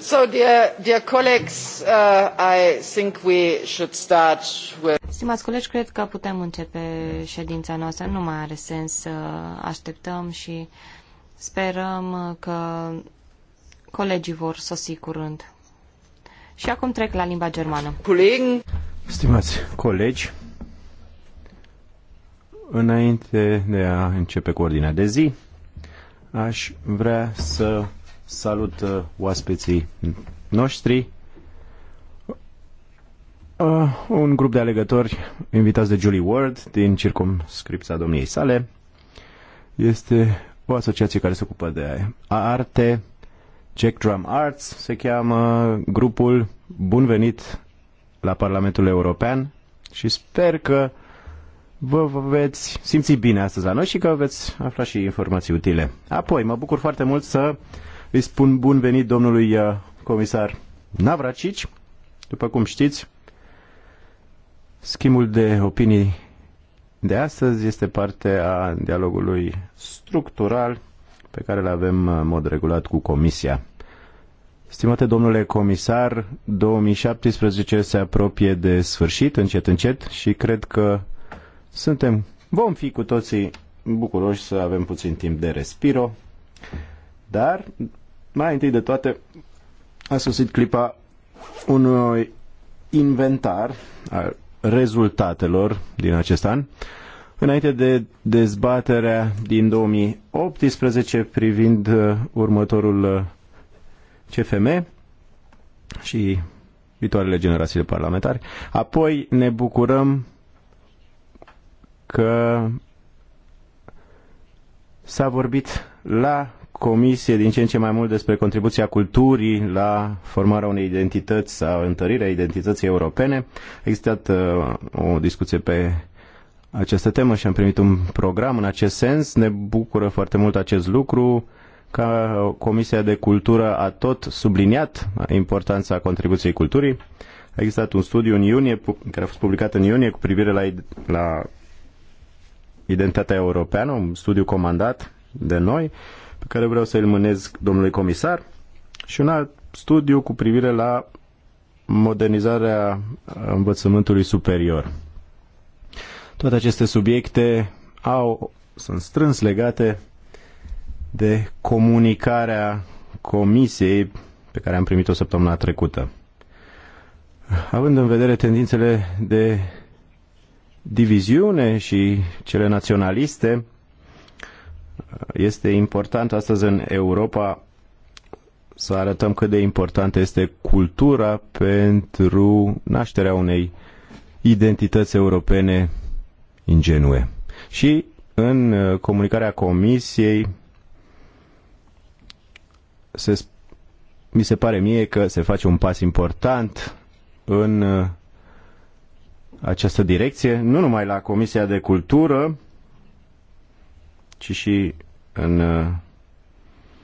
So, dear, colleagues, uh, I think we should start with... Stimați colegi, cred că putem începe ședința noastră. Nu mai are sens să așteptăm și sperăm că colegii vor sosi curând. Și acum trec la limba germană. Stimați colegi, înainte de a începe cu ordinea de zi, aș vrea să Salut uh, oaspeții noștri. Uh, un grup de alegători invitați de Julie Ward din circumscripția domniei sale. Este o asociație care se ocupă de arte. Jack Drum Arts se cheamă grupul. Bun venit la Parlamentul European și sper că vă veți simți bine astăzi la noi și că veți afla și informații utile. Apoi, mă bucur foarte mult să îi spun bun venit domnului uh, comisar Navracici. După cum știți, schimbul de opinii de astăzi este parte a dialogului structural pe care îl avem uh, în mod regulat cu Comisia. Stimate domnule comisar, 2017 se apropie de sfârșit, încet, încet și cred că suntem, vom fi cu toții bucuroși să avem puțin timp de respiro, dar mai întâi de toate, a sosit clipa unui inventar al rezultatelor din acest an, înainte de dezbaterea din 2018 privind uh, următorul uh, CFM și viitoarele generații de parlamentari. Apoi ne bucurăm că s-a vorbit la comisie din ce în ce mai mult despre contribuția culturii la formarea unei identități sau întărirea identității europene. A existat uh, o discuție pe această temă și am primit un program în acest sens. Ne bucură foarte mult acest lucru ca Comisia de Cultură a tot subliniat importanța contribuției culturii. A existat un studiu în iunie, care a fost publicat în iunie cu privire la, la identitatea europeană, un studiu comandat de noi pe care vreau să-l mânez domnului comisar și un alt studiu cu privire la modernizarea învățământului superior. Toate aceste subiecte au, sunt strâns legate de comunicarea comisiei pe care am primit-o săptămâna trecută. Având în vedere tendințele de diviziune și cele naționaliste, este important astăzi în Europa să arătăm cât de importantă este cultura pentru nașterea unei identități europene ingenue. Și în uh, comunicarea Comisiei se, mi se pare mie că se face un pas important în uh, această direcție, nu numai la Comisia de Cultură, ci și în uh,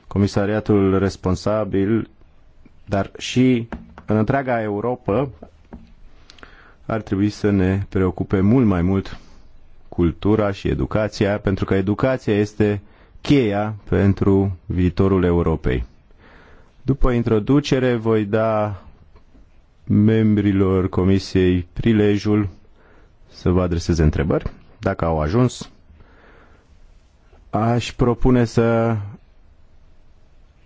comisariatul responsabil, dar și în întreaga Europa ar trebui să ne preocupe mult mai mult cultura și educația, pentru că educația este cheia pentru viitorul Europei. După introducere voi da membrilor comisiei prilejul să vă adreseze întrebări, dacă au ajuns Aș propune să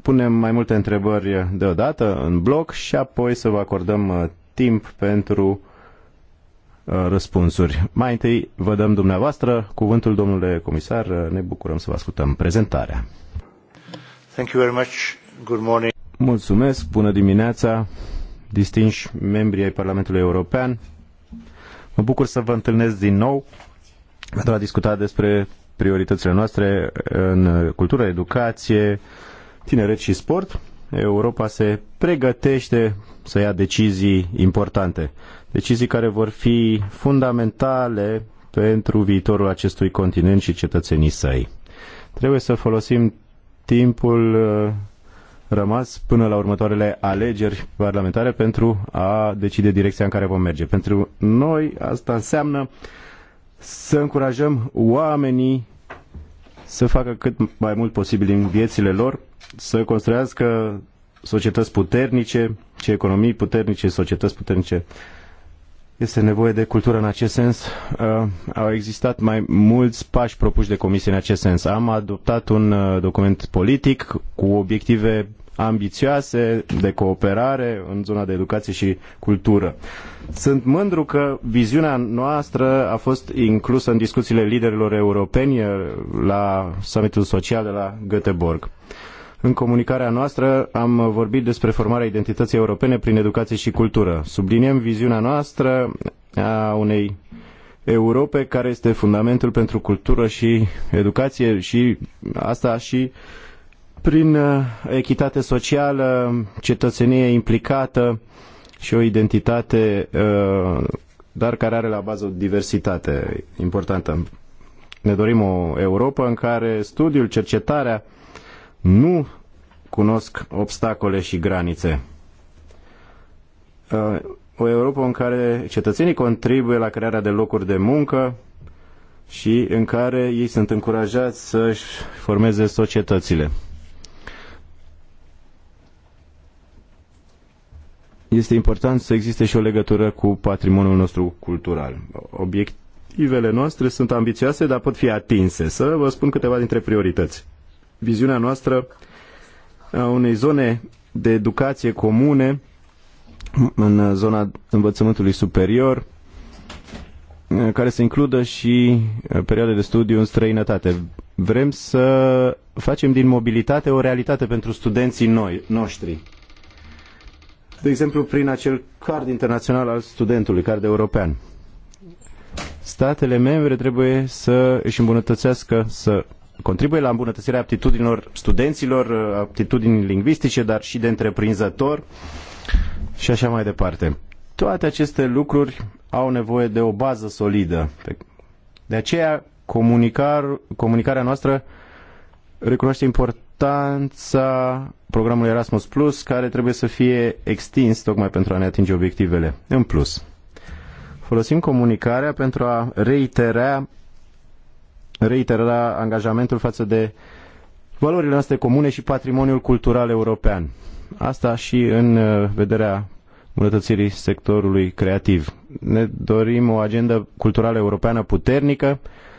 punem mai multe întrebări deodată în bloc și apoi să vă acordăm uh, timp pentru uh, răspunsuri. Mai întâi vă dăm dumneavoastră cuvântul, domnule comisar. Uh, ne bucurăm să vă ascultăm prezentarea. Thank you very much. Good morning. Mulțumesc. Bună dimineața, distinși membri ai Parlamentului European. Mă bucur să vă întâlnesc din nou pentru a discuta despre prioritățile noastre în cultură, educație, tineret și sport, Europa se pregătește să ia decizii importante. Decizii care vor fi fundamentale pentru viitorul acestui continent și cetățenii săi. Trebuie să folosim timpul uh, rămas până la următoarele alegeri parlamentare pentru a decide direcția în care vom merge. Pentru noi asta înseamnă să încurajăm oamenii să facă cât mai mult posibil din viețile lor, să construiască societăți puternice și economii puternice, societăți puternice. Este nevoie de cultură în acest sens. Uh, au existat mai mulți pași propuși de comisie în acest sens. Am adoptat un uh, document politic cu obiective ambițioase de cooperare în zona de educație și cultură. Sunt mândru că viziunea noastră a fost inclusă în discuțiile liderilor europeni eh, la summitul social de la Göteborg. În comunicarea noastră am vorbit despre formarea identității europene prin educație și cultură. Subliniem viziunea noastră a unei Europe care este fundamentul pentru cultură și educație și asta și prin uh, echitate socială, cetățenie implicată și o identitate, uh, dar care are la bază o diversitate importantă. Ne dorim o Europa în care studiul, cercetarea nu cunosc obstacole și granițe. Uh, o Europa în care cetățenii contribuie la crearea de locuri de muncă și în care ei sunt încurajați să-și formeze societățile. este important să existe și o legătură cu patrimoniul nostru cultural. Obiectivele noastre sunt ambițioase, dar pot fi atinse. Să vă spun câteva dintre priorități. Viziunea noastră a unei zone de educație comune în zona învățământului superior, care să includă și perioade de studiu în străinătate. Vrem să facem din mobilitate o realitate pentru studenții noi, noștri de exemplu prin acel card internațional al studentului, card european. Statele membre trebuie să își îmbunătățească, să contribuie la îmbunătățirea aptitudinilor studenților, aptitudini lingvistice, dar și de întreprinzător și așa mai departe. Toate aceste lucruri au nevoie de o bază solidă. De aceea, comunicar, comunicarea noastră recunoaște importanța importanța programului Erasmus Plus, care trebuie să fie extins tocmai pentru a ne atinge obiectivele. În plus, folosim comunicarea pentru a reitera, reitera angajamentul față de valorile noastre comune și patrimoniul cultural european. Asta și în uh, vederea îmbunătățirii sectorului creativ. Ne dorim o agendă culturală europeană puternică,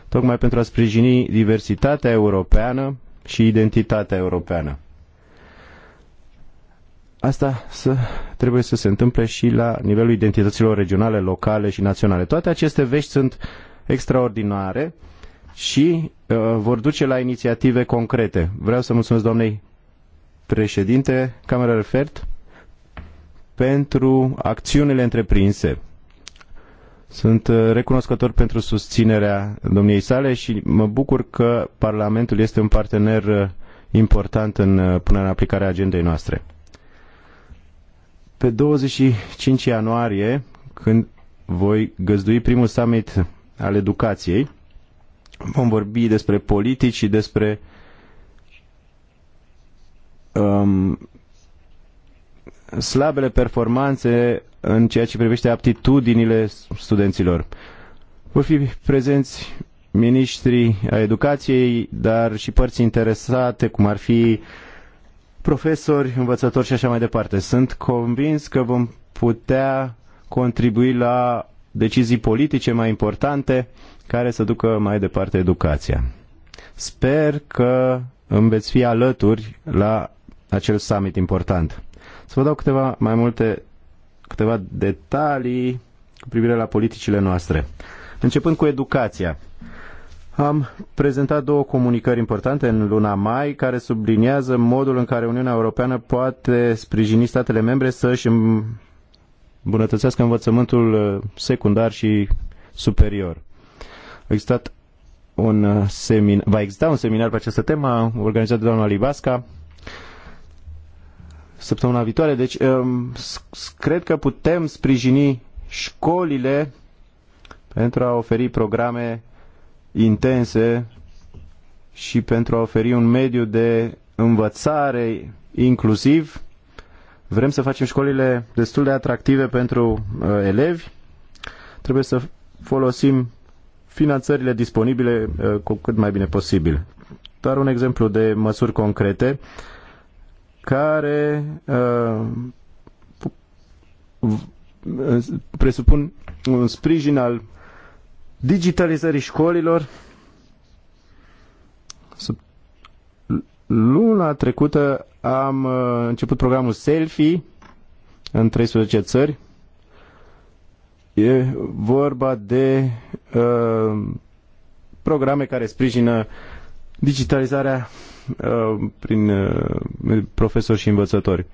tocmai pentru a sprijini diversitatea europeană și identitatea europeană. Asta să, trebuie să se întâmple și la nivelul identităților regionale, locale și naționale. Toate aceste vești sunt extraordinare și uh, vor duce la inițiative concrete. Vreau să mulțumesc doamnei președinte Camera Refert pentru acțiunile întreprinse sunt uh, recunoscător pentru susținerea domniei sale și mă bucur că Parlamentul este un partener uh, important în uh, punerea în aplicare a agendei noastre. Pe 25 ianuarie, când voi găzdui primul summit al educației, vom vorbi despre politici și despre um, slabele performanțe în ceea ce privește aptitudinile studenților. Vor fi prezenți ministrii a educației, dar și părți interesate, cum ar fi profesori, învățători și așa mai departe. Sunt convins că vom putea contribui la decizii politice mai importante care să ducă mai departe educația. Sper că îmi veți fi alături la acel summit important. Să vă dau câteva mai multe câteva detalii cu privire la politicile noastre. Începând cu educația. Am prezentat două comunicări importante în luna mai care subliniază modul în care Uniunea Europeană poate sprijini statele membre să-și îmbunătățească învățământul uh, secundar și superior. A existat un uh, semin... Va exista un seminar pe această temă organizat de doamna Libasca săptămâna viitoare. Deci, um, cred că putem sprijini școlile pentru a oferi programe intense și pentru a oferi un mediu de învățare inclusiv. Vrem să facem școlile destul de atractive pentru uh, elevi. Trebuie să folosim finanțările disponibile uh, cu cât mai bine posibil. Doar un exemplu de măsuri concrete. Uh, care uh, presupun un sprijin al digitalizării școlilor. Luna trecută am uh, început programul Selfie în 13 țări. E vorba de uh, programe care sprijină digitalizarea Uh, prin uh, profesori și învățători.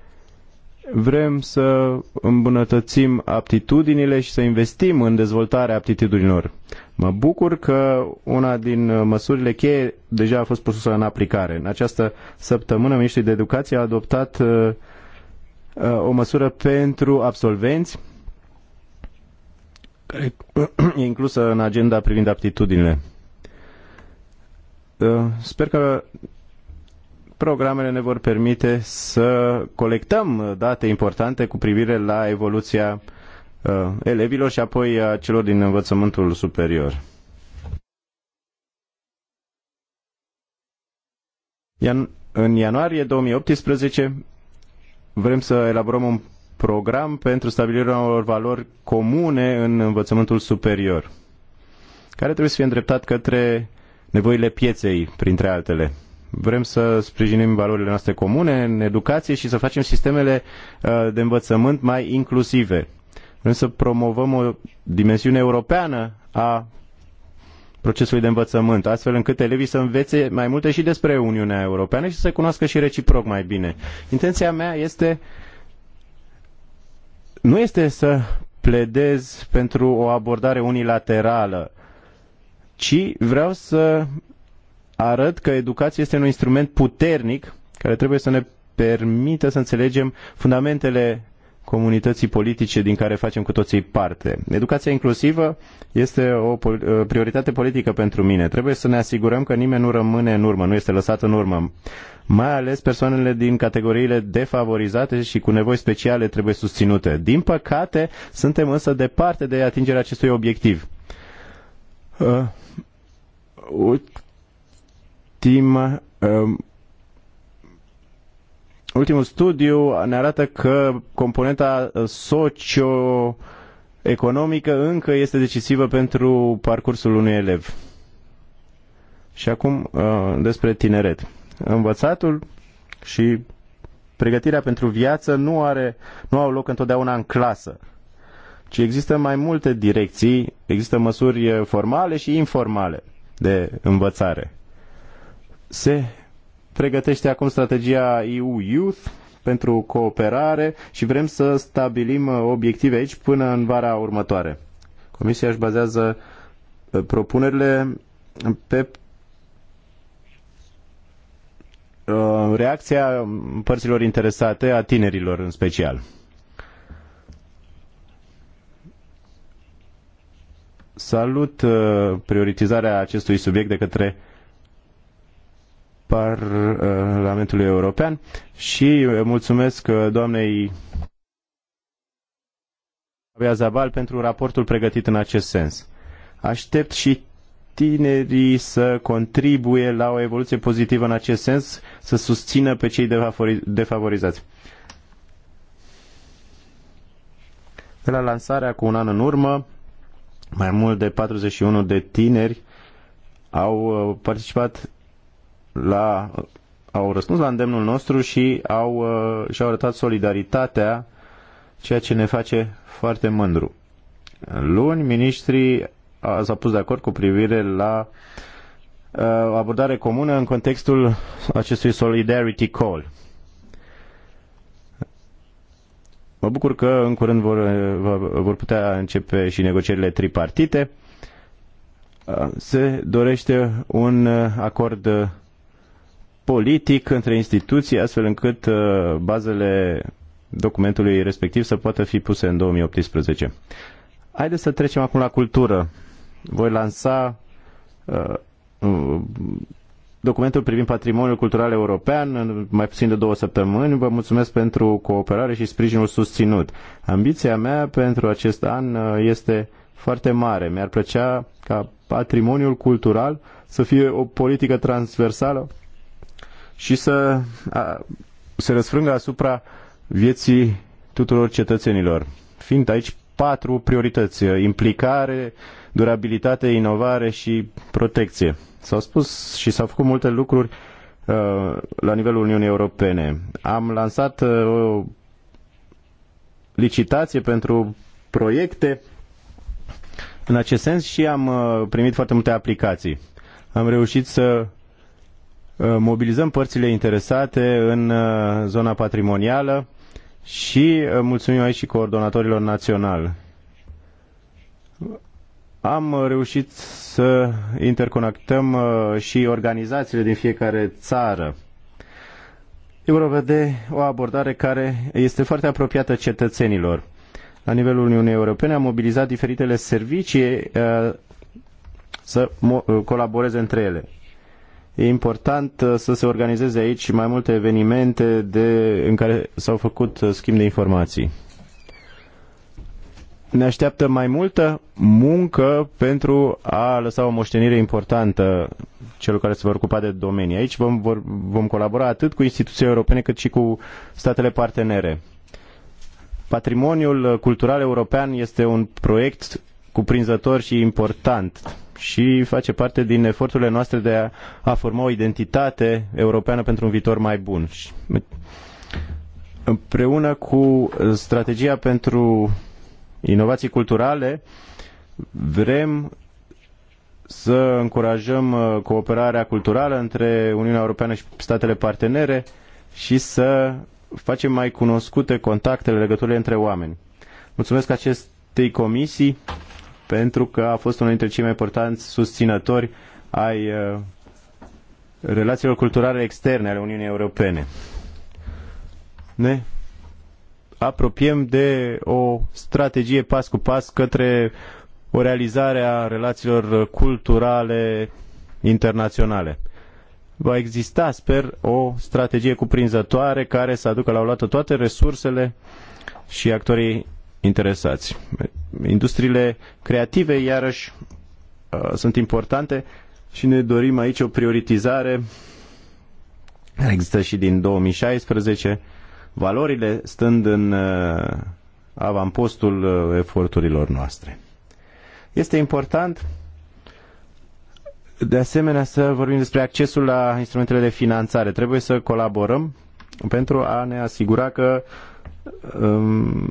Vrem să îmbunătățim aptitudinile și să investim în dezvoltarea aptitudinilor. Mă bucur că una din măsurile cheie deja a fost pusă în aplicare. În această săptămână, Ministrul de Educație a adoptat uh, o măsură pentru absolvenți care e inclusă în agenda privind aptitudinile. Sper că programele ne vor permite să colectăm date importante cu privire la evoluția uh, elevilor și apoi a celor din învățământul superior. Ian- în ianuarie 2018 vrem să elaborăm un program pentru stabilirea unor valori comune în învățământul superior, care trebuie să fie îndreptat către nevoile pieței, printre altele. Vrem să sprijinim valorile noastre comune în educație și să facem sistemele uh, de învățământ mai inclusive. Vrem să promovăm o dimensiune europeană a procesului de învățământ, astfel încât elevii să învețe mai multe și despre Uniunea Europeană și să se cunoască și reciproc mai bine. Intenția mea este nu este să pledez pentru o abordare unilaterală, ci vreau să arăt că educația este un instrument puternic care trebuie să ne permită să înțelegem fundamentele comunității politice din care facem cu toții parte. Educația inclusivă este o uh, prioritate politică pentru mine. Trebuie să ne asigurăm că nimeni nu rămâne în urmă, nu este lăsat în urmă. Mai ales persoanele din categoriile defavorizate și cu nevoi speciale trebuie susținute. Din păcate, suntem însă departe de atingerea acestui obiectiv. Uh ultima um, ultimul studiu ne arată că componenta socio-economică încă este decisivă pentru parcursul unui elev. Și acum uh, despre tineret. Învățatul și pregătirea pentru viață nu, are, nu au loc întotdeauna în clasă, ci există mai multe direcții, există măsuri formale și informale de învățare se pregătește acum strategia EU Youth pentru cooperare și vrem să stabilim uh, obiective aici până în vara următoare. Comisia își bazează uh, propunerile pe uh, reacția părților interesate, a tinerilor în special. Salut prioritizarea acestui subiect de către Uh, Parlamentului European și uh, mulțumesc uh, doamnei Bea Zabal pentru raportul pregătit în acest sens. Aștept și tinerii să contribuie la o evoluție pozitivă în acest sens, să susțină pe cei defavorizați. De la lansarea cu un an în urmă, mai mult de 41 de tineri au participat la, au răspuns la îndemnul nostru și au, uh, și-au arătat solidaritatea, ceea ce ne face foarte mândru. Luni, ministrii s-au pus de acord cu privire la uh, abordare comună în contextul acestui Solidarity Call. Mă bucur că în curând vor, vor putea începe și negocierile tripartite. Uh, se dorește un uh, acord politic între instituții, astfel încât uh, bazele documentului respectiv să poată fi puse în 2018. Haideți să trecem acum la cultură. Voi lansa uh, uh, documentul privind patrimoniul cultural european în mai puțin de două săptămâni. Vă mulțumesc pentru cooperare și sprijinul susținut. Ambiția mea pentru acest an uh, este foarte mare. Mi-ar plăcea ca patrimoniul cultural să fie o politică transversală și să a, se răsfrângă asupra vieții tuturor cetățenilor. Fiind aici patru priorități, implicare, durabilitate, inovare și protecție. S-au spus și s-au făcut multe lucruri uh, la nivelul Uniunii Europene. Am lansat uh, o licitație pentru proiecte în acest sens și am uh, primit foarte multe aplicații. Am reușit să Uh, mobilizăm părțile interesate în uh, zona patrimonială și uh, mulțumim aici și coordonatorilor național. Am reușit să interconectăm și organizațiile din fiecare țară. E vorba de o abordare care este foarte apropiată cetățenilor. La nivelul Uniunii Europene am mobilizat diferitele servicii să colaboreze între ele. E important uh, să se organizeze aici mai multe evenimente de, în care s-au făcut uh, schimb de informații. Ne așteaptă mai multă muncă pentru a lăsa o moștenire importantă celor care se vor ocupa de domenii. Aici vom, vor, vom colabora atât cu instituțiile europene cât și cu statele partenere. Patrimoniul uh, cultural european este un proiect cuprinzător și important și face parte din eforturile noastre de a, a forma o identitate europeană pentru un viitor mai bun. Împreună cu strategia pentru inovații culturale, vrem să încurajăm uh, cooperarea culturală între Uniunea Europeană și statele partenere și să facem mai cunoscute contactele, legăturile între oameni. Mulțumesc acestei comisii pentru că a fost unul dintre cei mai importanți susținători ai uh, relațiilor culturale externe ale Uniunii Europene. Ne apropiem de o strategie pas cu pas către o realizare a relațiilor culturale internaționale. Va exista, sper, o strategie cuprinzătoare care să aducă la o toate resursele și actorii interesați industriile creative, iarăși, uh, sunt importante și ne dorim aici o prioritizare care există și din 2016, valorile stând în uh, avampostul uh, eforturilor noastre. Este important de asemenea să vorbim despre accesul la instrumentele de finanțare. Trebuie să colaborăm pentru a ne asigura că um,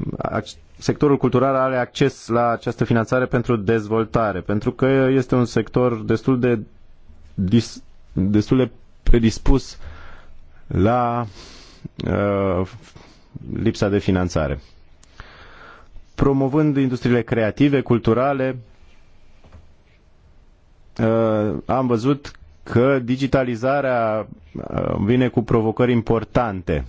sectorul cultural are acces la această finanțare pentru dezvoltare, pentru că este un sector destul de, dis, destul de predispus la uh, lipsa de finanțare. Promovând industriile creative, culturale, uh, am văzut că digitalizarea uh, vine cu provocări importante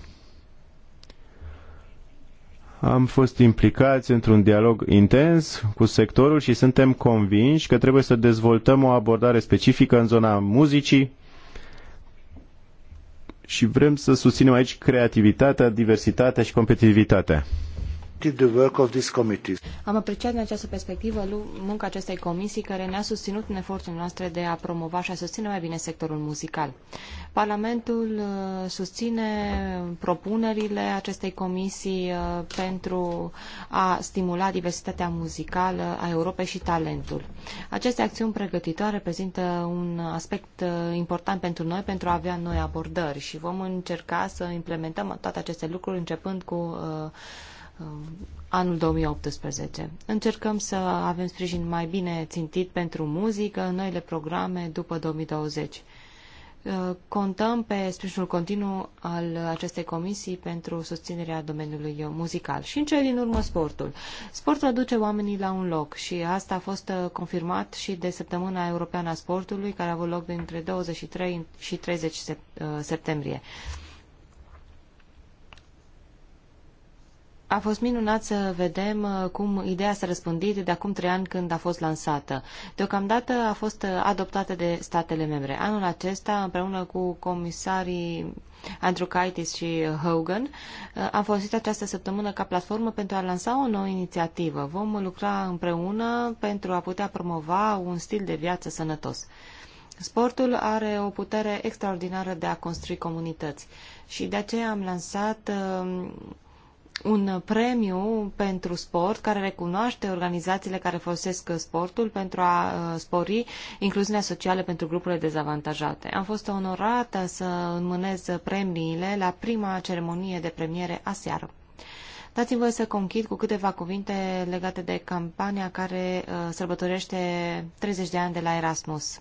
am fost implicați într-un dialog intens cu sectorul și suntem convinși că trebuie să dezvoltăm o abordare specifică în zona muzicii și vrem să susținem aici creativitatea, diversitatea și competitivitatea. Am apreciat din această perspectivă munca acestei comisii care ne-a susținut în eforturile noastre de a promova și a susține mai bine sectorul muzical. Parlamentul uh, susține propunerile acestei comisii uh, pentru a stimula diversitatea muzicală a Europei și talentul. Aceste acțiuni pregătitoare reprezintă un aspect uh, important pentru noi pentru a avea noi abordări și vom încerca să implementăm toate aceste lucruri începând cu uh, Uh, anul 2018. Încercăm să avem sprijin mai bine țintit pentru muzică în noile programe după 2020. Uh, contăm pe sprijinul continuu al acestei comisii pentru susținerea domeniului muzical. Și în cele din urmă sportul. Sportul aduce oamenii la un loc și asta a fost uh, confirmat și de săptămâna europeană a sportului care a avut loc dintre 23 și 30 septembrie. A fost minunat să vedem uh, cum ideea s-a răspândit de acum trei ani când a fost lansată. Deocamdată a fost uh, adoptată de statele membre. Anul acesta, împreună cu comisarii Andrew Kaitis și Hogan, uh, am folosit această săptămână ca platformă pentru a lansa o nouă inițiativă. Vom lucra împreună pentru a putea promova un stil de viață sănătos. Sportul are o putere extraordinară de a construi comunități și de aceea am lansat un premiu pentru sport care recunoaște organizațiile care folosesc sportul pentru a uh, spori incluziunea socială pentru grupurile dezavantajate. Am fost onorată să înmânez premiile la prima ceremonie de premiere aseară. Dați-mi voie să conchid cu câteva cuvinte legate de campania care uh, sărbătorește 30 de ani de la Erasmus.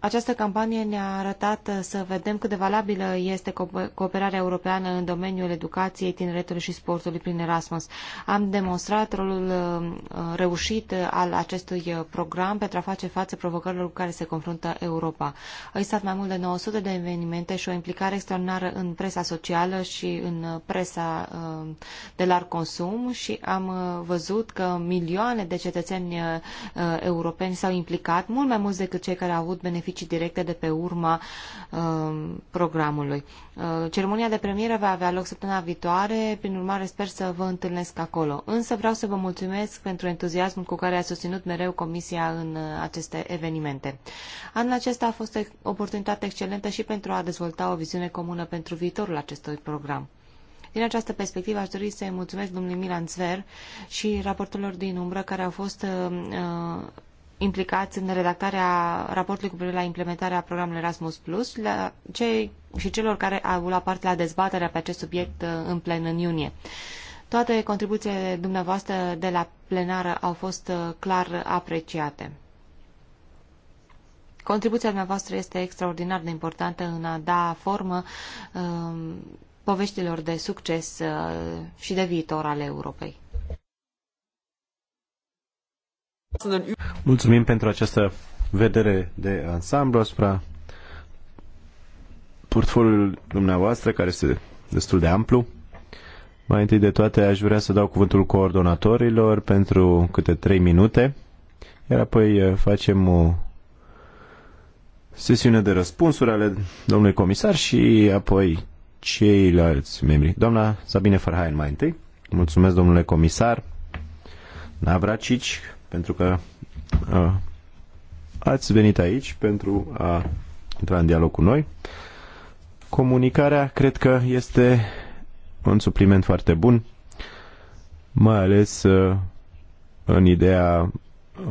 Această campanie ne-a arătat să vedem cât de valabilă este cooperarea europeană în domeniul educației, tineretului și sportului prin Erasmus. Am demonstrat rolul uh, reușit uh, al acestui uh, program pentru a face față provocărilor cu care se confruntă Europa. Au existat mai mult de 900 de evenimente și o implicare extraordinară în presa socială și în presa de larg consum și am văzut că milioane de cetățeni europeni s-au implicat, mult mai mulți decât cei care au avut beneficii beneficii directe de pe urma uh, programului. Uh, ceremonia de premieră va avea loc săptămâna viitoare, prin urmare sper să vă întâlnesc acolo. Însă vreau să vă mulțumesc pentru entuziasmul cu care a susținut mereu Comisia în uh, aceste evenimente. Anul acesta a fost o oportunitate excelentă și pentru a dezvolta o viziune comună pentru viitorul acestui program. Din această perspectivă aș dori să-i mulțumesc domnului Milan Zver și raportorilor din umbră care au fost uh, implicați în redactarea raportului cu privire la implementarea programului Erasmus Plus la cei și celor care au luat parte la dezbaterea pe acest subiect uh, în plen în iunie. Toate contribuțiile dumneavoastră de la plenară au fost uh, clar apreciate. Contribuția dumneavoastră este extraordinar de importantă în a da formă um, poveștilor de succes uh, și de viitor ale Europei. Mulțumim pentru această vedere de ansamblu asupra portfoliul dumneavoastră, care este destul de amplu. Mai întâi de toate, aș vrea să dau cuvântul coordonatorilor pentru câte 3 minute, iar apoi eh, facem o sesiune de răspunsuri ale domnului comisar și apoi ceilalți membri. Doamna Sabine Farhain mai întâi. Mulțumesc, domnule comisar. Navracici, pentru că uh, ați venit aici pentru a intra în dialog cu noi. Comunicarea cred că este un supliment foarte bun, mai ales uh, în ideea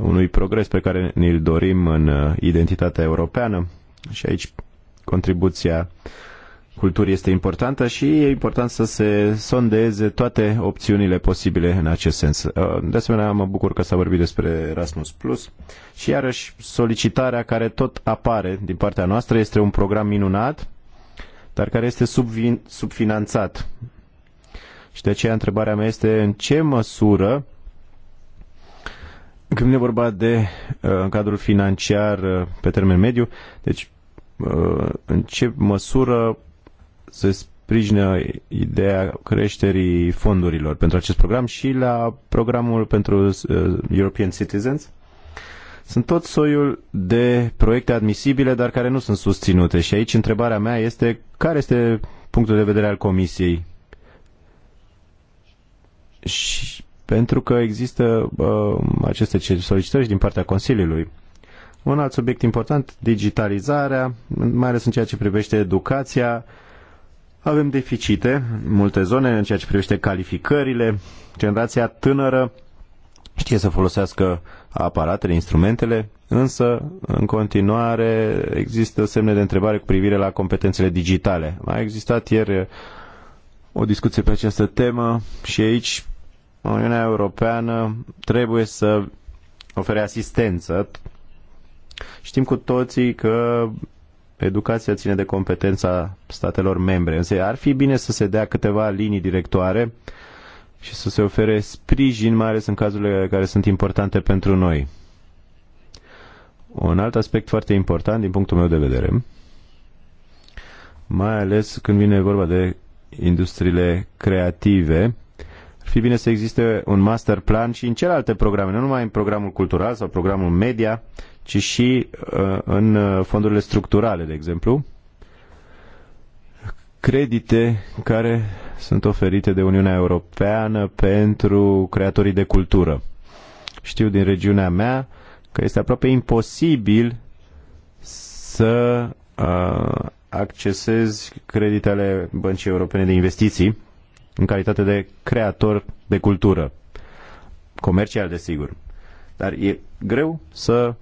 unui progres pe care ne-l dorim în uh, identitatea europeană și aici contribuția uh, culturii este importantă și e important să se sondeze toate opțiunile posibile în acest sens. Uh, de asemenea, mă bucur că s-a vorbit despre Erasmus Plus și iarăși solicitarea care tot apare din partea noastră este un program minunat, dar care este subfinanțat. Și de aceea întrebarea mea este în ce măsură când e vorba de uh, în cadrul financiar uh, pe termen mediu, deci în ce măsură se sprijină ideea creșterii fondurilor pentru acest program și la programul pentru uh, European Citizens. Sunt tot soiul de proiecte admisibile, dar care nu sunt susținute. Și aici întrebarea mea este care este punctul de vedere al Comisiei? Și pentru că există uh, aceste solicitări din partea Consiliului. Un alt subiect important, digitalizarea, mai ales în ceea ce privește educația, uh, avem deficite în multe zone în ceea ce privește calificările. Generația tânără știe să folosească aparatele, instrumentele, însă în continuare există semne de întrebare cu privire la competențele digitale. A existat ieri o discuție pe această temă și aici Uniunea Europeană trebuie să ofere asistență. Știm cu toții că Educația ține de competența statelor membre. Însă ar fi bine să se dea câteva linii directoare și să se ofere sprijin, mai ales în cazurile care sunt importante pentru noi. Un alt aspect foarte important din punctul meu de vedere, mai ales când vine vorba de industriile creative, ar fi bine să existe un master plan și în celelalte programe, nu numai în programul cultural sau programul media, ci și uh, în uh, fondurile structurale, de exemplu, credite care sunt oferite de Uniunea Europeană pentru creatorii de cultură. Știu din regiunea mea că este aproape imposibil să uh, accesezi creditele Băncii Europene de Investiții în calitate de creator de cultură. Comercial, desigur. Dar e greu să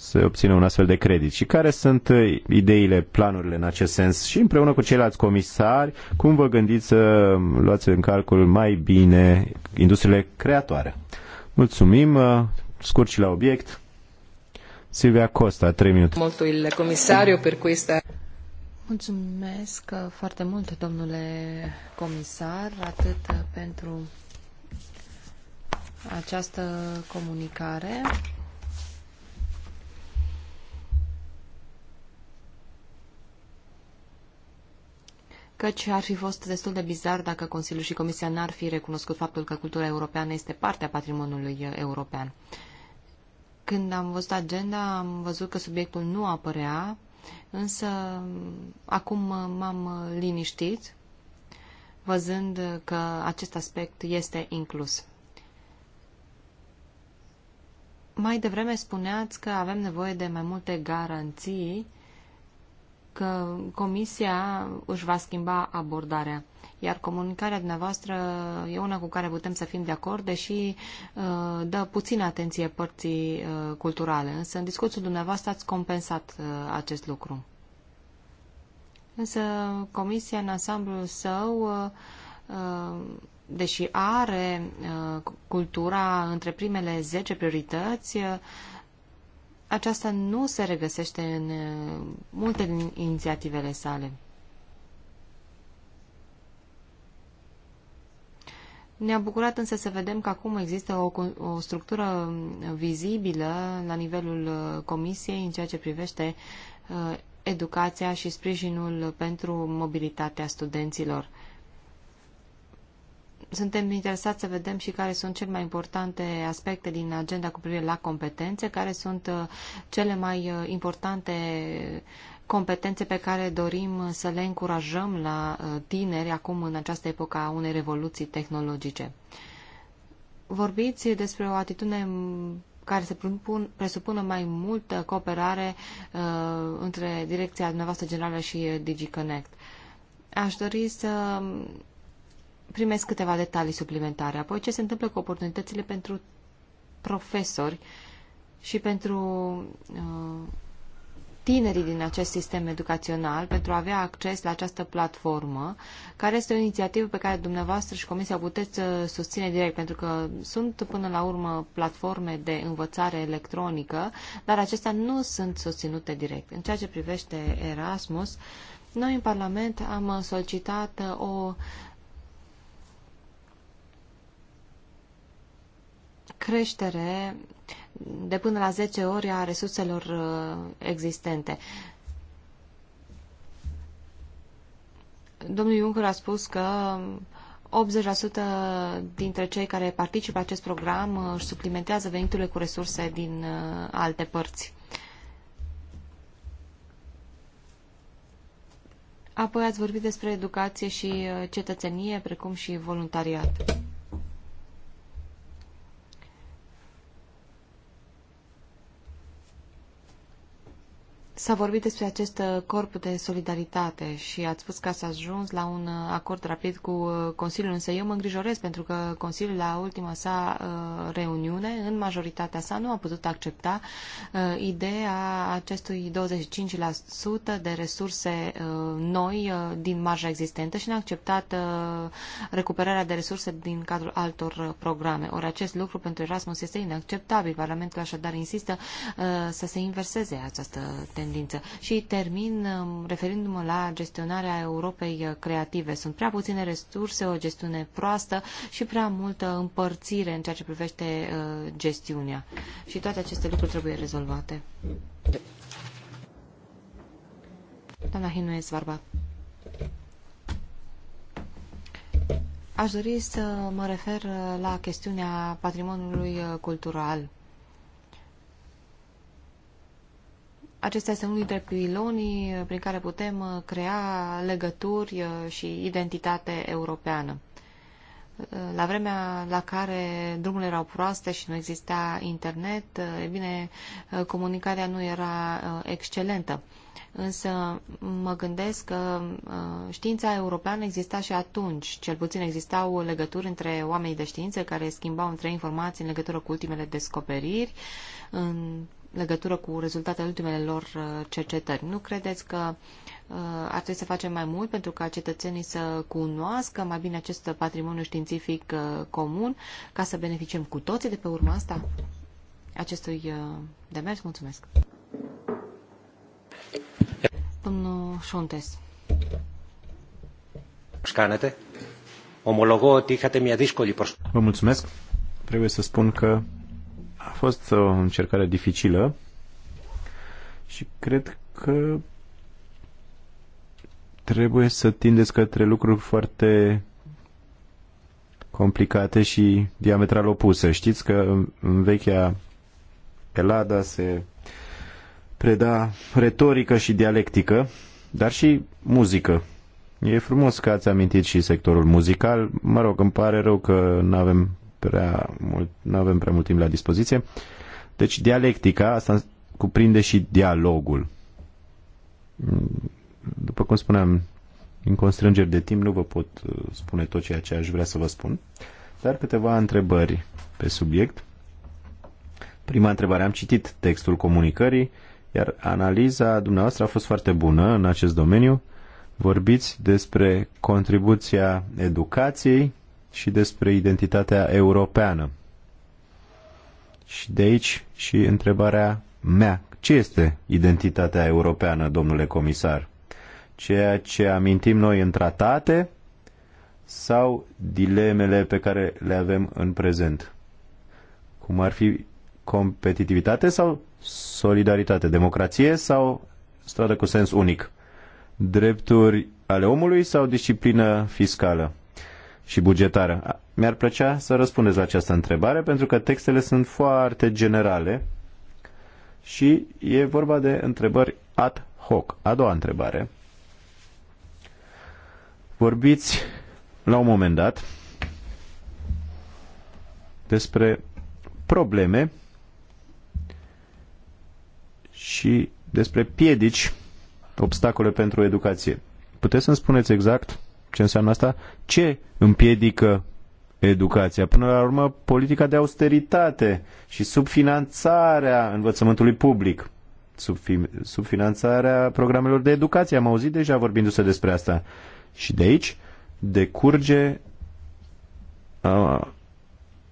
se obțină un astfel de credit și care sunt uh, ideile, planurile în acest sens și împreună cu ceilalți comisari, cum vă gândiți să luați în calcul mai bine industriile creatoare? Mulțumim, uh, scurt și la obiect. Silvia Costa, 3 minute. Molto il commissario per questa Mulțumesc uh, foarte mult, domnule comisar, atât pentru această comunicare, căci ar fi fost destul de bizar dacă Consiliul și Comisia n-ar fi recunoscut faptul că cultura europeană este parte a patrimoniului european. Când am văzut agenda, am văzut că subiectul nu apărea, însă acum m-am liniștit, văzând că acest aspect este inclus. Mai devreme spuneați că avem nevoie de mai multe garanții că Comisia își va schimba abordarea. Iar comunicarea dumneavoastră e una cu care putem să fim de acord, deși uh, dă puțină atenție părții uh, culturale. Însă în discursul dumneavoastră ați compensat uh, acest lucru. Însă Comisia în ansamblul său, deși are cultura între primele 10 priorități, aceasta nu se regăsește în uh, multe din inițiativele sale. Ne-a bucurat însă să vedem că acum există o, o structură vizibilă la nivelul uh, Comisiei în ceea ce privește uh, educația și sprijinul pentru mobilitatea studenților suntem interesați să vedem și care sunt cele mai importante aspecte din agenda cu privire la competențe, care sunt uh, cele mai uh, importante competențe pe care dorim să le încurajăm la uh, tineri acum în această epocă a unei revoluții tehnologice. Vorbiți despre o atitudine care se presupună mai multă cooperare uh, între direcția dumneavoastră generală și DigiConnect. Aș dori să primesc câteva detalii suplimentare. Apoi, ce se întâmplă cu oportunitățile pentru profesori și pentru uh, tinerii din acest sistem educațional pentru a avea acces la această platformă, care este o inițiativă pe care dumneavoastră și Comisia puteți uh, susține direct, pentru că sunt până la urmă platforme de învățare electronică, dar acestea nu sunt susținute direct. În ceea ce privește Erasmus, noi în Parlament am solicitat uh, o uh, creștere de până la 10 ori a resurselor uh, existente. Domnul Juncker a spus că 80% dintre cei care participă la acest program uh, își suplimentează veniturile cu resurse din uh, alte părți. Apoi ați vorbit despre educație și cetățenie, precum și voluntariat. S-a vorbit despre acest uh, corp de solidaritate și ați spus că ați ajuns la un uh, acord rapid cu uh, Consiliul, însă eu mă îngrijorez pentru că Consiliul la ultima sa reuniune, în majoritatea sa, nu a putut accepta ideea acestui 25% de resurse noi din marja existentă și n-a acceptat recuperarea de resurse din cadrul altor programe. Ori acest lucru pentru Erasmus este inacceptabil. Parlamentul așadar insistă să se inverseze această tendință tendință. Și termin um, referindu-mă la gestionarea Europei uh, creative. Sunt prea puține resurse, o gestiune proastă și prea multă împărțire în ceea ce privește uh, gestiunea. Și toate aceste lucruri trebuie rezolvate. Doamna Hinuez Varba. Aș dori să mă refer uh, la chestiunea patrimoniului cultural. Acesta este unul dintre pilonii uh, prin care putem uh, crea legături uh, și identitate europeană. La vremea la care drumurile erau proaste și nu exista internet, e bine, comunicarea nu era excelentă. Însă mă gândesc că știința europeană exista și atunci. Cel puțin existau legături între oamenii de știință care schimbau între informații în legătură cu ultimele descoperiri, în legătură cu rezultatele ultimelor uh, cercetări. Nu credeți că uh, ar trebui să facem mai mult pentru ca cetățenii să cunoască mai bine acest patrimoniu științific uh, comun ca să beneficiem cu toții de pe urma asta acestui demers? Mulțumesc! Domnul Șontes. Scanete. Omologă ότι είχατε μια Vă mulțumesc. Trebuie să spun că a fost o încercare dificilă și cred că trebuie să tindeți către lucruri foarte complicate și diametral opuse. Știți că în vechea Elada se preda retorică și dialectică, dar și muzică. E frumos că ați amintit și sectorul muzical. Mă rog, îmi pare rău că nu avem prea mult, nu avem prea mult timp la dispoziție. Deci dialectica, asta cuprinde și dialogul. După cum spuneam, în constrângeri de timp nu vă pot uh, spune tot ceea ce aș vrea să vă spun, dar câteva întrebări pe subiect. Prima întrebare, am citit textul comunicării, iar analiza dumneavoastră a fost foarte bună în acest domeniu. Vorbiți despre contribuția educației și despre identitatea europeană. Și de aici și întrebarea mea. Ce este identitatea europeană, domnule comisar? Ceea ce amintim noi în tratate sau dilemele pe care le avem în prezent? Cum ar fi competitivitate sau solidaritate, democrație sau stradă cu sens unic, drepturi ale omului sau disciplină fiscală și bugetară. Mi-ar plăcea să răspundeți la această întrebare, pentru că textele sunt foarte generale și e vorba de întrebări ad hoc. A doua întrebare. Vorbiți la un moment dat despre probleme și despre piedici, obstacole pentru educație. Puteți să-mi spuneți exact ce înseamnă asta? Ce împiedică educația? Până la urmă, politica de austeritate și subfinanțarea învățământului public. Subfinanțarea programelor de educație. Am auzit deja vorbindu-se despre asta. Și de aici decurge a,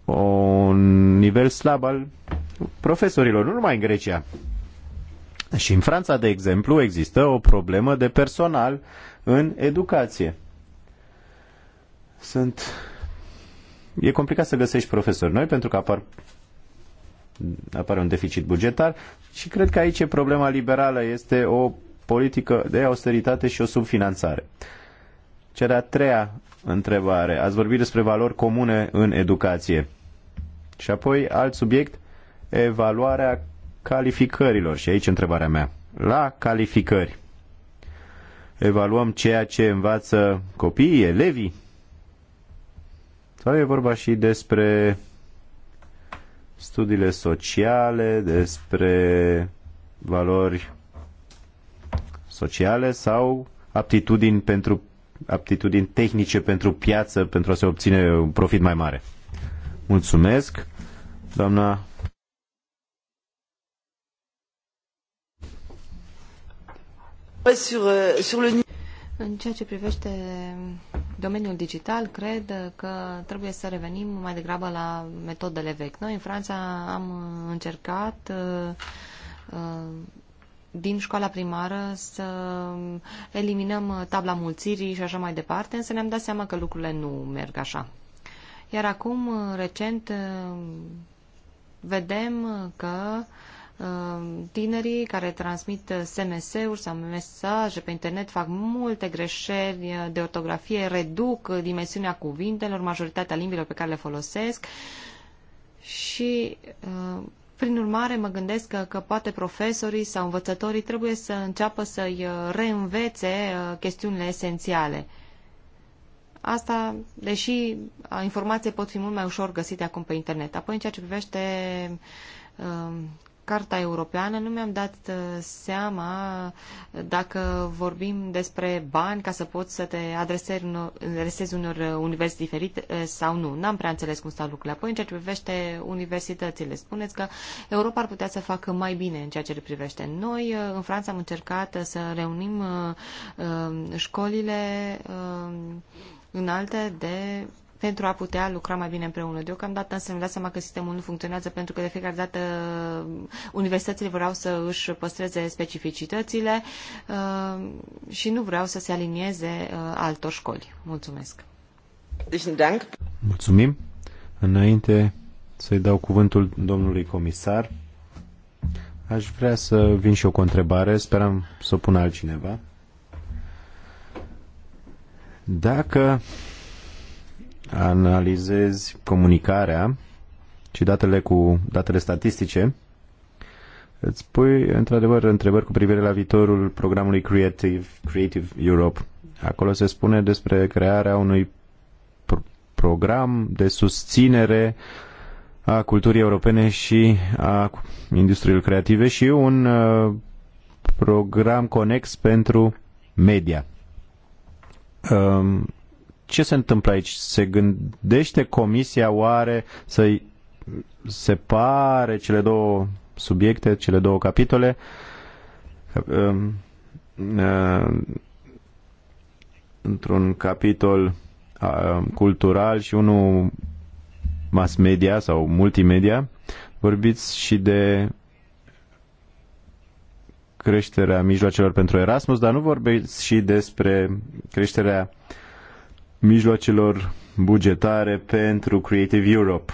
un nivel slab al profesorilor, nu numai în Grecia. Și în Franța, de exemplu, există o problemă de personal în educație sunt... E complicat să găsești profesori noi pentru că apar apare un deficit bugetar și cred că aici problema liberală este o politică de austeritate și o subfinanțare. Cea de-a treia întrebare. Ați vorbit despre valori comune în educație. Și apoi alt subiect, evaluarea calificărilor. Și aici întrebarea mea. La calificări. Evaluăm ceea ce învață copiii, elevii, sau e vorba și despre studiile sociale, despre valori sociale sau aptitudini pentru aptitudini tehnice pentru piață pentru a se obține un profit mai mare. Mulțumesc, doamna sur, euh, sur le în ceea ce privește domeniul digital, cred că trebuie să revenim mai degrabă la metodele vechi. Noi în Franța am încercat uh, uh, din școala primară să eliminăm tabla mulțirii și așa mai departe, însă ne-am dat seama că lucrurile nu merg așa. Iar acum, recent, vedem că uh, Ehm, tinerii care transmit SMS-uri sau mesaje pe internet fac multe greșeli de ortografie, reduc dimensiunea cuvintelor, majoritatea limbilor pe care le folosesc și ehm, prin urmare mă gândesc că, că poate profesorii sau învățătorii trebuie să înceapă să-i ehm, reînvețe chestiunile esențiale. Asta, deși informații pot fi mult mai ușor găsite acum pe internet. Apoi, în ceea ce privește Carta Europeană, nu mi-am dat uh, seama dacă vorbim despre bani ca să poți să te adresezi unor uh, universități diferite uh, sau nu. N-am prea înțeles cum stau lucrurile. Apoi, în ceea ce privește universitățile, spuneți că Europa ar putea să facă mai bine în ceea ce le privește. Noi, în Franța, am încercat să reunim școlile în alte de pentru a putea lucra mai bine împreună. Deocamdată însă mi-am dat seama că sistemul nu funcționează pentru că de fiecare dată uh, universitățile vreau să își păstreze specificitățile uh, și nu vreau să se alinieze uh, altor școli. Mulțumesc! Mulțumim! Înainte să-i dau cuvântul domnului comisar, aș vrea să vin și o întrebare, speram să o pună altcineva. Dacă analizezi comunicarea și datele, cu, datele statistice, îți pui într-adevăr întrebări cu privire la viitorul programului Creative, Creative Europe. Acolo se spune despre crearea unui pro- program de susținere a culturii europene și a industriilor creative și un uh, program conex pentru media. Um, ce se întâmplă aici? Se gândește comisia oare să separe cele două subiecte, cele două capitole? Ehm, ehm, într-un capitol ehm, cultural și unul mass media sau multimedia, vorbiți și de creșterea mijloacelor pentru Erasmus, dar nu vorbiți și despre creșterea uh, mijloacelor bugetare pentru Creative Europe,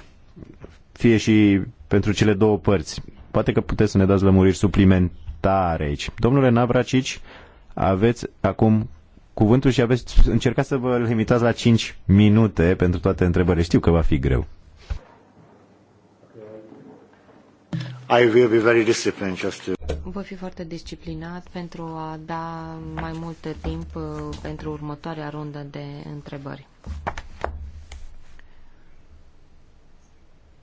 fie și pentru cele două părți. Poate că puteți să ne dați lămuriri suplimentare aici. Domnule Navracici, aveți acum cuvântul și aveți, încercați să vă limitați la 5 minute pentru toate întrebările. Știu că va fi greu. I will be very disciplined just to... Voi fi foarte disciplinat pentru a da mai mult timp uh, pentru următoarea rundă de întrebări.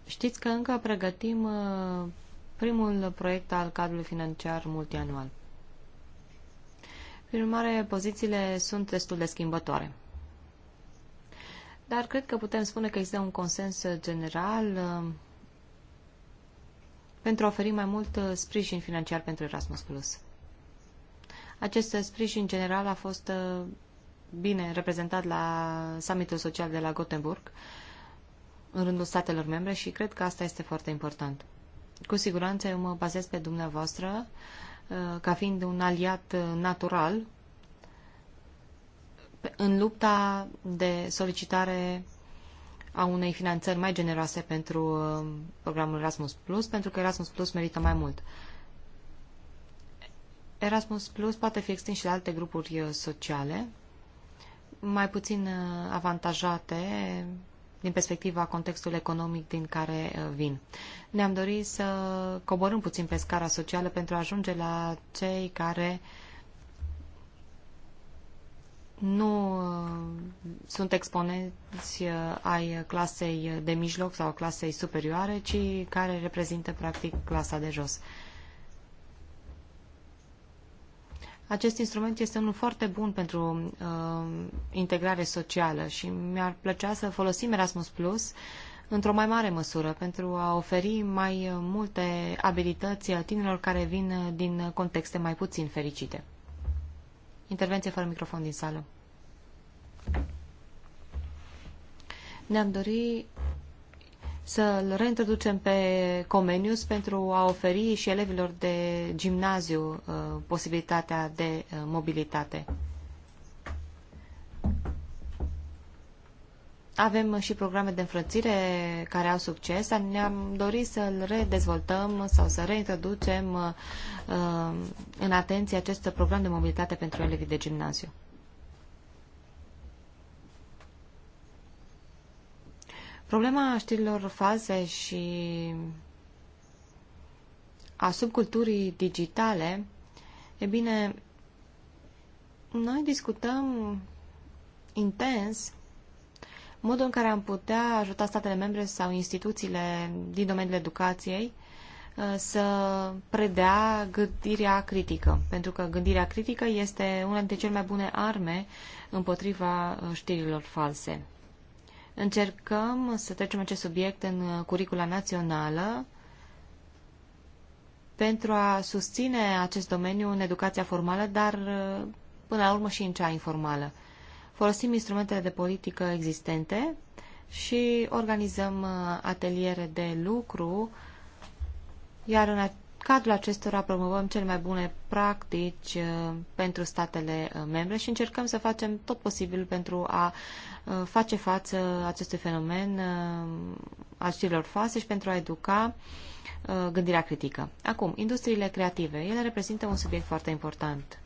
Știți că încă pregătim uh, primul proiect al cadrului financiar multianual. Prin urmare, pozițiile sunt destul de schimbătoare. Dar cred că putem spune că există un consens general uh, pentru a oferi mai mult uh, sprijin financiar pentru Erasmus+. Plus. Acest uh, sprijin general a fost uh, bine reprezentat la summitul social de la Gothenburg în rândul statelor membre și cred că asta este foarte important. Cu siguranță eu mă bazez pe dumneavoastră ca fiind un aliat natural în lupta de solicitare a unei finanțări mai generoase pentru uh, programul Erasmus Plus, pentru că Erasmus Plus merită mai mult. Erasmus Plus poate fi extins și la alte grupuri uh, sociale, mai puțin uh, avantajate din perspectiva contextului economic din care vin. Ne-am dorit să coborâm puțin pe scara socială pentru a ajunge la cei care uh, nu uh, sunt exponenți uh, ai clasei de mijloc sau clasei superioare, ci care reprezintă practic clasa de jos. Acest instrument este unul foarte bun pentru uh, integrare socială și mi-ar plăcea să folosim Erasmus Plus într-o mai mare măsură pentru a oferi mai multe abilități tinerilor care vin din contexte mai puțin fericite. Intervenție fără microfon din sală. Ne-am dorit să-l reintroducem pe Comenius pentru a oferi și elevilor de gimnaziu uh, posibilitatea de uh, mobilitate. Avem și programe de înfrățire care au succes. Ne-am dorit să-l redezvoltăm sau să reintroducem uh, în atenție acest program de mobilitate pentru elevii de gimnaziu. Problema știrilor faze și a subculturii digitale, e bine, noi discutăm intens modul în care am putea ajuta statele membre sau instituțiile din domeniul educației uh, să predea gândirea critică, pentru că gândirea critică este una dintre cele mai bune arme împotriva uh, știrilor false. Încercăm să trecem acest subiect în uh, curicula națională pentru a susține acest domeniu în educația formală, dar până la urmă și în cea informală. Folosim instrumentele de politică existente și organizăm uh, ateliere de lucru, iar în cadrul acestora promovăm cele mai bune practici uh, pentru statele uh, membre și încercăm să facem tot posibilul pentru a face față acestui fenomen al știrilor false și pentru a educa gândirea critică. Acum, industriile creative. Ele reprezintă un subiect foarte important.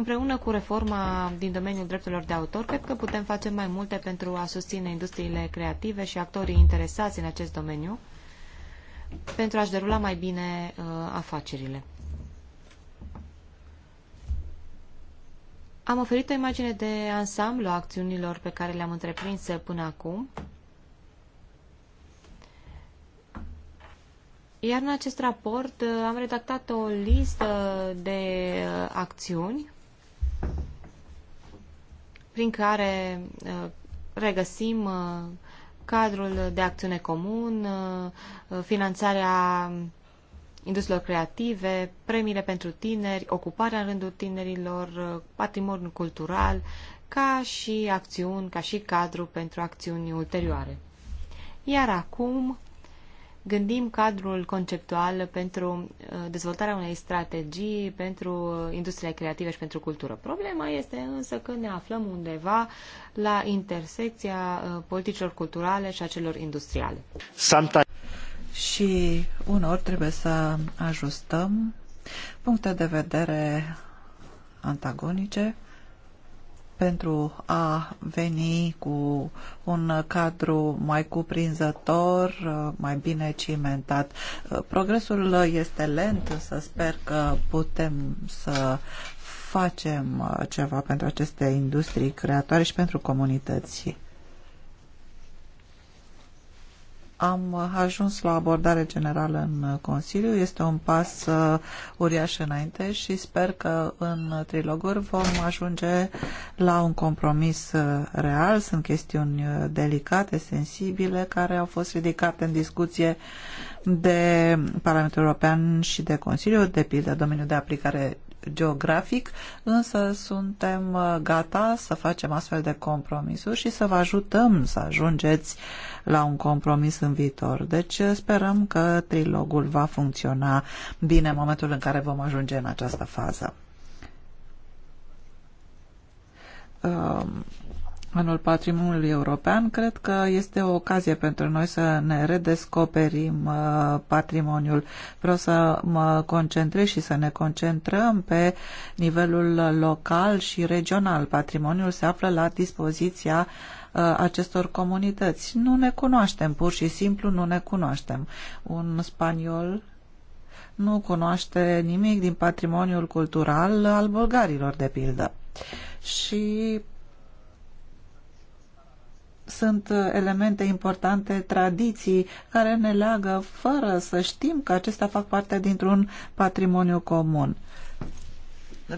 Împreună cu reforma din domeniul drepturilor de autor, cred că putem face mai multe pentru a susține industriile creative și actorii interesați în acest domeniu pentru a-și derula mai bine uh, afacerile. Am oferit o imagine de ansamblu a acțiunilor pe care le-am întreprins până acum. Iar în acest raport uh, am redactat o listă de uh, acțiuni prin care uh, regăsim uh, cadrul de acțiune comun, uh, finanțarea industriilor creative, premiile pentru tineri, ocuparea în rândul tinerilor, patrimoniul cultural, ca și acțiuni, ca și cadru pentru acțiuni ulterioare. Iar acum gândim cadrul conceptual pentru uh, dezvoltarea unei strategii pentru uh, industria creativă și pentru cultură. Problema este însă că ne aflăm undeva la intersecția uh, politicilor culturale și a celor industriale. Sometimes. Și unor trebuie să ajustăm puncte de vedere antagonice pentru a veni cu un cadru mai cuprinzător, mai bine cimentat. Progresul este lent, să sper că putem să facem ceva pentru aceste industrii creatoare și pentru comunități. Am ajuns la abordare generală în Consiliu. Este un pas uh, uriaș înainte și sper că în triloguri vom ajunge la un compromis uh, real. Sunt chestiuni uh, delicate, sensibile, care au fost ridicate în discuție de Parlamentul European și de Consiliu, de pildă domeniul de aplicare geografic, însă suntem uh, gata să facem astfel de compromisuri și să vă ajutăm să ajungeți la un compromis în viitor. Deci uh, sperăm că trilogul va funcționa bine în momentul în care vom ajunge în această fază. Um, anul patrimoniului european, cred că este o ocazie pentru noi să ne redescoperim uh, patrimoniul. Vreau să mă concentrez și să ne concentrăm pe nivelul local și regional. Patrimoniul se află la dispoziția uh, acestor comunități. Nu ne cunoaștem, pur și simplu nu ne cunoaștem. Un spaniol nu cunoaște nimic din patrimoniul cultural al bulgarilor, de pildă. Și sunt uh, elemente importante, tradiții care ne leagă fără să știm că acestea fac parte dintr-un patrimoniu comun.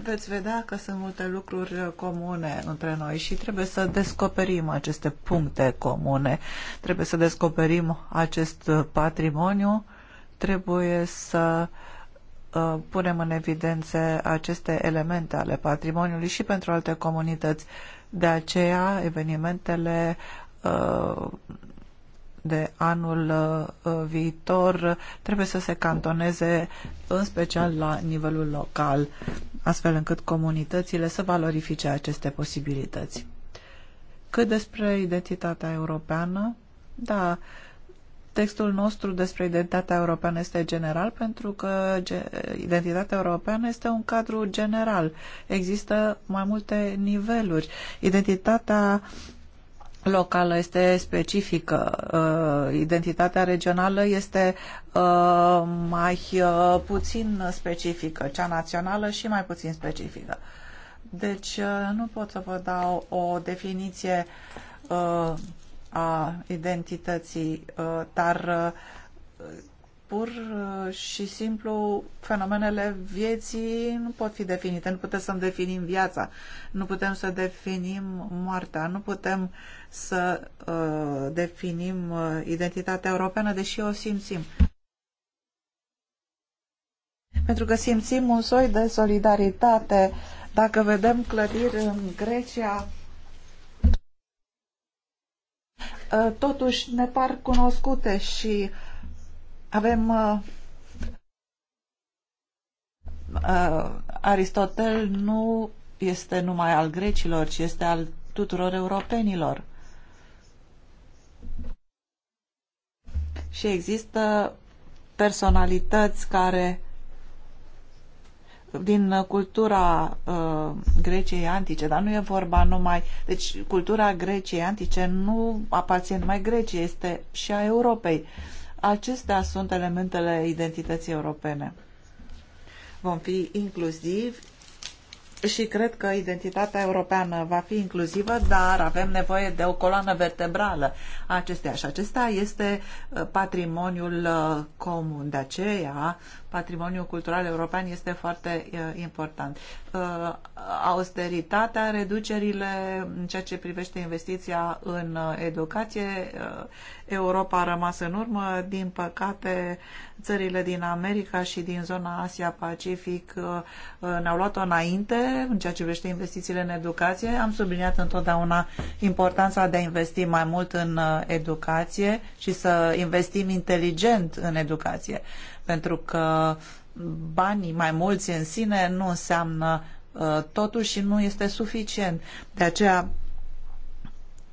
Veți vedea că sunt multe lucruri uh, comune între noi și trebuie să descoperim aceste puncte comune. Trebuie să descoperim acest uh, patrimoniu, trebuie să punem în evidență aceste elemente ale patrimoniului și pentru alte comunități. De aceea, evenimentele Uh, de anul uh, uh, viitor trebuie să se cantoneze în special la nivelul local, astfel încât comunitățile să valorifice aceste posibilități. Cât despre identitatea europeană, da, textul nostru despre identitatea europeană este general pentru că identitatea europeană este un cadru general. Există mai multe niveluri. Identitatea locală este specifică, uh, identitatea regională este uh, mai uh, puțin specifică, cea națională și mai puțin specifică. Deci nu pot să vă dau o definiție a identității, dar pur uh, și simplu fenomenele vieții nu pot fi definite. Nu putem să definim viața, nu putem să definim moartea, nu putem să uh, definim uh, identitatea europeană, deși o simțim. Pentru că simțim un soi de solidaritate. Dacă vedem clădiri în Grecia, uh, totuși ne par cunoscute și uh, avem uh, uh, Aristotel nu este numai al grecilor, ci este al tuturor europenilor. Și există personalități care din cultura uh, Greciei antice, dar nu e vorba numai... Deci cultura Greciei antice nu aparține numai Greciei, este și a Europei. Uh, Acestea sunt elementele identității europene. Vom fi inclusivi și cred că identitatea europeană va fi inclusivă, dar avem nevoie de o coloană vertebrală a acesteia și acesta este uh, patrimoniul uh, comun. De aceea patrimoniul cultural european este foarte important. Ă, austeritatea, reducerile în ceea ce privește investiția în ă, educație, ă, Europa a rămas în urmă. Din păcate, țările din America și din zona Asia-Pacific ne-au luat-o înainte în ceea ce privește investițiile în educație. Am subliniat întotdeauna importanța de a investi mai mult în educație și să investim inteligent în educație pentru că banii mai mulți în sine nu înseamnă uh, totul și nu este suficient. De aceea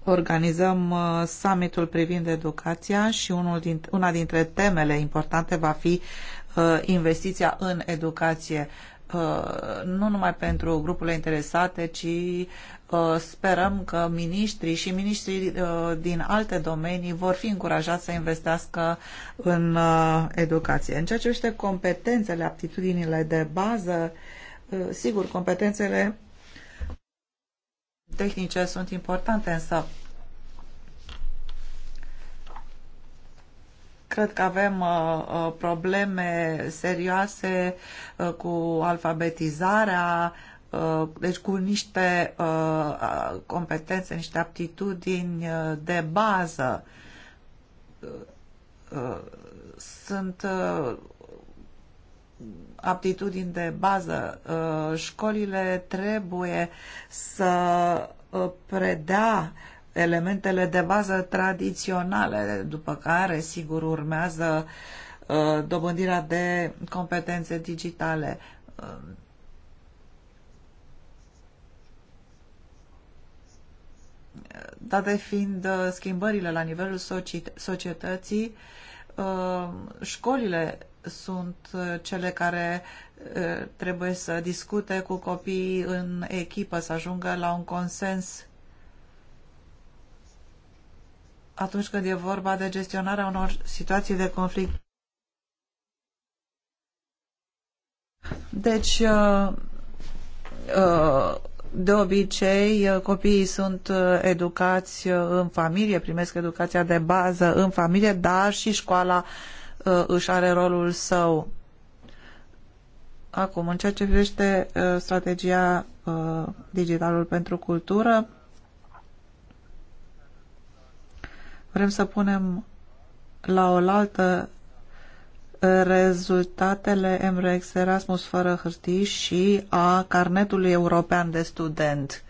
organizăm uh, summitul privind educația și unul din, una dintre temele importante va fi uh, investiția în educație nu numai pentru grupurile interesate, ci sperăm că miniștrii și miniștrii uh, din alte domenii vor fi încurajați să investească în uh, educație. În ceea ce este competențele, aptitudinile de bază, uh, sigur, competențele tehnice sunt importante, însă cred că avem uh, probleme serioase uh, cu alfabetizarea, Uh, deci cu niște uh, competențe, niște aptitudini uh, de bază sunt aptitudini de bază. Școlile trebuie să predea elementele de bază tradiționale, după care, sigur, urmează dobândirea de competențe digitale date fiind uh, schimbările la nivelul societății, uh, școlile sunt uh, cele care trebuie să discute cu copiii în echipă, să ajungă la un consens atunci când e vorba de gestionarea unor situații de conflict. Deci, uh, uh, de obicei, uh, copiii sunt uh, educați uh, în familie, primesc educația de bază în familie, dar și școala își are rolul său. Acum, în ceea ce privește strategia digitalul pentru cultură, vrem să punem la oaltă rezultatele MREX Erasmus fără hârtii și a carnetului european de student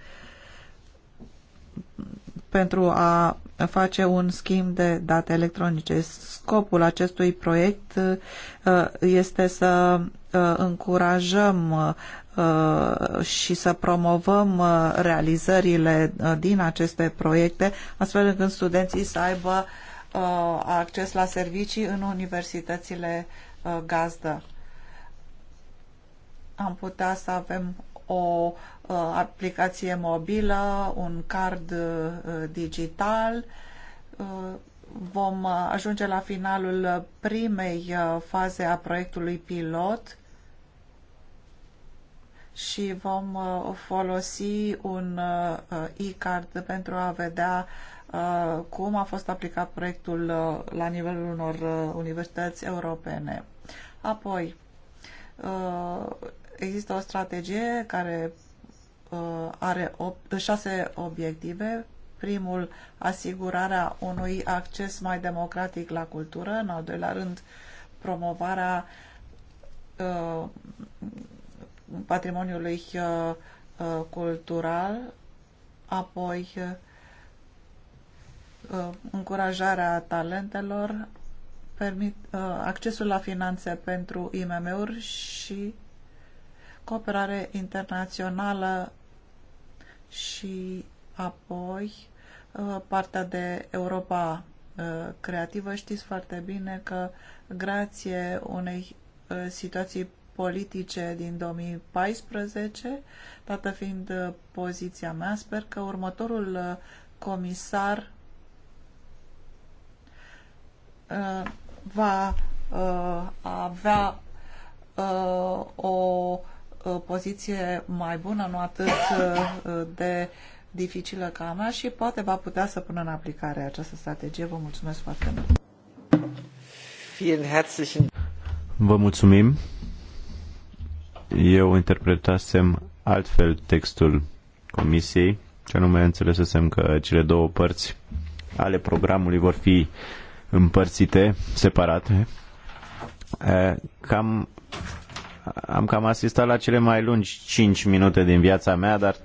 pentru a face un schimb de date electronice. Scopul acestui proiect uh, este să uh, încurajăm uh, și să promovăm realizările din aceste proiecte, astfel încât studenții să aibă Uh, acces la servicii în universitățile uh, gazdă. Am putea să avem o uh, aplicație mobilă, un card digital. Vom ajunge la finalul primei faze a proiectului pilot și vom folosi un e-card pentru a vedea Uh, cum a fost aplicat proiectul uh, la nivelul unor uh, universități europene. Apoi, există o strategie care are șase obiective. Primul, asigurarea unui acces mai democratic la cultură. În al doilea rând, promovarea patrimoniului cultural. Apoi, Uh, încurajarea talentelor, permit, uh, accesul la finanțe pentru IMM-uri și cooperare internațională și apoi uh, partea de Europa creativă. Știți foarte bine că grație unei situații politice din 2014, dată fiind poziția mea, sper că următorul comisar Uh, va uh, avea uh, o poziție mai bună, nu atât de dificilă ca a mea și poate va putea să pună în aplicare această strategie. Vă mulțumesc foarte mult! Vă mulțumim! Eu interpretasem altfel textul comisiei, ce anume înțelesesem că cele două părți ale programului vor fi împărțite, separate. Cam, am cam asistat la cele mai lungi 5 minute din viața mea, dar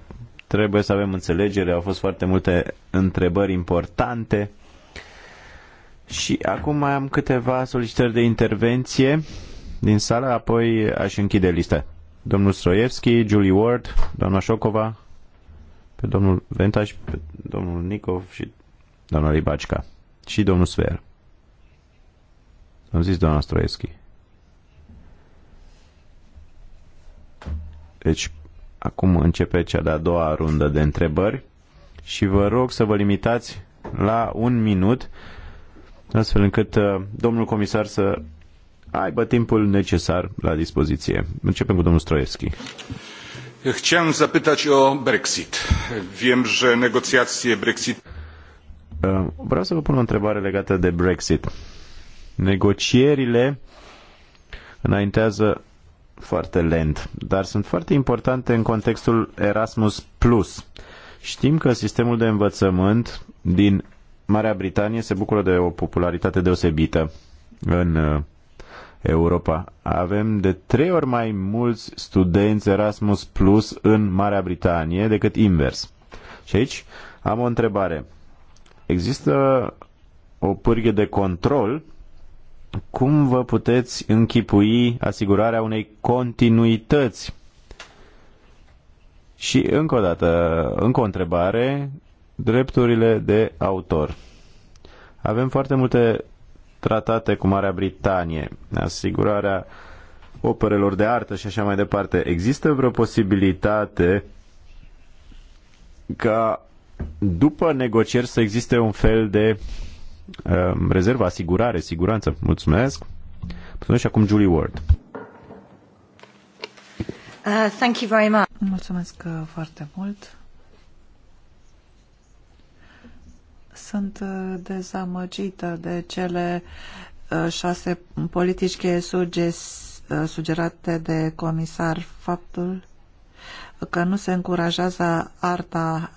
trebuie să avem înțelegere, au fost foarte multe întrebări importante. Și acum mai am câteva solicitări de intervenție din sală, apoi aș închide lista. Domnul Stroievski, Julie Ward, doamna Șocova, pe domnul Ventaș, pe domnul Nicov și doamna Libacica și domnul Sfer. Am zis doamna Stroieschi. Deci, acum începe cea de-a doua rundă de întrebări și vă rog să vă limitați la un minut, astfel încât uh, domnul comisar să aibă timpul necesar la dispoziție. Începem cu domnul Stroieschi. Chciałem zapytać o Brexit. Wiem, że negocjacje Brexit... Uh, vreau să vă pun o întrebare legată de Brexit. Negocierile înaintează foarte lent, dar sunt foarte importante în contextul Erasmus+. Plus. Știm că sistemul de învățământ din Marea Britanie se bucură de o popularitate deosebită în uh, Europa. Avem de trei ori mai mulți studenți Erasmus Plus în Marea Britanie decât invers. Și aici am o întrebare. Există o pârghie de control cum vă puteți închipui asigurarea unei continuități? Și încă o dată, încă o întrebare, drepturile de autor. Avem foarte multe tratate cu Marea Britanie, asigurarea operelor de artă și așa mai departe. Există vreo posibilitate ca după negocieri să existe un fel de Ehm, rezervă, asigurare, siguranță. Mulțumesc. Mulțumesc și acum Julie Ward. Uh, thank you very much. Mulțumesc uh, foarte mult. Sunt uh, dezamăgită de cele uh, șase politici sugerate de comisar faptul că nu se încurajează arta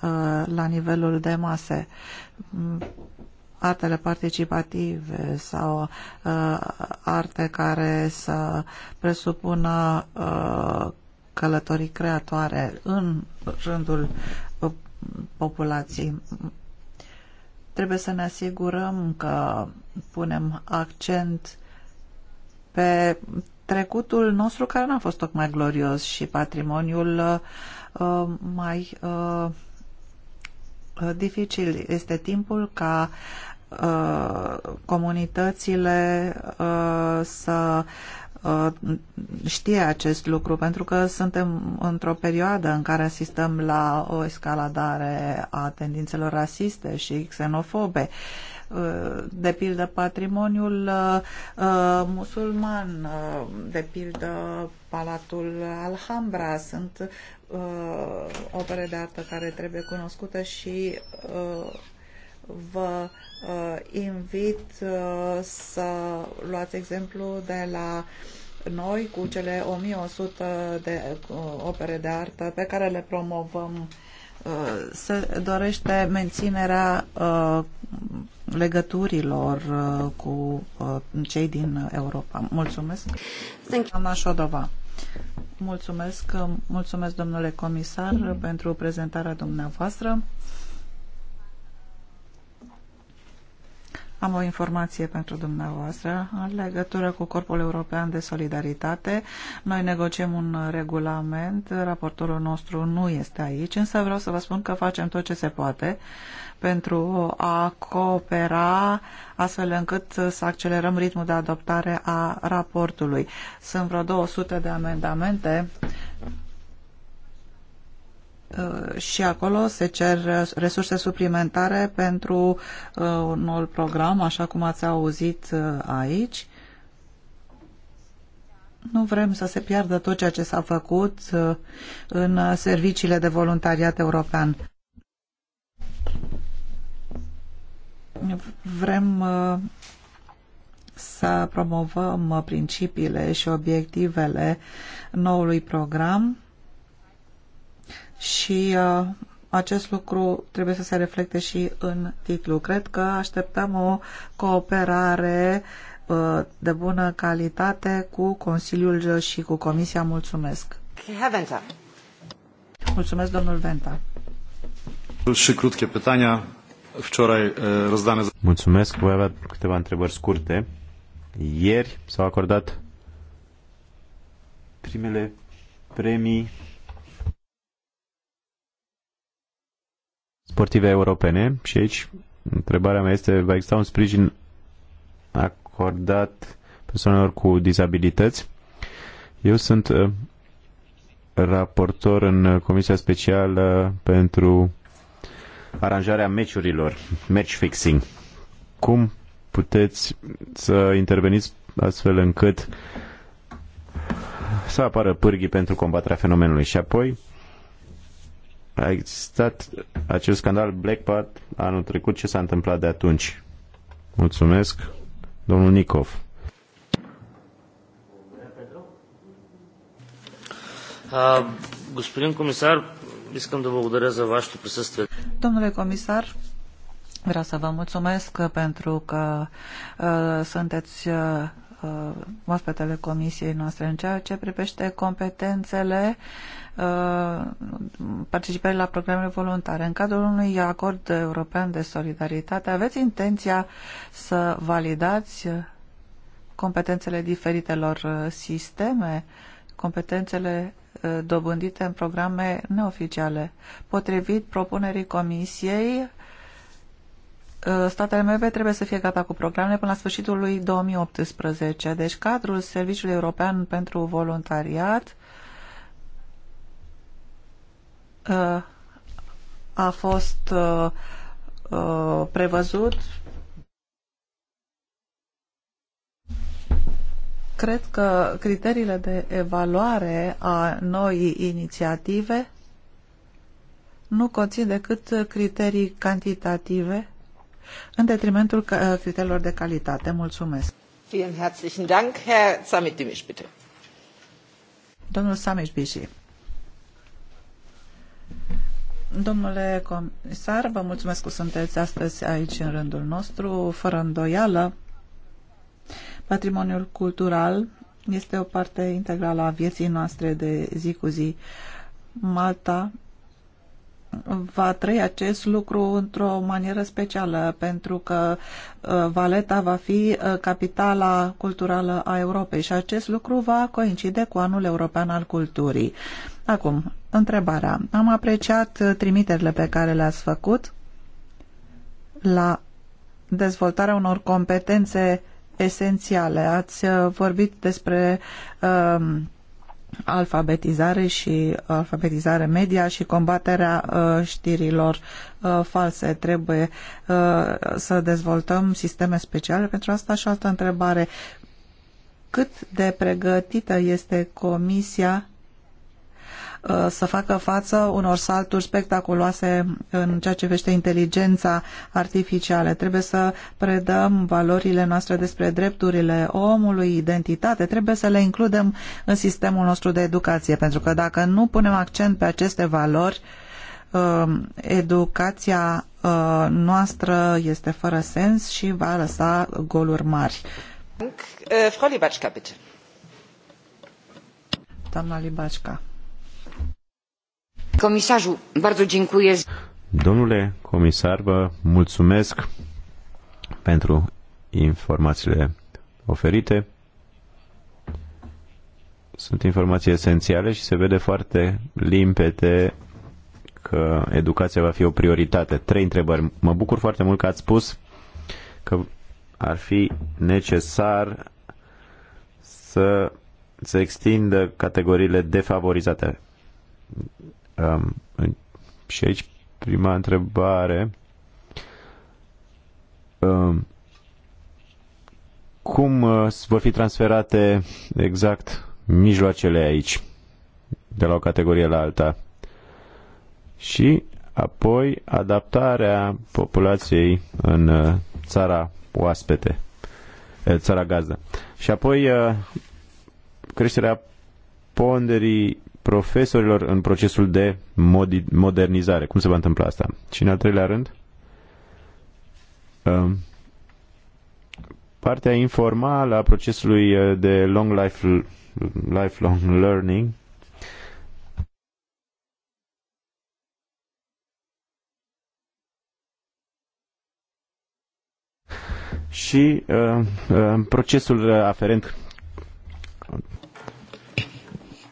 la nivelul de mase artele participative sau uh, arte care să presupună uh, călătorii creatoare în rândul uh, populației. Trebuie să ne asigurăm că punem accent pe trecutul nostru care n-a fost tocmai glorios și patrimoniul uh, mai uh, Uh, dificil este timpul ca uh, comunitățile uh, să știe acest lucru, pentru că suntem într-o perioadă în care asistăm la o escaladare a tendințelor rasiste și xenofobe. Uh, Eh, de pildă patrimoniul eh, eh, musulman, de pildă Palatul Alhambra, sunt opere de artă care trebuie cunoscute și vă invit să luați exemplu de la noi cu cele 1100 de opere de artă pe care le promovăm Uh, se dorește menținerea uh, legăturilor uh, cu cei din Europa. Mulțumesc, doamna Șodova. Mulțumesc, mulțumesc domnule comisar mm-hmm. pentru prezentarea dumneavoastră. Am o informație pentru dumneavoastră în legătură cu Corpul European de Solidaritate. Noi negociem un regulament, raportorul nostru nu este aici, însă vreau să vă spun că facem tot ce se poate pentru a coopera astfel încât să accelerăm ritmul de adoptare a raportului. Sunt vreo 200 de amendamente Uh, și acolo se cer resurse suplimentare pentru uh, noul program, așa cum ați auzit uh, aici. Nu vrem să se piardă tot ceea ce s-a făcut în serviciile de voluntariat european. Vrem să promovăm principiile și obiectivele noului program și uh, acest lucru trebuie să se reflecte și în titlu. Cred că așteptăm o cooperare uh, de bună calitate cu Consiliul și cu Comisia. Mulțumesc! Venta. Mulțumesc, domnul Venta! Și krótkie pytania. Mulțumesc, voi avea câteva întrebări scurte. Ieri s-au acordat primele premii sportive europene și aici întrebarea mea este, va exista un sprijin acordat persoanelor cu dizabilități? Eu sunt uh, raportor în Comisia Specială pentru aranjarea meciurilor, match fixing. Cum puteți să interveniți astfel încât să apară pârghii pentru combaterea fenomenului? Și apoi, a existat acel scandal Blackpart anul trecut. Ce s-a întâmplat de atunci? Mulțumesc. Domnul Nicov. Господин комисар, искам да благодаря за вашето присъствие. Domnule comisar, vreau să vă mulțumesc pentru că uh, sunteți uh, uh, oaspetele comisiei noastre în ceea ce privește competențele uh, participării la programele voluntare. În cadrul unui acord european de solidaritate, aveți intenția să validați competențele diferitelor uh, sisteme, competențele uh, dobândite în programe neoficiale. Potrivit propunerii Comisiei, Uh, statele membre trebuie să fie gata cu programele până la sfârșitul lui 2018. Deci cadrul Serviciului European pentru Voluntariat uh, a fost uh, prevăzut Cred că criteriile de evaluare a noii inițiative nu conțin decât criterii cantitative în detrimentul uh, criteriilor de calitate. Mulțumesc. Vielen herzlichen Dank, Herr bitte. Domnul Samiș Bishi. Domnule comisar, vă mulțumesc că sunteți astăzi aici în rândul nostru. Fără îndoială, patrimoniul cultural este o parte integrală a vieții noastre de zi cu zi. Malta va trăi acest lucru într-o manieră specială, pentru că uh, Valeta va fi uh, capitala culturală a Europei și acest lucru va coincide cu anul european al culturii. Acum, întrebarea. Am apreciat uh, trimiterile pe care le-ați făcut la dezvoltarea unor competențe esențiale. Ați vorbit despre uh, alfabetizare și uh, alfabetizare media și combaterea uh, știrilor uh, false. Trebuie să dezvoltăm sisteme speciale pentru asta și altă întrebare. Cât de pregătită este comisia Uh, să facă față unor salturi spectaculoase în ceea ce vește inteligența artificială. Trebuie să predăm valorile noastre despre drepturile omului, identitate, trebuie să le includem în sistemul nostru de educație, pentru că dacă nu punem accent pe aceste valori, uh, educația uh, noastră este fără sens și va lăsa goluri mari. Frau Libacca, bitte. Doamna Libacca. Comisarul, bardzo dziękuję. Domnule comisar, vă mulțumesc pentru informațiile oferite. Sunt informații esențiale și se vede foarte limpede că educația va fi o prioritate. Trei întrebări. Mă bucur foarte mult că ați spus că ar fi necesar să se extindă categoriile defavorizate. Um, și aici prima întrebare. Um, cum uh, vor fi transferate exact mijloacele aici, de la o categorie la alta? Și apoi adaptarea populației în uh, țara oaspete, eh, țara gazdă. Și apoi uh, creșterea ponderii profesorilor în procesul de modernizare. Cum se va întâmpla asta? Și în al treilea rând, um, partea informală a procesului uh, de long life, lifelong learning, și uh, uh, procesul aferent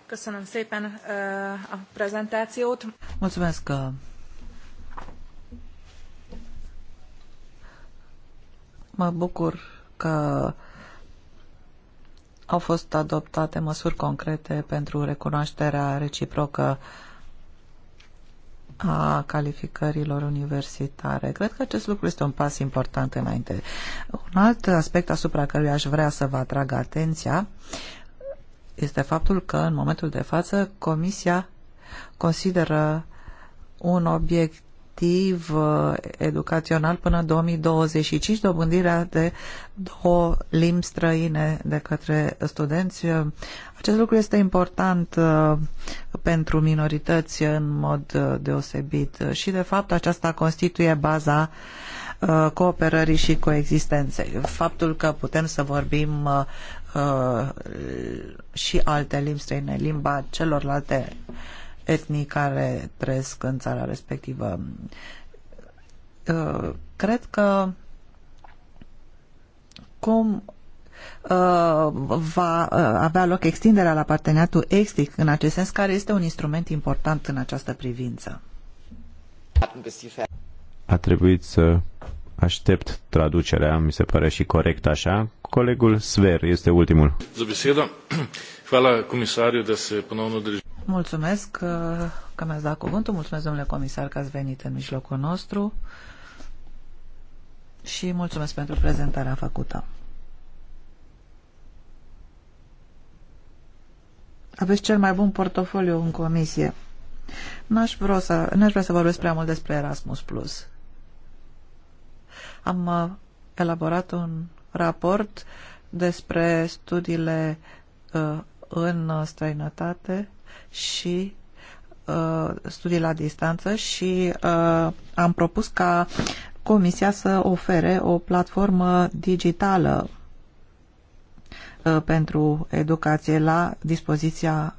Köszönöm szépen eh, a prezentációt. Mulțumesc eh, Mă bucur că au fost adoptate măsuri concrete pentru recunoașterea reciprocă a calificărilor universitare. Cred că acest lucru este un pas important înainte. Un alt aspect asupra căruia aș vrea să vă atrag atenția este faptul că în momentul de față Comisia consideră un obiectiv uh, educațional până în 2025 dobândirea de două limbi străine de către studenți. Acest lucru este important uh, pentru minorități în mod uh, deosebit și de fapt aceasta constituie baza uh, Uh, cooperării și coexistenței. Faptul că putem să vorbim uh, uh, și alte limbi străine, limba celorlalte etnii care trăiesc în țara respectivă. Cred că cum va avea loc extinderea la parteneriatul extic în acest sens, care este un instrument important în această privință a trebuit să aștept traducerea, mi se pare și corect așa. Colegul Sver este ultimul. Da mulțumesc uh, că mi-ați dat cuvântul, mulțumesc domnule comisar că ați venit în mijlocul nostru și mulțumesc pentru prezentarea făcută. Aveți cel mai bun portofoliu în comisie. N-aș vrea, să, n-aș vrea să vorbesc prea mult despre Erasmus+. Plus. Am uh, elaborat un raport despre studiile uh, în străinătate și uh, studii la distanță și am propus ca Comisia să ofere o platformă digitală pentru educație la dispoziția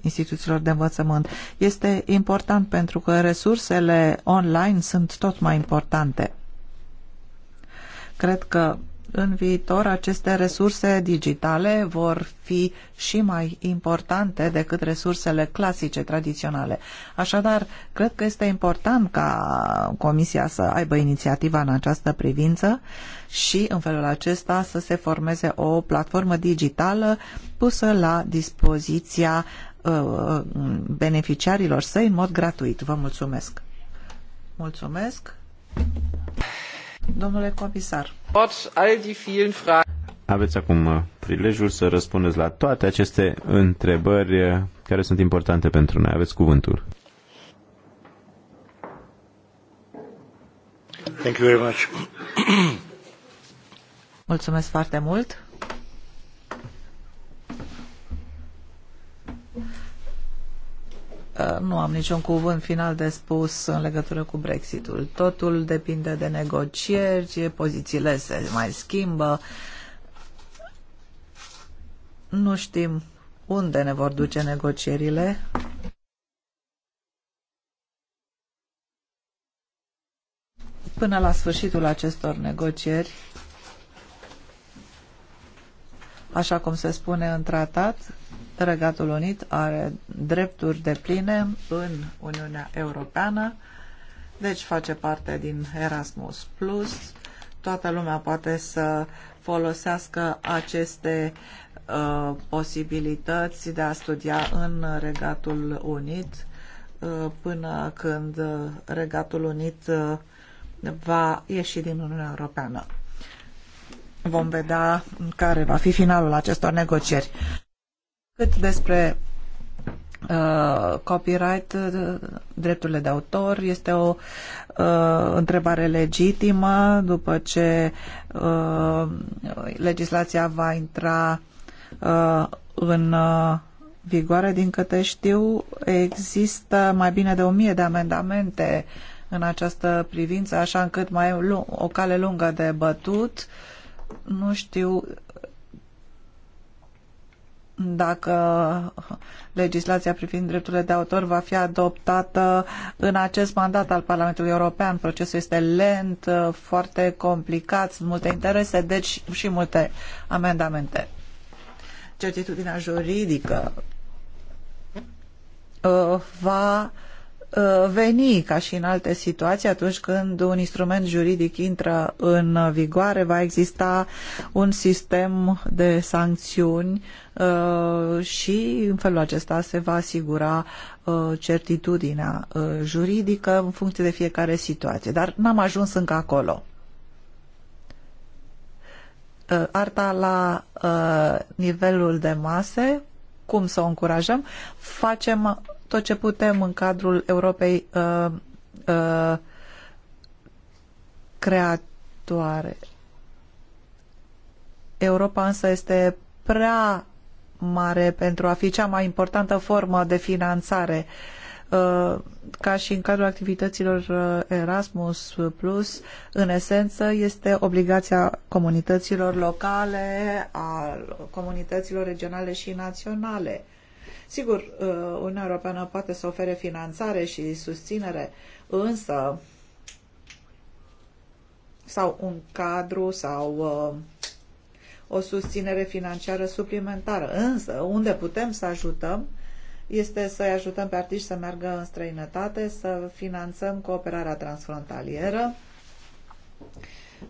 instituțiilor de învățământ. Este important pentru că resursele online sunt tot mai importante. Cred că în viitor aceste resurse digitale vor fi și mai importante decât resursele clasice, tradiționale. Așadar, cred că este important ca Comisia să aibă inițiativa în această privință și în felul acesta să se formeze o platformă digitală pusă la dispoziția uh, beneficiarilor săi în mod gratuit. Vă mulțumesc! Mulțumesc! Domnule comisar. Aveți acum uh, prilejul să răspundeți la toate aceste întrebări uh, care sunt importante pentru noi. Aveți cuvântul. Thank you very much. Mulțumesc foarte mult. nu am niciun cuvânt final de spus în legătură cu Brexitul. Totul depinde de negocieri, pozițiile se mai schimbă. Nu știm unde ne vor duce negocierile. Până la sfârșitul acestor negocieri, Așa cum se spune în tratat, Regatul Unit are drepturi de pline în Uniunea Europeană, deci face parte din Erasmus+. Plus. Toată lumea poate să folosească aceste uh, posibilități de a studia în Regatul Unit uh, până când Regatul Unit uh, va ieși din Uniunea Europeană. Vom vedea care va fi finalul acestor negocieri. Cât despre uh, copyright, uh, drepturile de autor, este o uh, întrebare legitimă după ce uh, legislația va intra uh, în uh, vigoare. Din câte știu, există mai bine de o mie de amendamente în această privință, așa încât mai e o cale lungă de bătut. Uh, nu știu dacă legislația privind drepturile de autor va fi adoptată în acest mandat al Parlamentului European. Procesul este lent, foarte complicat, sunt multe interese, deci și multe amendamente. Certitudinea juridică uh, va Uh, veni ca și în alte situații atunci când un instrument juridic intră în vigoare va exista un sistem de sancțiuni uh, și în felul acesta se va asigura uh, certitudinea juridică în funcție de fiecare situație dar n-am ajuns încă acolo arta la nivelul de mase cum să o încurajăm facem tot ce putem în cadrul Europei uh, uh, creatoare. Europa însă este prea mare pentru a fi cea mai importantă formă de finanțare. Uh, ca și în cadrul activităților uh, Erasmus Plus, în esență este obligația comunităților locale, a comunităților regionale și naționale Sigur, uh, Uniunea Europeană poate să ofere finanțare și susținere, însă sau un cadru sau uh, o susținere financiară suplimentară. Însă, unde putem să ajutăm este să-i ajutăm pe artiști să meargă în străinătate, să finanțăm cooperarea transfrontalieră,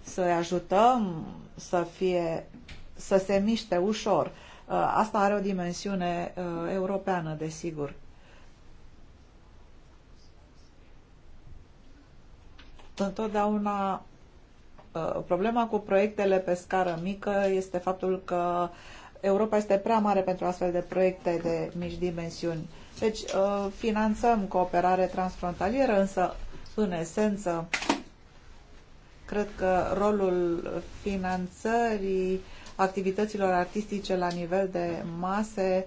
să-i ajutăm să fie să se miște ușor. Uh, asta are o dimensiune uh, europeană, desigur. Întotdeauna uh, problema cu proiectele pe scară mică este faptul că Europa este prea mare pentru astfel de proiecte de mici dimensiuni. Deci finanțăm cooperare transfrontalieră, însă în esență cred că rolul finanțării activităților artistice la nivel de mase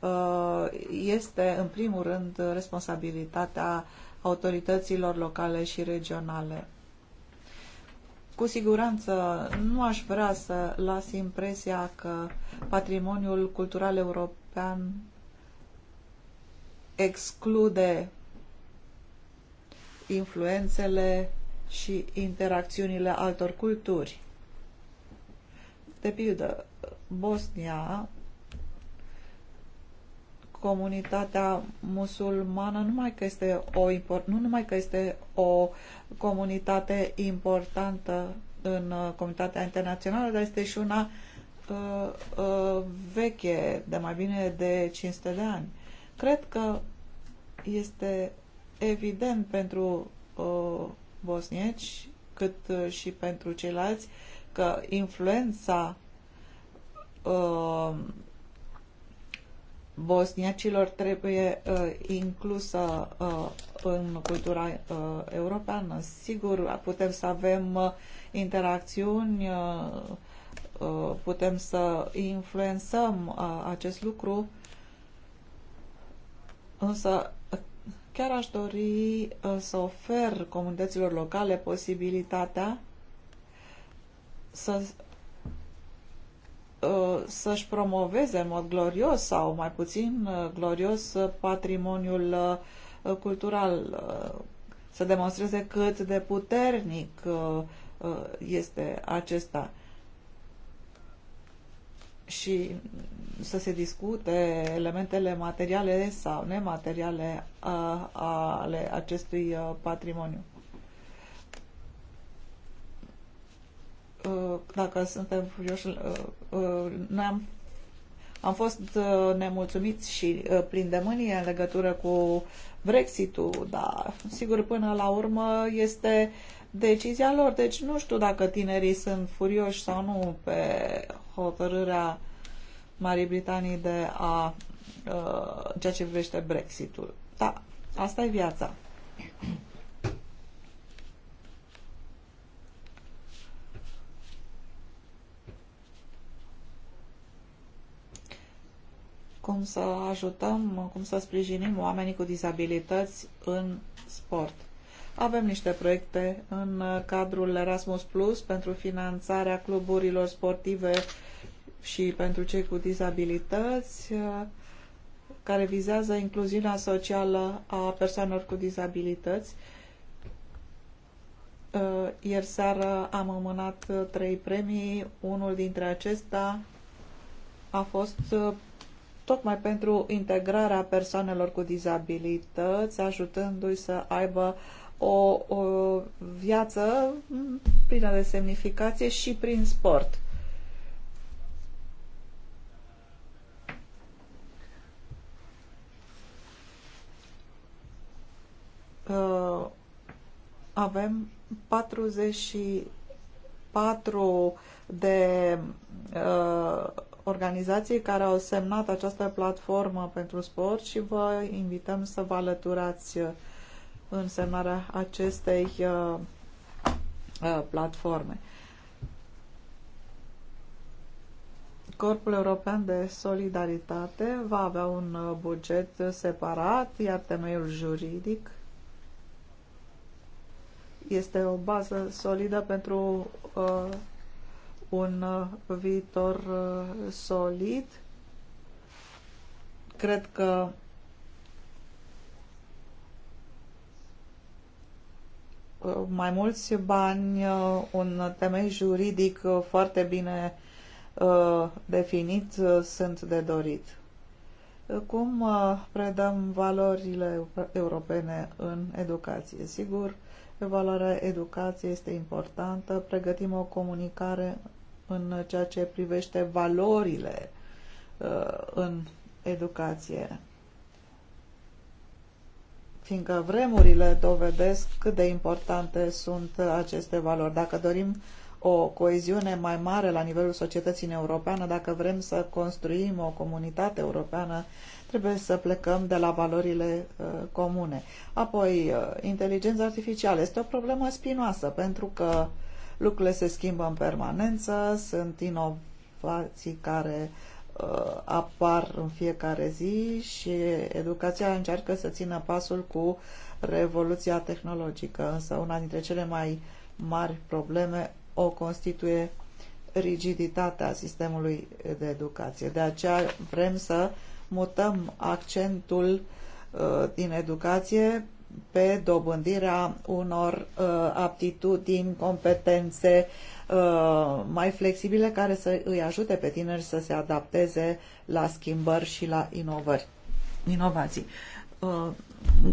uh, este în primul rând responsabilitatea autorităților locale și regionale. Cu siguranță nu aș vrea să las impresia că patrimoniul cultural european exclude influențele și interacțiunile altor culturi. De pildă, Bosnia, comunitatea musulmană numai că este o, nu numai că este o comunitate importantă în uh, comunitatea internațională, dar este și una uh, uh, veche, de mai bine de 500 de ani. Cred că este evident pentru uh, bosnieci, cât uh, și pentru ceilalți, uh, că influența uh, bosniacilor trebuie uh, inclusă uh, în cultura uh, europeană. Sigur, putem să avem uh, interacțiuni, uh, uh, putem să influențăm uh, acest lucru, însă chiar aș dori uh, să ofer comunităților locale posibilitatea să uh, să-și promoveze în mod glorios sau mai puțin uh, glorios uh, patrimoniul cultural, să demonstreze cât de puternic este acesta și să se discute elementele materiale sau nemateriale ale acestui patrimoniu. Uh, dacă suntem furioși, uh, uh, noi am, am fost nemulțumiți și plin de mânie în legătură cu Brexit-ul, dar sigur până la urmă este decizia lor. Deci nu știu dacă tinerii sunt furioși sau nu pe hotărârea Marii Britanii de a ceea ce privește Brexitul. Da, asta e viața. cum să ajutăm, cum să sprijinim oamenii cu dizabilități în sport. Avem niște proiecte în cadrul Erasmus Plus pentru finanțarea cluburilor sportive și pentru cei cu dizabilități care vizează incluziunea socială a persoanelor cu dizabilități. Ieri seară am amânat trei premii. Unul dintre acestea a fost tocmai pentru integrarea persoanelor cu dizabilități, ajutându-i să aibă o, o viață mm, plină de semnificație și prin sport. Uh, avem 44 de uh, organizații care au semnat această platformă pentru sport și vă invităm să vă alăturați în semnarea acestei uh, uh, platforme. Corpul European de Solidaritate va avea un uh, buget separat, iar temeiul juridic este o bază solidă pentru uh, un uh, viitor uh, solid. Cred că mai mulți bani, uh, un temei juridic foarte bine definit sunt de dorit. Cum predăm valorile europene în educație? Sigur, valoarea educației este importantă, pregătim o comunicare în ceea ce privește valorile uh, în educație. Fiindcă vremurile dovedesc cât de importante sunt aceste valori. Dacă dorim o coeziune mai mare la nivelul societății europeană, dacă vrem să construim o comunitate europeană, trebuie să plecăm de la valorile uh, comune. Apoi, uh, inteligența artificială este o problemă spinoasă, pentru că uh, Lucrurile se schimbă în permanență, sunt inovații care uh, apar în fiecare zi și educația încearcă să țină pasul cu revoluția tehnologică, însă una dintre cele mai mari probleme o constituie rigiditatea sistemului de educație. De aceea vrem să mutăm accentul uh, din educație pe dobândirea unor uh, aptitudini, competențe uh, mai flexibile care să îi ajute pe tineri să se adapteze la schimbări și la inovări, inovații. Uh,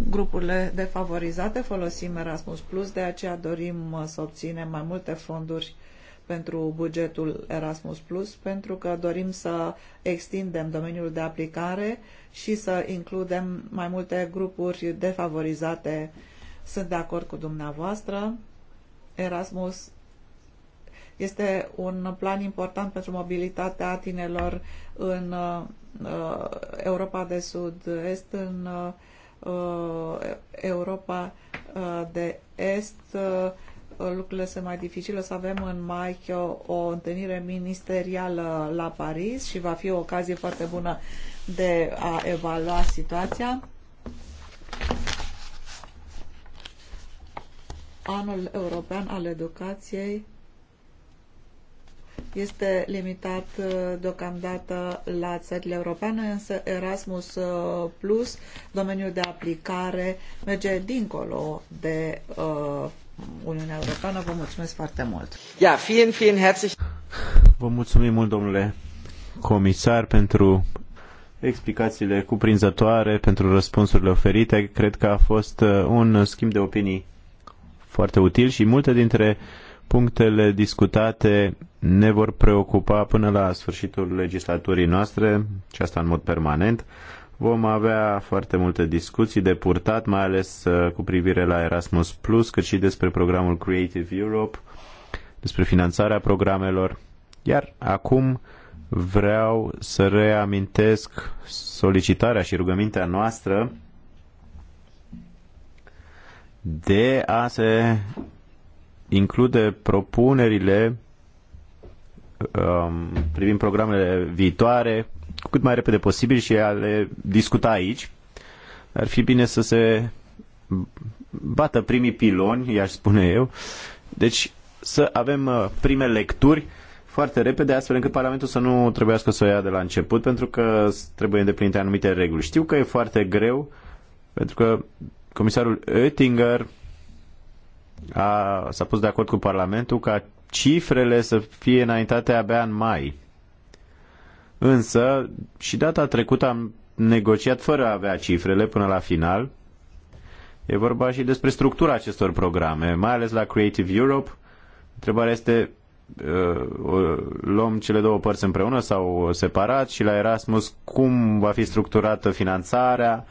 grupurile defavorizate folosim Erasmus Plus, de aceea dorim uh, să obținem mai multe fonduri pentru bugetul Erasmus Plus, pentru că dorim să extindem domeniul de aplicare și să includem mai multe grupuri defavorizate. Sunt de acord cu dumneavoastră. Erasmus este un plan important pentru mobilitatea tinerilor în uh, Europa de Sud-Est, în uh, Europa uh, de Est. Lucrurile sunt mai dificile. O să avem în mai o, o întâlnire ministerială la Paris și va fi o ocazie foarte bună de a evalua situația. Anul European al Educației este limitat uh, deocamdată la țările europene, însă Erasmus uh, Plus, domeniul de aplicare, merge dincolo de uh, Uniunea Europeană. Vă mulțumesc foarte mult! Ja, vielen, vielen herzlich! Vă mulțumim mult, domnule comisar, pentru explicațiile cuprinzătoare pentru răspunsurile oferite. Cred că a fost uh, un schimb de opinii foarte util și multe dintre punctele discutate ne vor preocupa până la sfârșitul legislaturii noastre, și asta în mod permanent. Vom avea foarte multe discuții de purtat, mai ales uh, cu privire la Erasmus Plus, cât și despre programul Creative Europe, despre finanțarea programelor. Iar acum vreau să reamintesc solicitarea și rugămintea noastră de a se include propunerile um, privind programele viitoare cu cât mai repede posibil și a le discuta aici. Ar fi bine să se bată primii piloni, i-aș spune eu. Deci să avem uh, prime lecturi foarte repede, astfel încât Parlamentul să nu trebuiască să o ia de la început, pentru că trebuie îndeplinite anumite reguli. Știu că e foarte greu, pentru că comisarul Oettinger a, s-a pus de acord cu Parlamentul ca cifrele să fie înaintate abia în mai. Însă, și data trecută am negociat fără a avea cifrele până la final. E vorba și despre structura acestor programe, mai ales la Creative Europe. Întrebarea este Uh, uh, luăm cele două părți împreună sau separat și la Erasmus cum va fi structurată finanțarea,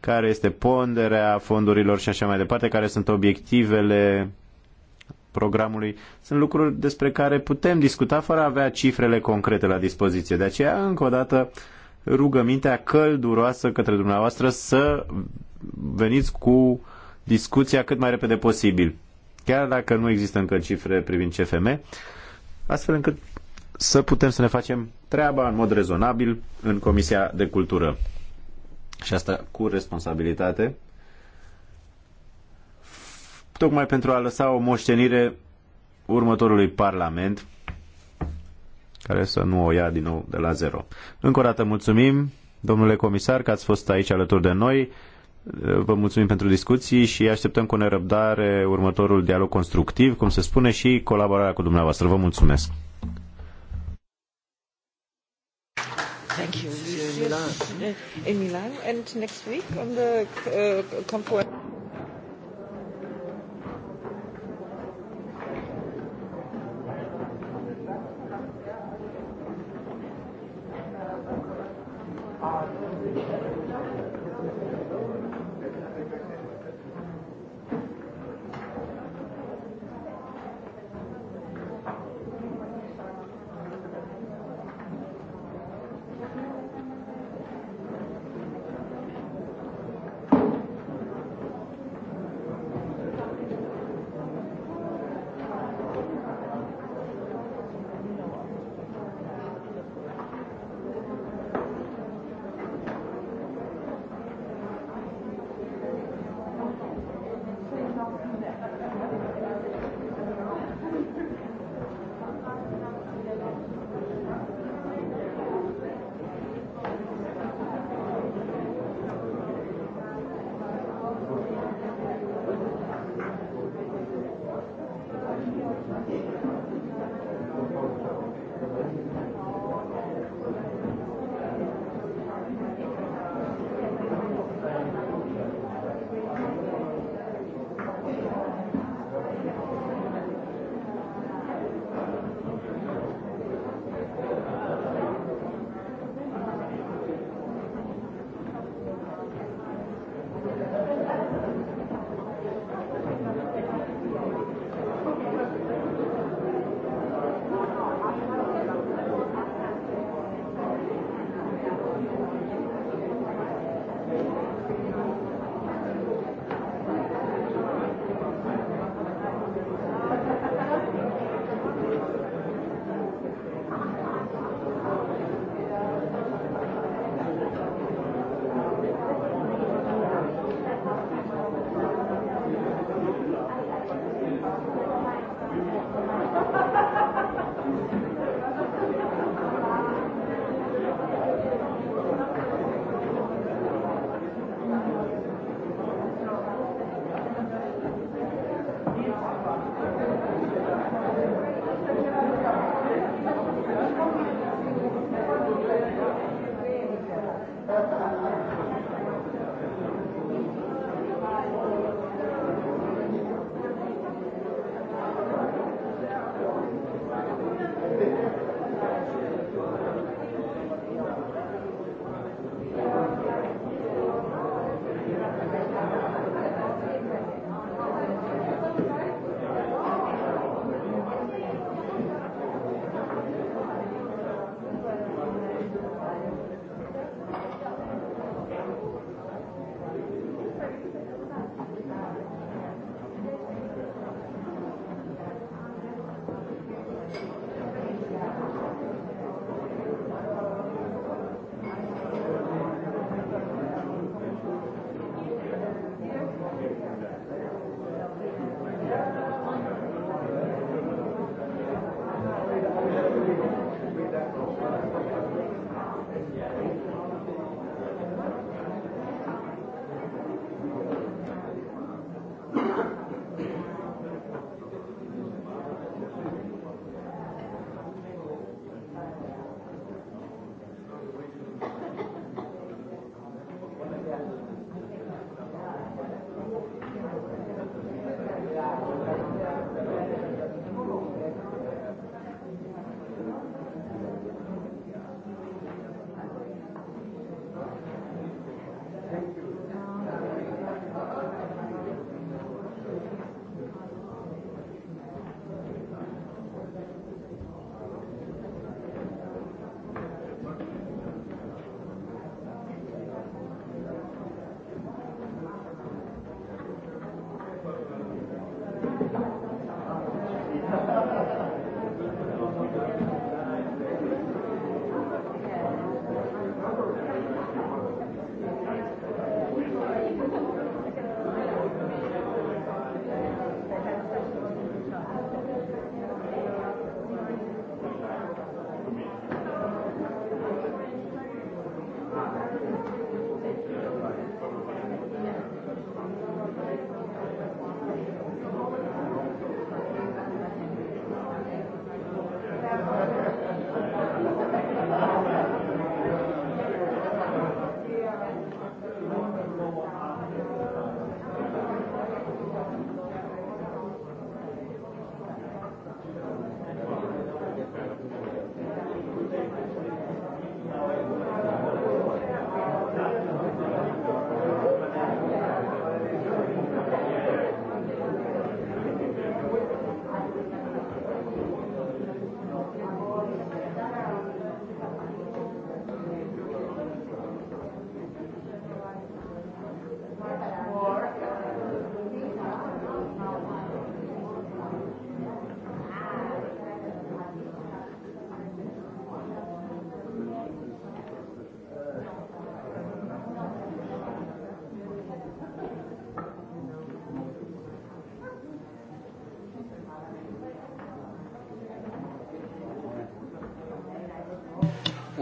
care este ponderea fondurilor și așa mai departe, care sunt obiectivele programului. Sunt lucruri despre care putem discuta fără a avea cifrele concrete la dispoziție. De aceea, încă o dată, rugămintea călduroasă către dumneavoastră să veniți cu discuția cât mai repede posibil. Chiar dacă nu există încă cifre privind CFM, astfel încât să putem să ne facem treaba în mod rezonabil în Comisia de Cultură. Și asta cu responsabilitate, tocmai pentru a lăsa o moștenire următorului Parlament, care să nu o ia din nou de la zero. Încă o dată mulțumim, domnule comisar, că ați fost aici alături de noi. Vă mulțumim pentru discuții și așteptăm cu nerăbdare următorul dialog constructiv, cum se spune, și colaborarea cu dumneavoastră. Vă mulțumesc! Thank you. In Milan and next week on the uh, Thank you.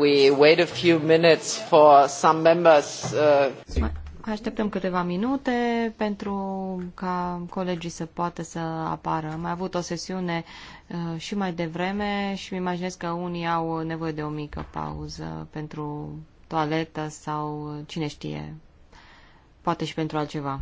we wait a few minutes for some members. Uh... Așteptăm câteva minute pentru ca colegii să poată să apară. Am mai avut o sesiune uh, și mai devreme și îmi imaginez că unii au nevoie de o mică pauză pentru toaletă sau uh, cine știe, poate și pentru altceva.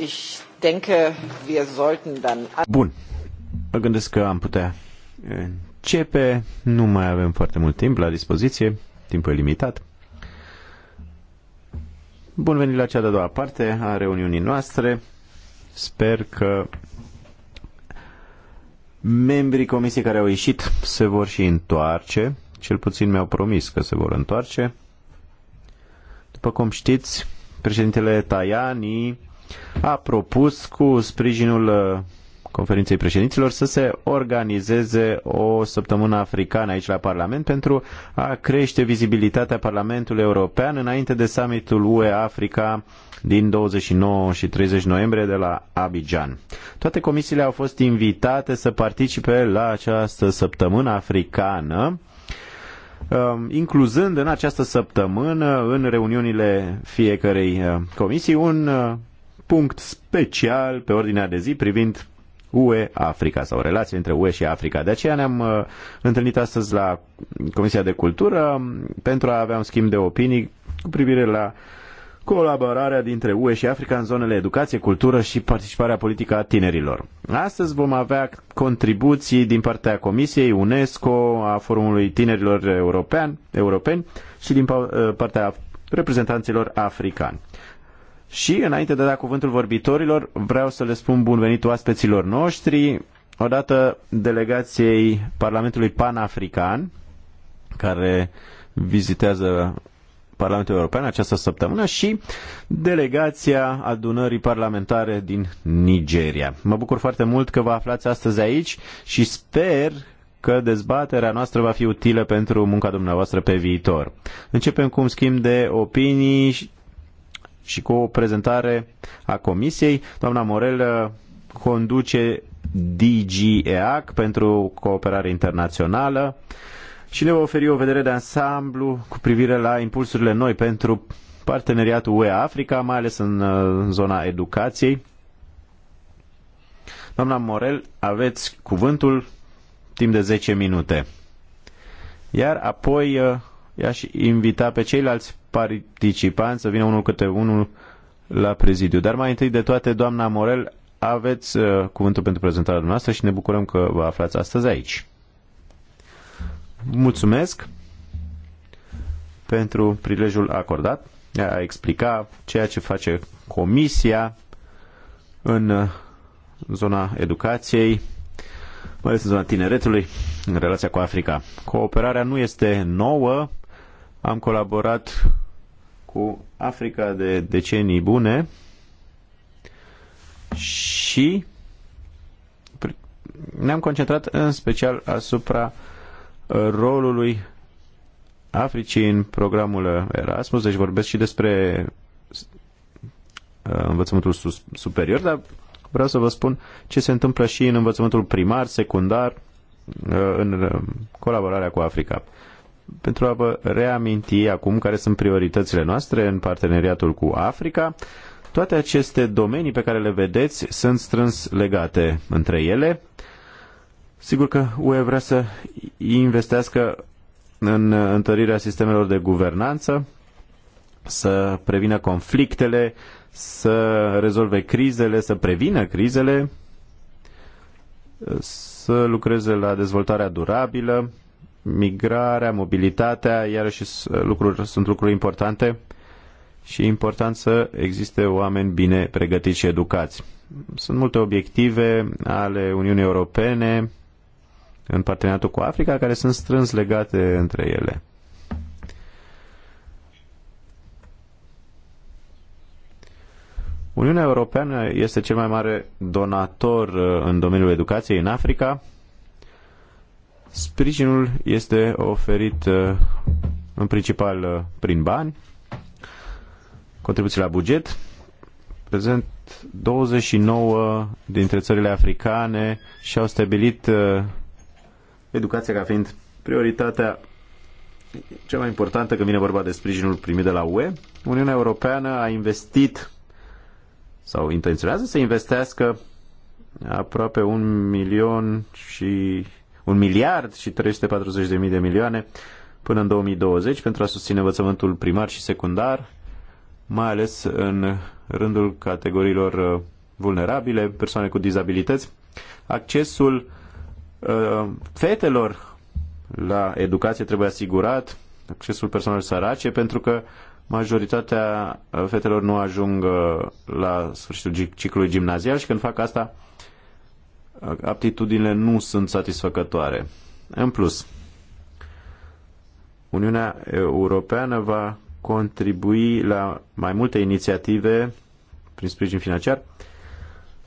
ich denke, wir sollten dann... Bun. Mă gândesc că am putea începe. Nu mai avem foarte mult timp la dispoziție. Timpul e limitat. Bun venit la cea de-a doua parte a reuniunii noastre. Sper că membrii comisiei care au ieșit se vor și întoarce. Cel puțin mi-au promis că se vor întoarce. După cum știți, președintele Tajani a propus cu sprijinul uh, conferinței președinților să se organizeze o săptămână africană aici la Parlament pentru a crește vizibilitatea Parlamentului European înainte de summitul UE Africa din 29 și 30 noiembrie de la Abidjan. Toate comisiile au fost invitate să participe la această săptămână africană um, incluzând în această săptămână în reuniunile fiecărei uh, comisii un uh, punct special pe ordinea de zi privind UE Africa sau relația între UE și Africa. De aceea ne-am uh, întâlnit astăzi la Comisia de Cultură um, pentru a avea un schimb de opinii cu privire la colaborarea dintre UE și Africa în zonele educație, cultură și participarea politică a tinerilor. Astăzi vom avea contribuții din partea Comisiei UNESCO, a Forumului Tinerilor European, Europeni și din uh, partea reprezentanților africani. Și înainte de a da cuvântul vorbitorilor, vreau să le spun bun venit oaspeților noștri, odată delegației Parlamentului Panafrican, care vizitează Parlamentul European această săptămână și delegația adunării parlamentare din Nigeria. Mă bucur foarte mult că vă aflați astăzi aici și sper că dezbaterea noastră va fi utilă pentru munca dumneavoastră pe viitor. Începem cu un schimb de opinii și cu o prezentare a comisiei. Doamna Morel uh, conduce DG EAC pentru cooperare internațională și ne va oferi o vedere de ansamblu cu privire la impulsurile noi pentru parteneriatul UE-Africa, mai ales uh, în zona educației. Doamna Morel, aveți cuvântul timp de 10 minute. Iar apoi uh, i-aș invita pe ceilalți participanți să vină unul câte unul la prezidiu. Dar mai întâi de toate, doamna Morel, aveți uh, cuvântul pentru prezentarea dumneavoastră și ne bucurăm că vă aflați astăzi aici. Mulțumesc pentru prilejul acordat de a explica ceea ce face Comisia în uh, zona educației, mai ales în zona tineretului, în relația cu Africa. Cooperarea nu este nouă, am colaborat cu Africa de decenii bune și ne-am concentrat în special asupra rolului Africii în programul Erasmus, deci vorbesc și despre uh, învățământul superior, dar vreau să vă spun ce se întâmplă și în învățământul primar, secundar, uh, în uh, colaborarea cu Africa pentru a vă reaminti acum care sunt prioritățile noastre în parteneriatul cu Africa. Toate aceste domenii pe care le vedeți sunt strâns legate între ele. Sigur că UE vrea să investească în întărirea sistemelor de guvernanță, să prevină conflictele, să rezolve crizele, să prevină crizele, să lucreze la dezvoltarea durabilă, migrarea, mobilitatea, iarăși lucruri, sunt lucruri importante și e important să existe oameni bine pregătiți și educați. Sunt multe obiective ale Uniunii Europene în parteneriatul cu Africa care sunt strâns legate între ele. Uniunea Europeană este cel mai mare donator uh, în domeniul educației în Africa, Sprijinul este oferit uh, în principal uh, prin bani, contribuții la buget. Prezent 29 dintre țările africane și-au stabilit uh, educația ca fiind prioritatea cea mai importantă când vine vorba de sprijinul primit de la UE. Uniunea Europeană a investit sau intenționează să investească aproape un milion și un miliard și 340 de mii de milioane până în 2020 pentru a susține învățământul primar și secundar, mai ales în rândul categoriilor uh, vulnerabile, persoane cu dizabilități, accesul uh, fetelor la educație trebuie asigurat, accesul persoanelor sărace, pentru că majoritatea uh, fetelor nu ajung uh, la sfârșitul ciclului gimnazial și când fac asta aptitudinile nu sunt satisfăcătoare. În plus, Uniunea Europeană va contribui la mai multe inițiative prin sprijin financiar,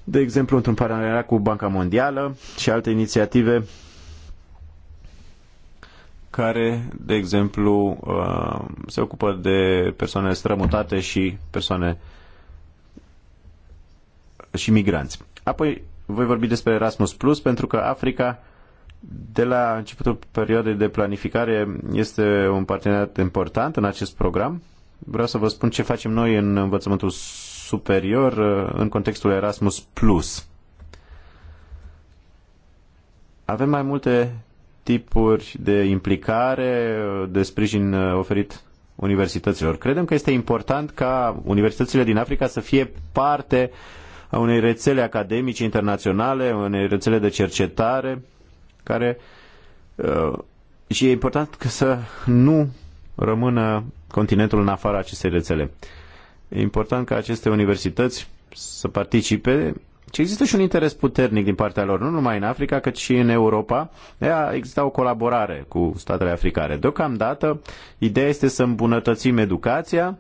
de exemplu într-un paralel cu Banca Mondială și alte inițiative care, de exemplu, uh, se ocupă de persoane strămutate și persoane și migranți. Apoi, voi vorbi despre Erasmus Plus pentru că Africa de la începutul perioadei de planificare este un parteneriat important în acest program. Vreau să vă spun ce facem noi în învățământul superior uh, în contextul Erasmus Plus. Avem mai multe tipuri de implicare, uh, de sprijin uh, oferit universităților. Credem că este important ca universitățile din Africa să fie parte uh, a unei rețele academice internaționale, unei rețele de cercetare, care uh, și e important să nu rămână continentul în afara acestei rețele. E important ca aceste universități să participe și există și un interes puternic din partea lor, nu numai în Africa, cât și în Europa. Ea exista o colaborare cu statele africane. Deocamdată, ideea este să îmbunătățim educația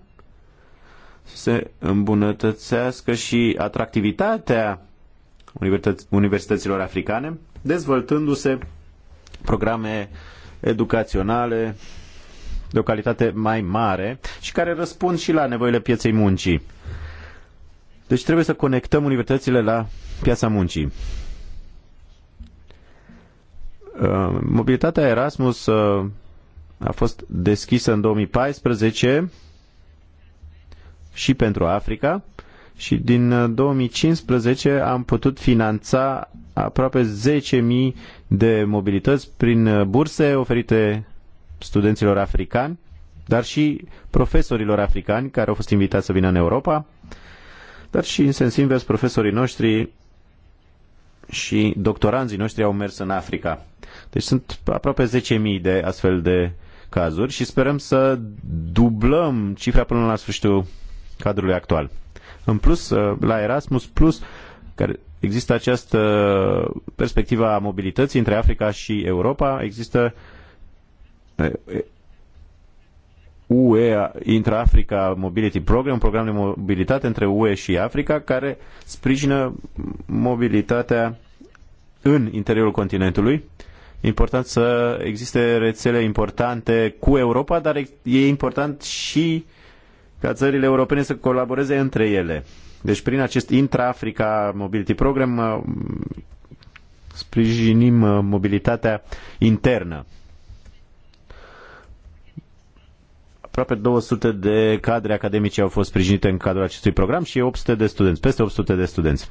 se îmbunătățească și atractivitatea universităților africane, dezvoltându-se programe educaționale de o calitate mai mare și care răspund și la nevoile pieței muncii. Deci trebuie să conectăm universitățile la piața muncii. Uh, mobilitatea Erasmus uh, a fost deschisă în 2014 și pentru Africa și din 2015 uh, am putut finanța aproape 10.000 de mobilități prin uh, burse oferite studenților africani, dar și profesorilor africani care au fost invitați să vină în Europa, dar și în sens invers profesorii noștri și doctoranzii noștri au mers în Africa. Deci sunt aproape 10.000 de astfel de cazuri și sperăm să dublăm cifra până la sfârșitul cadrului actual. În plus, uh, la Erasmus Plus, care există această perspectivă a mobilității între Africa și Europa, există uh, uh, UE Intra-Africa Mobility Program, un program de mobilitate între UE și Africa, care sprijină mobilitatea în interiorul continentului. Important să existe rețele importante cu Europa, dar e important și uh, ca țările europene să colaboreze între ele. Deci prin acest Intra-Africa Mobility Program uh, sprijinim uh, mobilitatea internă. Aproape 200 de cadre academice au fost sprijinite în cadrul acestui program și 800 de studenți, peste 800 de studenți.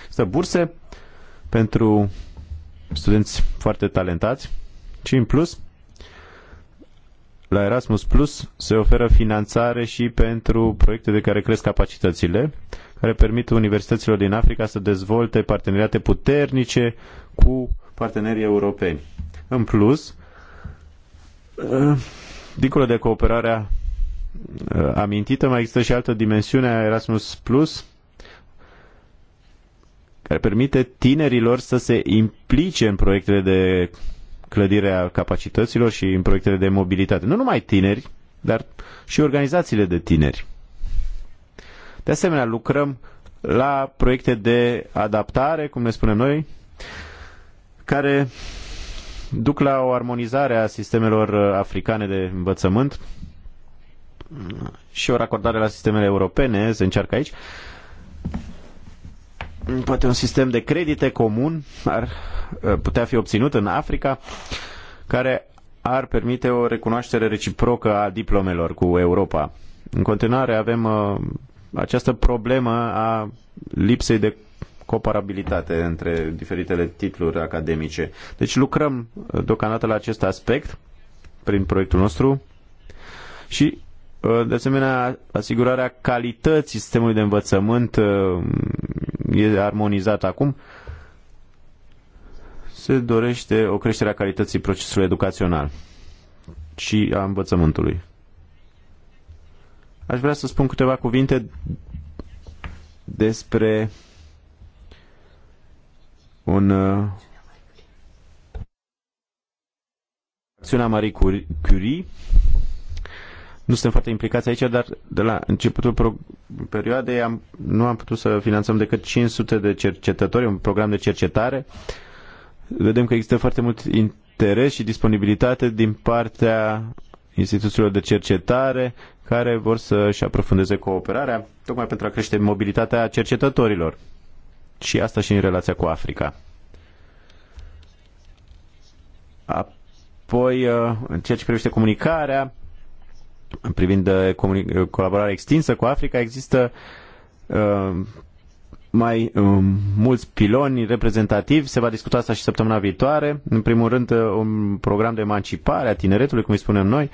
Există burse pentru studenți foarte talentați și în plus la Erasmus Plus se oferă finanțare și pentru proiecte de care cresc capacitățile, care permit universităților din Africa să dezvolte parteneriate puternice cu partenerii europeni. În plus, eh, dincolo de cooperarea eh, amintită, mai există și altă dimensiune a Erasmus Plus, care permite tinerilor să se implice în proiectele de clădirea capacităților și în proiectele de mobilitate. Nu numai tineri, dar și organizațiile de tineri. De asemenea, lucrăm la proiecte de adaptare, cum ne spunem noi, care duc la o armonizare a sistemelor africane de învățământ și o racordare la sistemele europene, se încearcă aici, Poate un sistem de credite comun ar uh, putea fi obținut în Africa, care ar permite o recunoaștere reciprocă a diplomelor cu Europa. În continuare avem uh, această problemă a lipsei de comparabilitate între diferitele titluri academice. Deci lucrăm uh, deocamdată la acest aspect prin proiectul nostru și Uh, de asemenea, asigurarea calității sistemului de învățământ uh, e armonizată acum. Se dorește o creștere a calității procesului educațional și a învățământului. Aș vrea să spun câteva cuvinte despre un uh, acțiunea Marie Curie nu suntem foarte implicați aici, dar de la începutul perioadei am, nu am putut să finanțăm decât 500 de cercetători, un program de cercetare. Vedem că există foarte mult interes și disponibilitate din partea instituțiilor de cercetare care vor să-și aprofundeze cooperarea, tocmai pentru a crește mobilitatea cercetătorilor. Și asta și în relația cu Africa. Apoi, uh, în ceea ce privește comunicarea, privind eh, eh, colaborarea extinsă cu Africa, există eh, mai mulți piloni reprezentativi. Se va discuta asta și săptămâna viitoare. În primul rând, un program de emancipare a tineretului, cum îi spunem noi,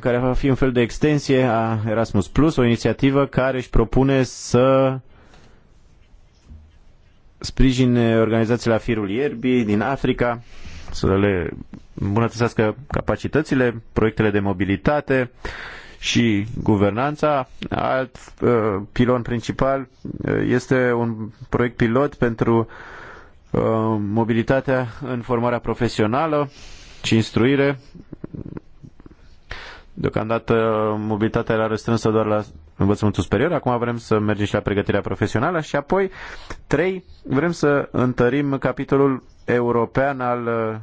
care va fi un fel de extensie a Erasmus Plus, o inițiativă care își propune să sprijine organizațiile a firul ierbii din Africa, să le îmbunătățească capacitățile, proiectele de mobilitate și guvernanța. Alt uh, pilon principal uh, este un proiect pilot pentru uh, mobilitatea în formarea profesională și instruire. Deocamdată mobilitatea era restrânsă doar la învățământul superior, acum vrem să mergem și la pregătirea profesională și apoi, trei, vrem să întărim capitolul european al uh,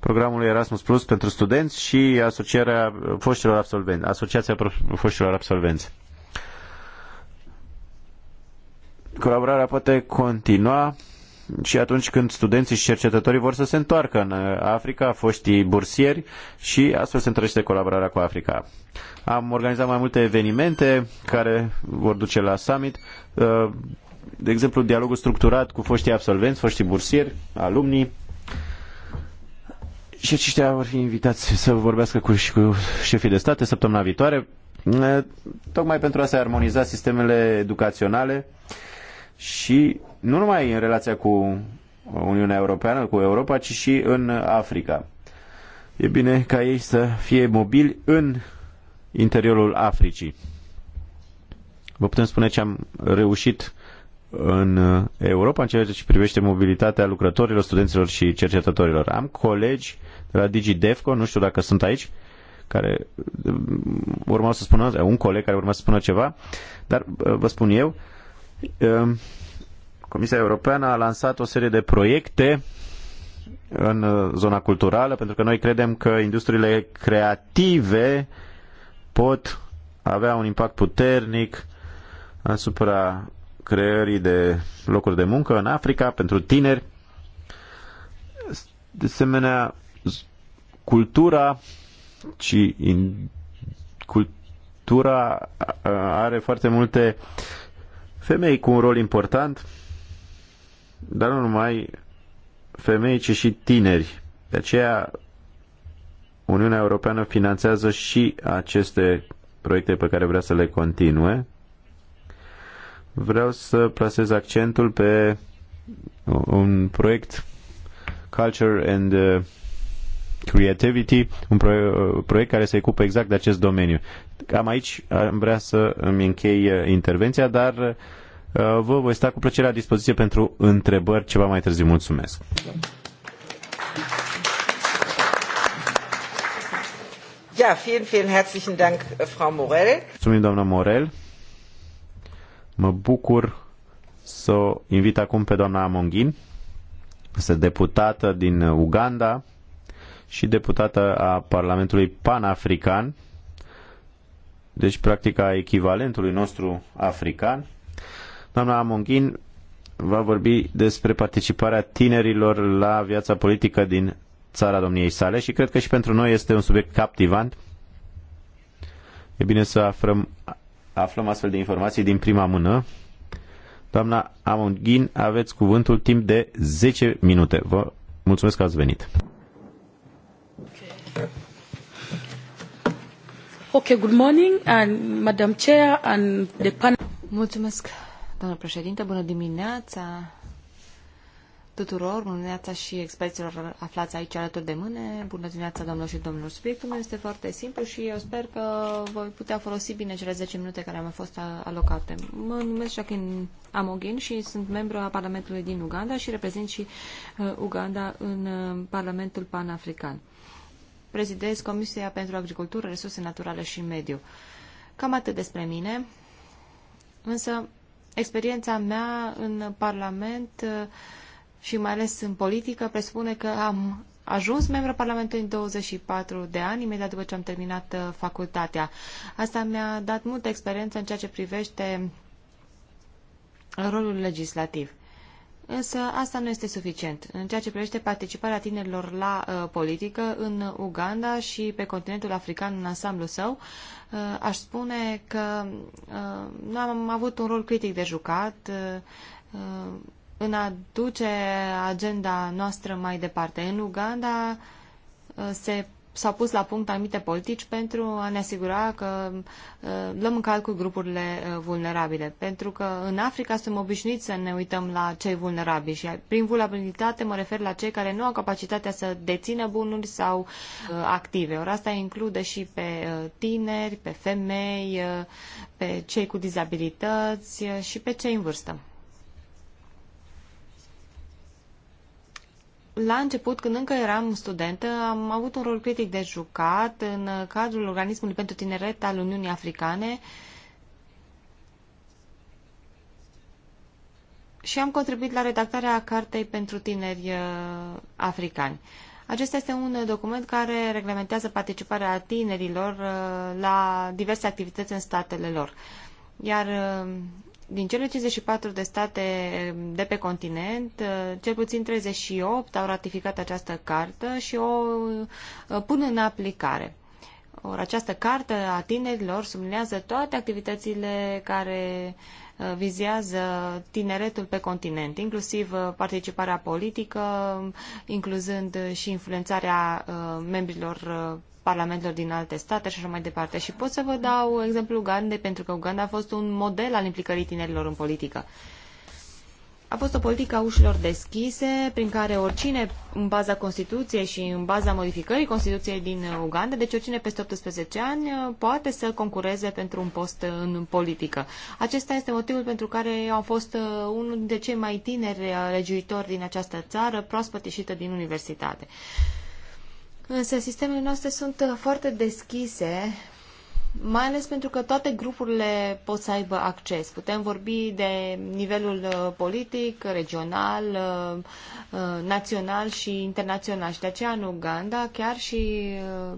programului Erasmus Plus pentru studenți și asocierea uh, foștilor absolvenți, asociația foștilor absolvenți. Colaborarea poate continua și atunci când studenții și cercetătorii vor să se întoarcă în Africa, foștii bursieri și astfel se întărește colaborarea cu Africa. Am organizat mai multe evenimente care vor duce la summit, uh, de exemplu dialogul structurat cu foștii absolvenți, foștii bursieri, alumnii, și aceștia vor fi invitați să vorbească cu, și cu șefii de state săptămâna viitoare, uh, tocmai pentru a se armoniza sistemele educaționale și nu numai în relația cu Uniunea Europeană, cu Europa, ci și în Africa. E bine ca ei să fie mobili în interiorul Africii. Vă putem spune ce am reușit în Europa în ceea ce privește mobilitatea lucrătorilor, studenților și cercetătorilor. Am colegi de la DigiDefco, nu știu dacă sunt aici, care um, urmau să spună, un coleg care urma să spună ceva, dar uh, vă spun eu, Ehm, Comisia Europeană a lansat o serie de proiecte în eh, zona culturală, pentru că noi credem că industriile creative pot avea un impact puternic asupra creării de locuri de muncă în Africa pentru tineri. De asemenea, cultura și in, cultura eh, are foarte multe Femei cu un rol important, dar nu numai femei, ci și tineri. De aceea Uniunea Europeană finanțează și aceste proiecte pe care vrea să le continue. Vreau să plasez accentul pe un proiect Culture and uh, Creativity, un uh, proiect care se ocupă exact de acest domeniu. Cam aici am vrea să îmi închei uh, intervenția, dar Uh, vă voi sta cu plăcere la dispoziție pentru întrebări ceva mai târziu. Mulțumesc! Ja, vielen, vielen herzlichen Dank, äh, Frau Morel. Mulțumim, doamna Morel. Mă bucur să o invit acum pe doamna Amongin. este deputată din Uganda și deputată a Parlamentului Panafrican, deci practic a echivalentului nostru african. Doamna Amonghin va vorbi despre participarea tinerilor la viața politică din țara domniei sale și cred că și pentru noi este un subiect captivant. E bine să aflăm, aflăm astfel de informații din prima mână. Doamna Amonghin, aveți cuvântul timp de 10 minute. Vă mulțumesc că ați venit. Okay, good morning and Madam Chair and the panel. Mulțumesc, Domnul președinte, bună dimineața tuturor, bună dimineața și experților aflați aici alături de mine. Bună dimineața, domnilor și domnilor. Subiectul meu este foarte simplu și eu sper că voi putea folosi bine cele 10 minute care mi-au fost alocate. Mă numesc Jacqueline Amoghin și sunt membru a Parlamentului din Uganda și reprezint și uh, Uganda în uh, Parlamentul Panafrican. Prezidez Comisia pentru Agricultură, Resurse Naturale și Mediu. Cam atât despre mine, însă Experiența mea în Parlament uh, și mai ales în politică presupune că am ajuns membru Parlamentului în 24 de ani, imediat după ce am terminat uh, facultatea. Asta mi-a dat multă experiență în ceea ce privește rolul legislativ. Însă asta nu este suficient. În ceea ce privește participarea tinerilor la uh, politică în Uganda și pe continentul african în ansamblu său, uh, aș spune că uh, nu am avut un rol critic de jucat uh, uh, în a duce agenda noastră mai departe. În Uganda uh, se s-au pus la punct anumite politici pentru a ne asigura că uh, luăm în calcul grupurile uh, vulnerabile. Pentru că în Africa suntem obișnuiți să ne uităm la cei vulnerabili și prin vulnerabilitate mă refer la cei care nu au capacitatea să dețină bunuri sau uh, active. Ori asta include și pe tineri, pe femei, pe cei cu dizabilități și pe cei în vârstă. la început, când încă eram studentă, am avut un rol critic de jucat în cadrul Organismului pentru Tineret al Uniunii Africane și am contribuit la redactarea Cartei pentru Tineri uh, Africani. Acesta este un document care reglementează participarea tinerilor uh, la diverse activități în statele lor. Iar uh, din cele 54 de state de pe continent, uh, cel puțin 38 au ratificat această cartă și o uh, pun în aplicare. Or, această carte a tinerilor sublinează toate activitățile care uh, Uh, vizează tineretul pe continent, inclusiv uh, participarea politică, incluzând și influențarea uh, membrilor parlamentelor din alte state și așa mai departe. Și pot să vă dau exemplu Ugandei, pentru că Uganda a fost un model al implicării tinerilor în politică a fost o politică a ușilor deschise, prin care oricine, în baza Constituției și în baza modificării Constituției din Uganda, deci oricine peste 18 ani poate să concureze pentru un post în politică. Acesta este motivul pentru care eu am fost uh, unul dintre cei mai tineri uh, legiuitori din această țară, proaspăt ieșită din universitate. Însă sistemele noastre sunt uh, foarte deschise mai ales pentru că toate grupurile pot să aibă acces. Putem vorbi de nivelul uh, politic, regional, uh, uh, național și internațional. Și de aceea în Uganda, chiar și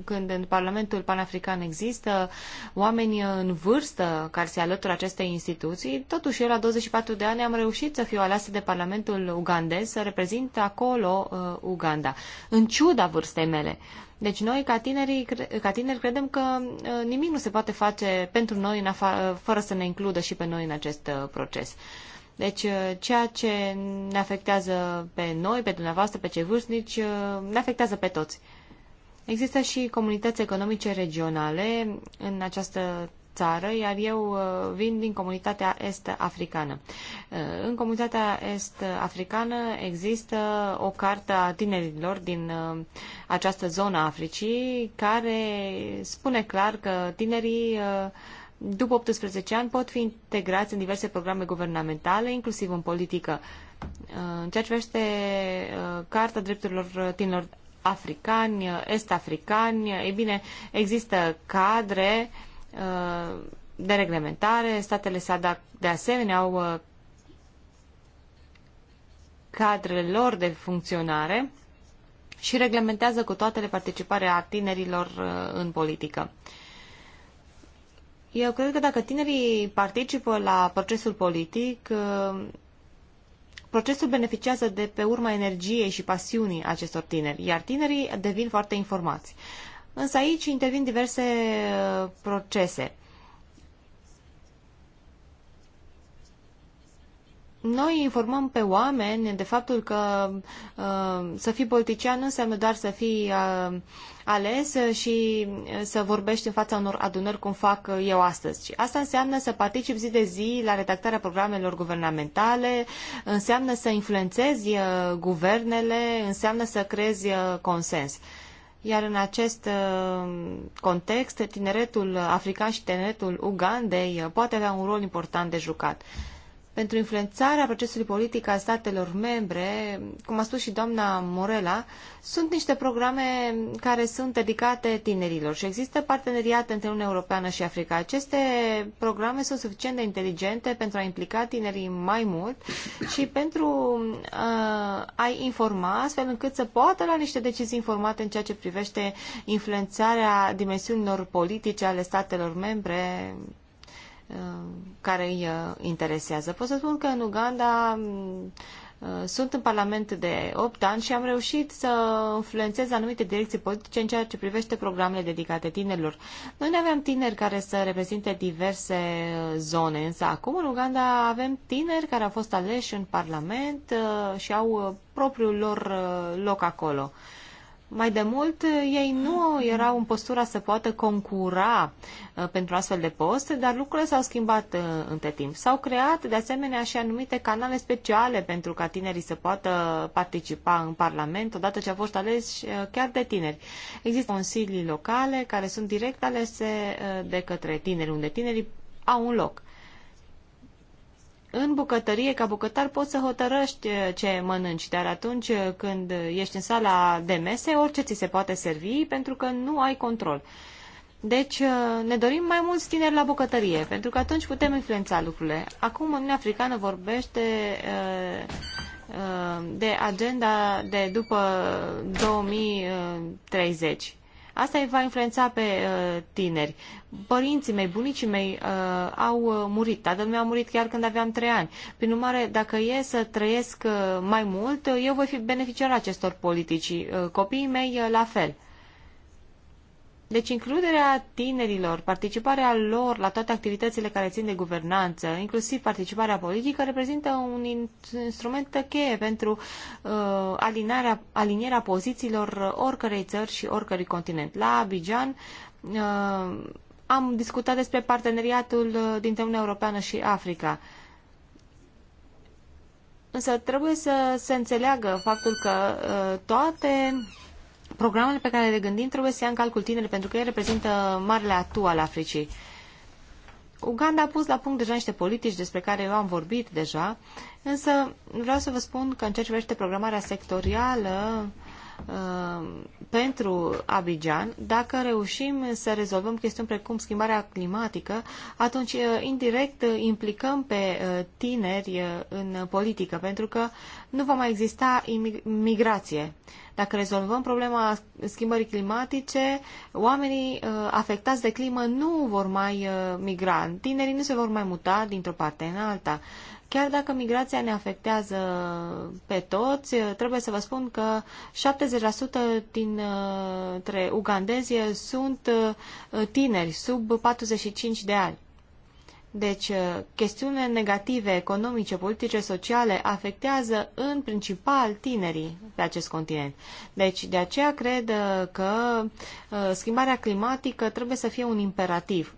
când în Parlamentul Panafrican există oameni în vârstă care se alătură acestei instituții, totuși eu la 24 de ani am reușit să fiu aleasă de Parlamentul ugandez, să reprezint acolo Uganda, în ciuda vârstei mele. Deci noi, ca, tinerii, ca tineri, credem că uh, nimic nu se poate face pentru noi în afară, uh, fără să ne includă și pe noi în acest uh, proces. Deci, ceea ce ne afectează pe noi, pe dumneavoastră, pe cei vârstnici, ne afectează pe toți. Există și comunități economice regionale în această țară, iar eu uh, vin din comunitatea est-africană. Uh, în comunitatea est-africană există o carte a tinerilor din uh, această zonă a Africii care spune clar că tinerii după 18 ani pot fi integrați în diverse programe guvernamentale, inclusiv în politică. În ceea ce vește Carta Drepturilor Tinerilor africani, est-africani. Ei bine, există cadre uh, Uh, de reglementare. Statele SADAC de asemenea au uh, cadrele lor de funcționare și reglementează cu toatele participarea tinerilor uh, în politică. Eu cred că dacă tinerii participă la procesul politic, procesul beneficiază de pe urma energiei și pasiunii acestor tineri, iar tinerii devin foarte informați. Însă aici intervin diverse uh, procese. Noi informăm pe oameni de faptul că uh, să fii politician înseamnă doar să fii uh, ales și uh, să vorbești în fața unor adunări cum fac uh, eu astăzi. Și asta înseamnă să participi zi de zi la redactarea programelor guvernamentale, înseamnă să influențezi guvernele, înseamnă să creezi consens. Iar în acest uh, context, tineretul african și tineretul Ugandei uh, poate avea un rol important de jucat pentru influențarea procesului politic a statelor membre, cum a spus și doamna Morela, sunt niște programe care sunt dedicate tinerilor și există parteneriate între Uniunea Europeană și Africa. Aceste programe sunt suficient de inteligente pentru a implica tinerii mai mult și pentru uh, a-i informa astfel încât să poată lua niște decizii informate în ceea ce privește influențarea dimensiunilor politice ale statelor membre care îi uh, interesează. Pot să spun că în Uganda mm, uh, sunt în Parlament de 8 ani și am reușit să influențez anumite direcții politice în ceea ce privește programele dedicate tinerilor. Noi ne aveam tineri care să reprezinte diverse uh, zone, însă acum în Uganda avem tineri care au fost aleși în Parlament și au propriul lor loc acolo. Mai de mult, ei nu erau în postura să poată concura uh, pentru astfel de post, dar lucrurile s-au schimbat uh, între timp. S-au creat, de asemenea, și anumite canale speciale pentru ca tinerii să poată participa în Parlament, odată ce au fost aleși uh, chiar de tineri. Există consilii locale care sunt direct alese de către tineri, unde tinerii au un loc în bucătărie, ca bucătar, poți să hotărăști uh, ce mănânci, dar atunci uh, când uh, ești în sala de mese, orice ți se poate servi, pentru că nu ai control. Deci ne dorim mai mulți tineri la bucătărie, pentru că atunci putem influența lucrurile. Acum Uniunea Africană vorbește de agenda de după 2030. Asta îi va influența pe uh, tineri. Părinții mei, bunicii mei uh, au uh, murit. Tatăl meu a murit chiar când aveam trei ani. Prin urmare, dacă e să trăiesc uh, mai mult, uh, eu voi fi beneficiar acestor politici. Uh, copiii mei, uh, la fel. Deci includerea tinerilor, participarea lor la toate activitățile care țin de guvernanță, inclusiv participarea politică, reprezintă un instrument cheie pentru uh, alinarea, alinierea pozițiilor oricărei țări și oricărui continent. La Abidjan uh, am discutat despre parteneriatul uh, dintre Uniunea Europeană și Africa. Însă trebuie să se înțeleagă faptul că uh, toate programele pe care le gândim trebuie să ia în calcul tineri, pentru că ei reprezintă marele atu al Africii. Uganda a pus la punct deja niște politici despre care eu am vorbit deja, însă vreau să vă spun că în ceea ce privește programarea sectorială, uh, Uh, pentru Abidjan, dacă reușim să rezolvăm chestiuni precum schimbarea climatică, atunci uh, indirect uh, implicăm pe tineri în politică, pentru că nu va mai exista migrație. Dacă rezolvăm problema schimbării climatice, oamenii afectați de climă nu vor mai migra. Tinerii nu se vor mai muta dintr-o parte în alta. Chiar dacă migrația ne afectează pe toți, trebuie să vă spun că 70% dintre ugandezi sunt uh, tineri, sub 45 de ani. Deci, uh, chestiune negative, economice, politice, sociale afectează în principal tinerii pe acest continent. Deci, de aceea cred uh, că schimbarea climatică trebuie să fie un imperativ.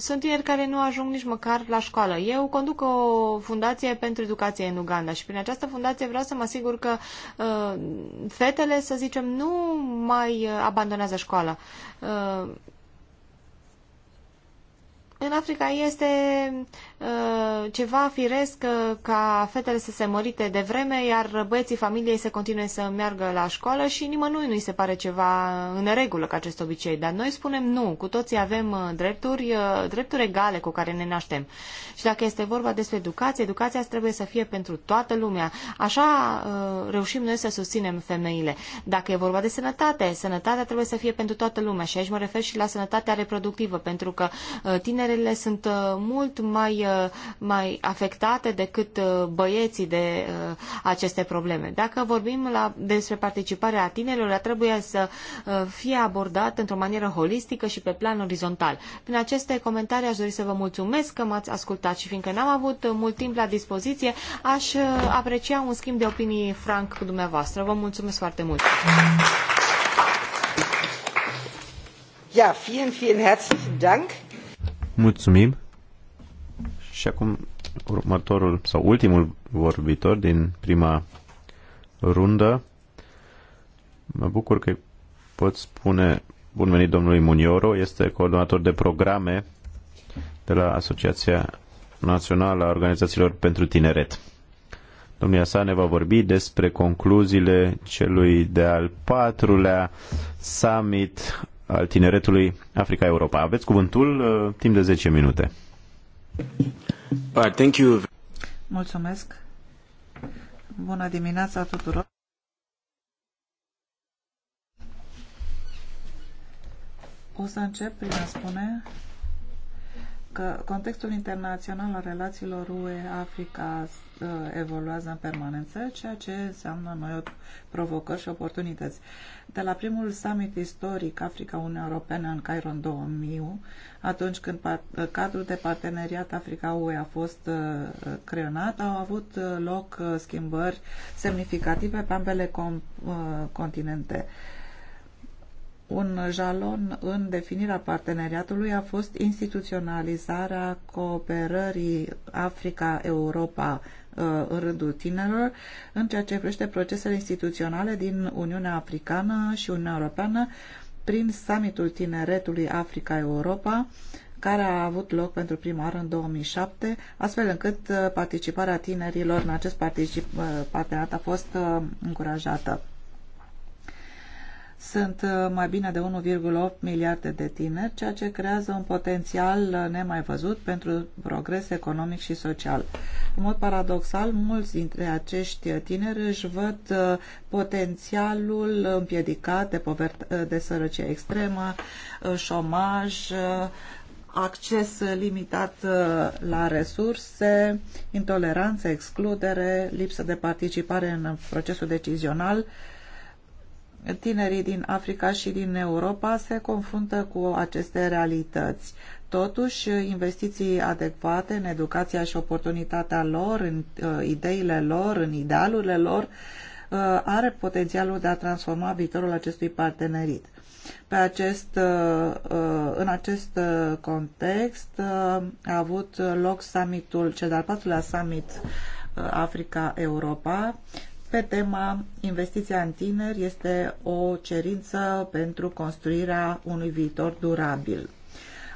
sunt tineri care nu ajung nici măcar la școală. Eu conduc o fundație pentru educație în Uganda și prin această fundație vreau să mă asigur că uh, fetele, să zicem, nu mai uh, abandonează școala. Uh, în Africa este Uh, ceva firesc uh, ca fetele să se mărite de vreme, iar băieții familiei să continue să meargă la școală și nimănui nu-i se pare ceva în regulă ca acest obicei. Dar noi spunem nu, cu toții avem uh, drepturi, drepturi egale cu care ne naștem. Și dacă este vorba despre educație, educația trebuie să fie pentru toată lumea. Așa reușim noi să susținem femeile. Dacă e vorba de sănătate, sănătatea trebuie să fie pentru toată lumea. Și aici mă refer și la sănătatea reproductivă, pentru că tinerele sunt mult mai Uh, mai afectate decât uh, băieții de uh, aceste probleme. Dacă vorbim la, despre participarea tinerilor, trebuie să fie abordat într-o manieră holistică și pe plan orizontal. Prin aceste comentarii aș dori să vă mulțumesc că m-ați ascultat și fiindcă n-am avut mult timp la dispoziție, aș aprecia un schimb de opinii franc cu dumneavoastră. Vă mulțumesc foarte mult! Ja, vielen, vielen herzlichen Dank. Mulțumim. Și acum următorul sau ultimul vorbitor din prima rundă. Mă bucur că pot spune bun venit domnului Munioro, este coordonator de programe de la Asociația Națională a Organizațiilor pentru Tineret. Domnia sa ne va vorbi despre concluziile celui de-al patrulea summit al tineretului Africa-Europa. Aveți cuvântul uh, timp de 10 minute. Uh, thank you. Mulțumesc. Bună dimineața tuturor. O să încep prin a spune că contextul internațional al relațiilor UE-Africa uh, evoluează în permanență, ceea ce înseamnă noi provocări și oportunități. De la primul summit istoric Africa-Uniunea Europeană în Cairo în 2000, atunci când uh, cadrul de parteneriat Africa-UE a fost uh, creionat, au avut loc schimbări semnificative pe ambele continente un jalon în definirea parteneriatului a fost instituționalizarea cooperării Africa-Europa uh, în rândul tinerilor în ceea ce privește procesele instituționale din Uniunea Africană și Uniunea Europeană prin summitul tineretului Africa-Europa care a avut loc pentru prima oară în 2007, astfel încât uh, participarea tinerilor în acest particip, uh, parteneriat a fost încurajată. Sunt uh, mai bine de 1,8 miliarde de tineri, ceea ce creează un potențial uh, nemai văzut pentru progres economic și social. În mod paradoxal, mulți dintre acești tineri își văd uh, potențialul împiedicat de, povert- de sărăcie extremă, șomaj, acces limitat la resurse, intoleranță, excludere, lipsă de participare în procesul decizional, tinerii din Africa și din Europa se confruntă cu aceste realități. Totuși, investiții adecvate în educația și oportunitatea lor, în uh, ideile lor, în idealurile lor, uh, are potențialul de a transforma viitorul acestui partenerit. Pe acest, uh, uh, în acest uh, context a avut loc summitul, cel de-al patrulea summit Africa-Europa, pe tema investiția în tineri este o cerință pentru construirea unui viitor durabil.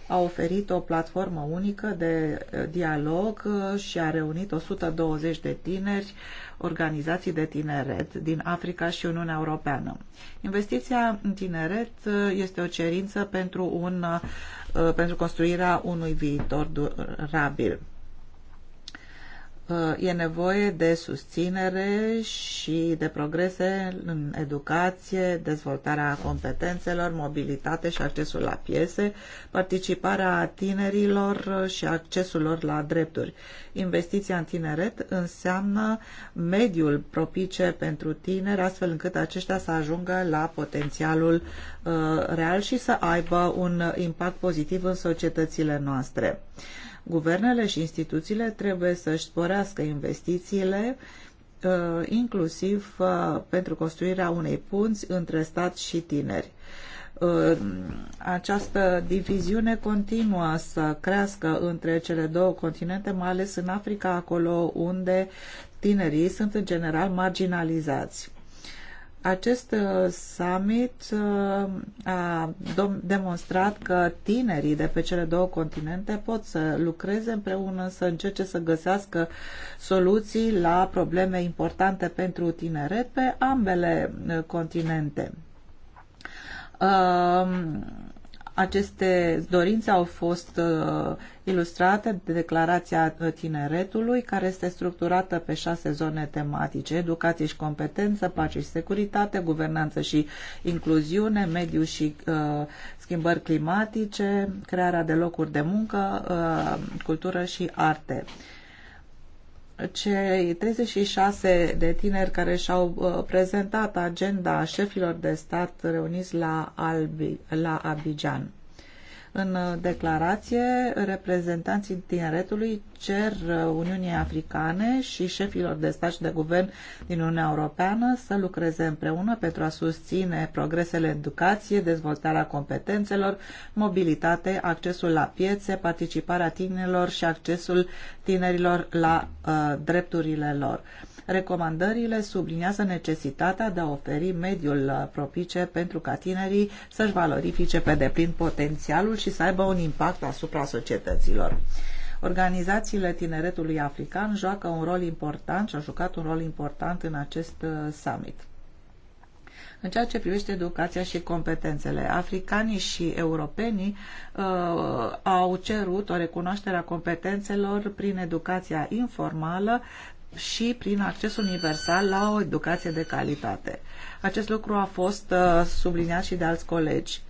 A oferit o platformă unică de eh, dialog eh, și a reunit 120 de tineri, organizații de tineret din Africa și Uniunea Europeană. Investiția în tineret eh, este o cerință pentru, un, pentru construirea unui viitor durabil e nevoie de susținere și de progrese în educație, dezvoltarea competențelor, mobilitate și accesul la piese, participarea tinerilor și accesul lor la drepturi. Investiția în tineret înseamnă mediul propice pentru tineri, astfel încât aceștia să ajungă la potențialul uh, real și să aibă un impact pozitiv în societățile noastre. Uh, Guvernele și instituțiile trebuie să-și sporească investițiile, uh, inclusiv uh, pentru construirea unei punți între stat și tineri. Uh, această diviziune continuă să crească între cele două continente, mai ales în Africa, acolo unde tinerii sunt în general marginalizați acest uh, summit uh, a demonstrat că tinerii de pe cele două continente pot să lucreze împreună, să încerce să găsească soluții la probleme importante pentru tineret pe ambele uh, continente um, aceste dorințe au fost uh, ilustrate de declarația uh, tineretului, care este structurată pe șase zone tematice, educație și competență, pace și securitate, guvernanță și incluziune, mediu și uh, schimbări climatice, crearea de locuri de muncă, uh, cultură și arte. Uh, cei 36 de tineri care și-au uh, prezentat agenda șefilor de stat reuniți la, Albi, la Abidjan. În declarație, reprezentanții tineretului cer Uniunii Africane și șefilor de stat și de guvern din Uniunea Europeană să lucreze împreună pentru a susține progresele în educație, dezvoltarea competențelor, mobilitate, accesul la piețe, participarea tinerilor și accesul tinerilor la uh, drepturile lor. Uh, Recomandările subliniază necesitatea de a oferi mediul uh, propice pentru ca tinerii să-și valorifice pe deplin potențialul și să aibă un impact asupra societăților. Organizațiile tineretului african joacă un rol important și au jucat un rol important în acest uh, summit. În ceea ce privește educația și competențele, africanii și europenii uh, au cerut o recunoaștere a competențelor prin educația informală și prin acces universal la o educație de calitate. Acest lucru a fost uh, subliniat și de alți colegi.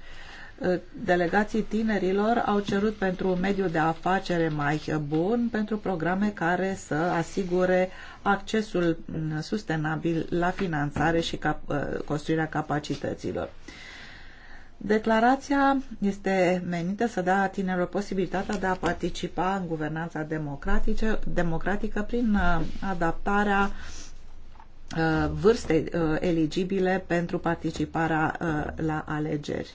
Uh, delegații tinerilor au cerut pentru un mediu de afacere mai bun, pentru programe care să asigure accesul mm, sustenabil la finanțare și cap- uh, construirea capacităților. Declarația este menită să dea tinerilor posibilitatea de a participa în guvernanța democratice, democratică prin uh, adaptarea uh, vârstei uh, eligibile pentru participarea la alegeri.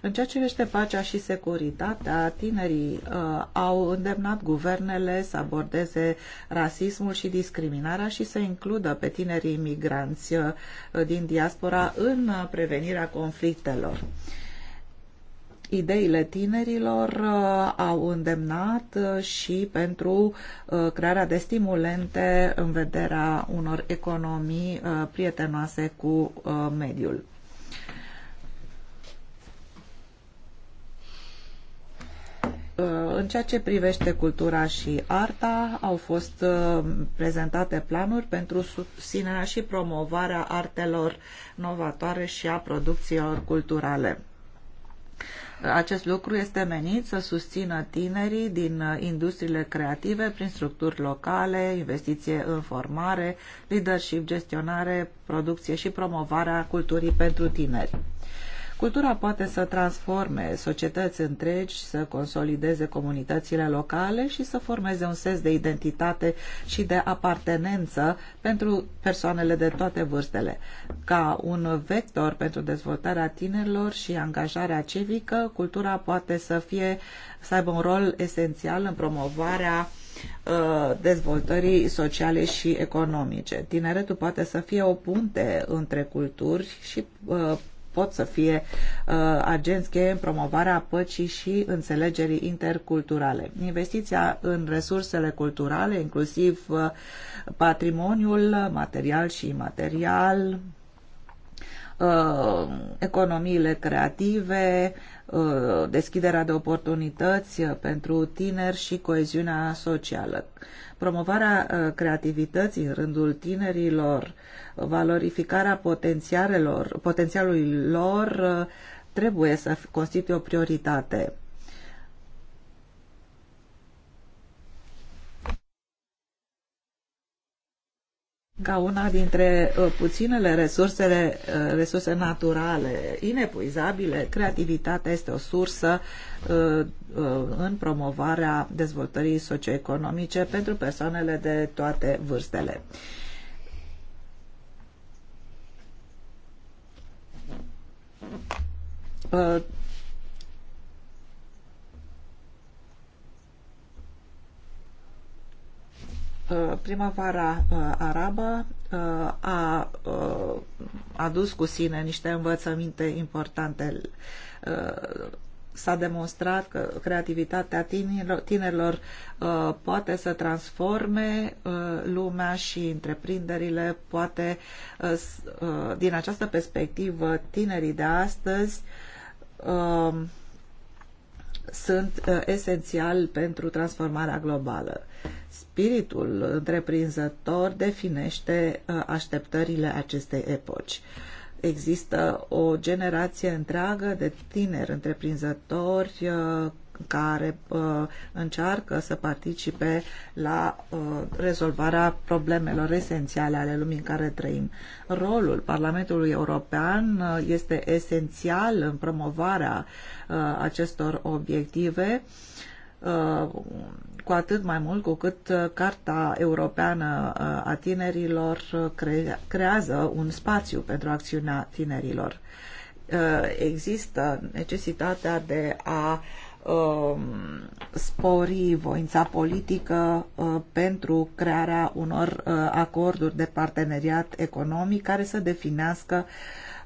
În ceea ce privește pacea și securitatea, tinerii uh, au îndemnat guvernele să abordeze rasismul și discriminarea și să includă pe tinerii imigranți uh, din diaspora în uh, prevenirea conflictelor. Ideile tinerilor uh, au îndemnat uh, și pentru uh, crearea de stimulente în vederea unor economii uh, prietenoase cu uh, mediul. Uh, în ceea ce privește cultura și arta, au fost uh, prezentate planuri pentru susținerea și promovarea artelor novatoare și a producțiilor culturale. Acest lucru este menit să susțină tinerii din uh, industriile creative prin structuri locale, investiție în formare, leadership, gestionare, producție și promovarea culturii pentru tineri. Cultura poate să transforme societăți întregi, să consolideze comunitățile locale și să formeze un sens de identitate și de apartenență pentru persoanele de toate vârstele. Ca un vector pentru dezvoltarea tinerilor și angajarea civică, cultura poate să fie să aibă un rol esențial în promovarea uh, dezvoltării sociale și economice. Tineretul poate să fie o punte între culturi și uh, pot să fie uh, agenți cheie în promovarea păcii și înțelegerii interculturale. Investiția în resursele culturale, inclusiv uh, patrimoniul material și imaterial, uh, economiile creative, uh, deschiderea de oportunități uh, pentru tineri și coeziunea socială. Promovarea uh, creativității în rândul tinerilor, valorificarea potențialelor, potențialului lor uh, trebuie să constituie o prioritate. ca una dintre uh, puținele resursele, uh, resurse naturale inepuizabile, creativitatea este o sursă uh, în promovarea dezvoltării socioeconomice pentru persoanele de toate vârstele. Uh, primăvara uh, arabă uh, a adus cu sine niște învățăminte importante. S-a demonstrat că creativitatea tinerilor, tinerilor poate să transforme lumea și întreprinderile, poate din această perspectivă tinerii de astăzi sunt uh, esențial pentru transformarea globală. Spiritul întreprinzător definește uh, așteptările acestei epoci. Există o generație întreagă de tineri întreprinzători uh, care uh, încearcă să participe la uh, rezolvarea problemelor esențiale ale lumii în care trăim. Rolul Parlamentului European uh, este esențial în promovarea uh, acestor obiective uh, cu atât mai mult cu cât uh, Carta Europeană a Tinerilor creează un spațiu pentru acțiunea tinerilor. Există necesitatea de a Um, spori voința politică uh, pentru crearea unor uh, acorduri de parteneriat economic care să definească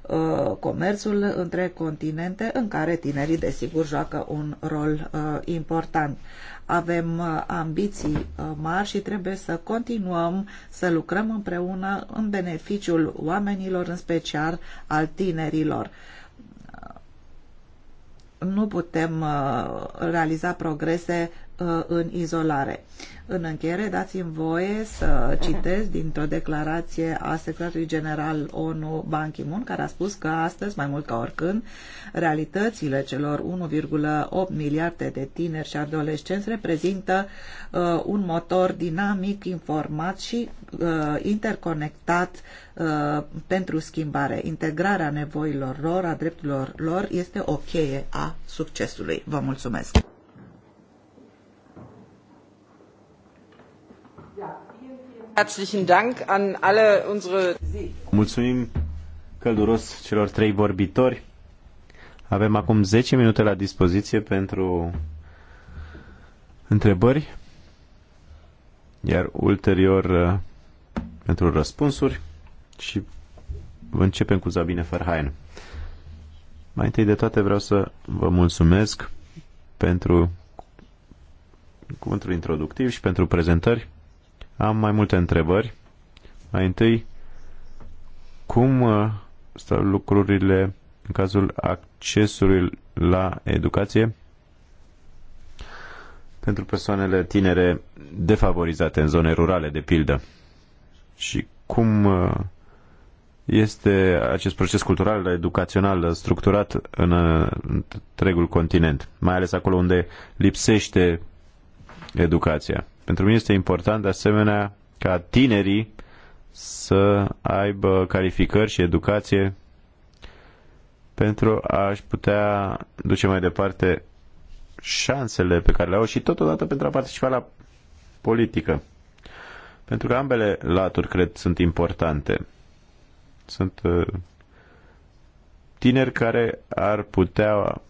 uh, comerțul între continente în care tinerii desigur joacă un rol important. Avem ambiții mari și trebuie să continuăm să lucrăm împreună în beneficiul oamenilor, în special al tinerilor nu putem uh, realiza progrese Uh, în izolare. În încheiere, dați-mi voie să citesc dintr-o declarație a secretarului general ONU Ban Ki-moon, care a spus că astăzi, mai mult ca oricând, realitățile celor 1,8 miliarde de tineri și adolescenți reprezintă uh, un motor dinamic, informat și uh, interconectat uh, pentru schimbare. Integrarea nevoilor lor, a drepturilor lor, este o cheie a succesului. Vă mulțumesc! Herzlichen Dank an alle unsere... Mulțumim călduros celor trei vorbitori. Avem acum 10 minute la dispoziție pentru întrebări, iar ulterior uh, pentru răspunsuri și începem cu Zabine Ferhain. Mai întâi de toate vreau să vă mulțumesc pentru cuvântul introductiv și pentru prezentări. Am mai multe întrebări. Mai întâi, cum uh, stau lucrurile în cazul accesului la educație pentru persoanele tinere defavorizate în zone rurale, de pildă? Și cum uh, este acest proces cultural, educațional, structurat în uh, întregul continent, mai ales acolo unde lipsește educația. Pentru mine este important de asemenea ca tinerii să aibă calificări și educație pentru a-și putea duce mai departe șansele pe care le au și totodată pentru a participa la politică. Pentru că ambele laturi, cred, sunt importante. Sunt uh, tineri care ar putea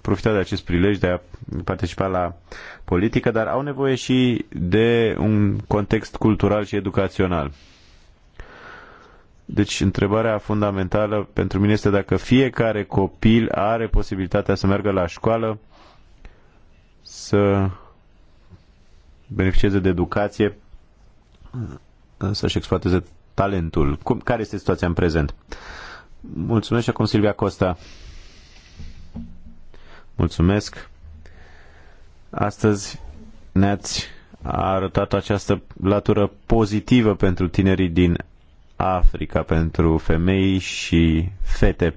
profita de acest prilej de a participa la politică, dar au nevoie și de un context cultural și educațional. Deci întrebarea fundamentală pentru mine este dacă fiecare copil are posibilitatea să meargă la școală, să beneficieze de educație, să-și exploateze talentul. Cum, care este situația în prezent? Mulțumesc și acum Silvia Costa. Mulțumesc. Astăzi ne-ați arătat această latură pozitivă pentru tinerii din Africa, pentru femei și fete.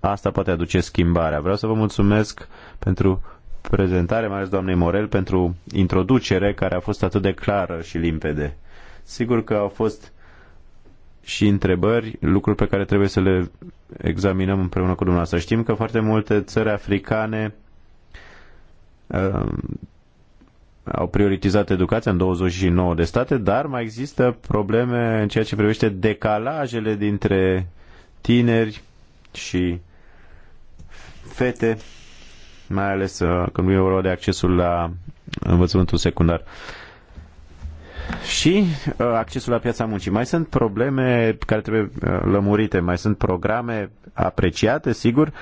Asta poate aduce schimbarea. Vreau să vă mulțumesc pentru prezentare, mai ales doamnei Morel, pentru introducere care a fost atât de clară și limpede. Sigur că au fost și întrebări, lucruri pe care trebuie să le examinăm împreună cu dumneavoastră. Știm că foarte multe țări africane uh, au prioritizat educația în 29 de state, dar mai există probleme în ceea ce privește decalajele dintre tineri și fete, mai ales uh, când vine vorba de accesul la învățământul secundar. Uh, și uh, accesul la piața muncii. Mai sunt probleme care trebuie uh, lămurite, mai sunt programe apreciate, sigur,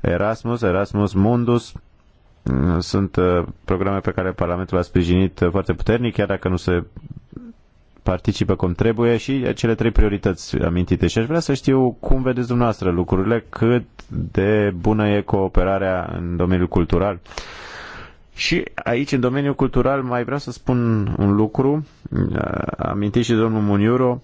Erasmus, Erasmus Mundus, mm, sunt uh, programe pe care Parlamentul a sprijinit uh, foarte puternic, chiar dacă nu se participă cum trebuie și cele trei priorități amintite. Și aș vrea să știu cum vedeți dumneavoastră lucrurile, cât de bună e cooperarea în domeniul cultural. Uh, și aici, în domeniul cultural, mai vreau să spun un lucru. Amintiți și domnul Muniuro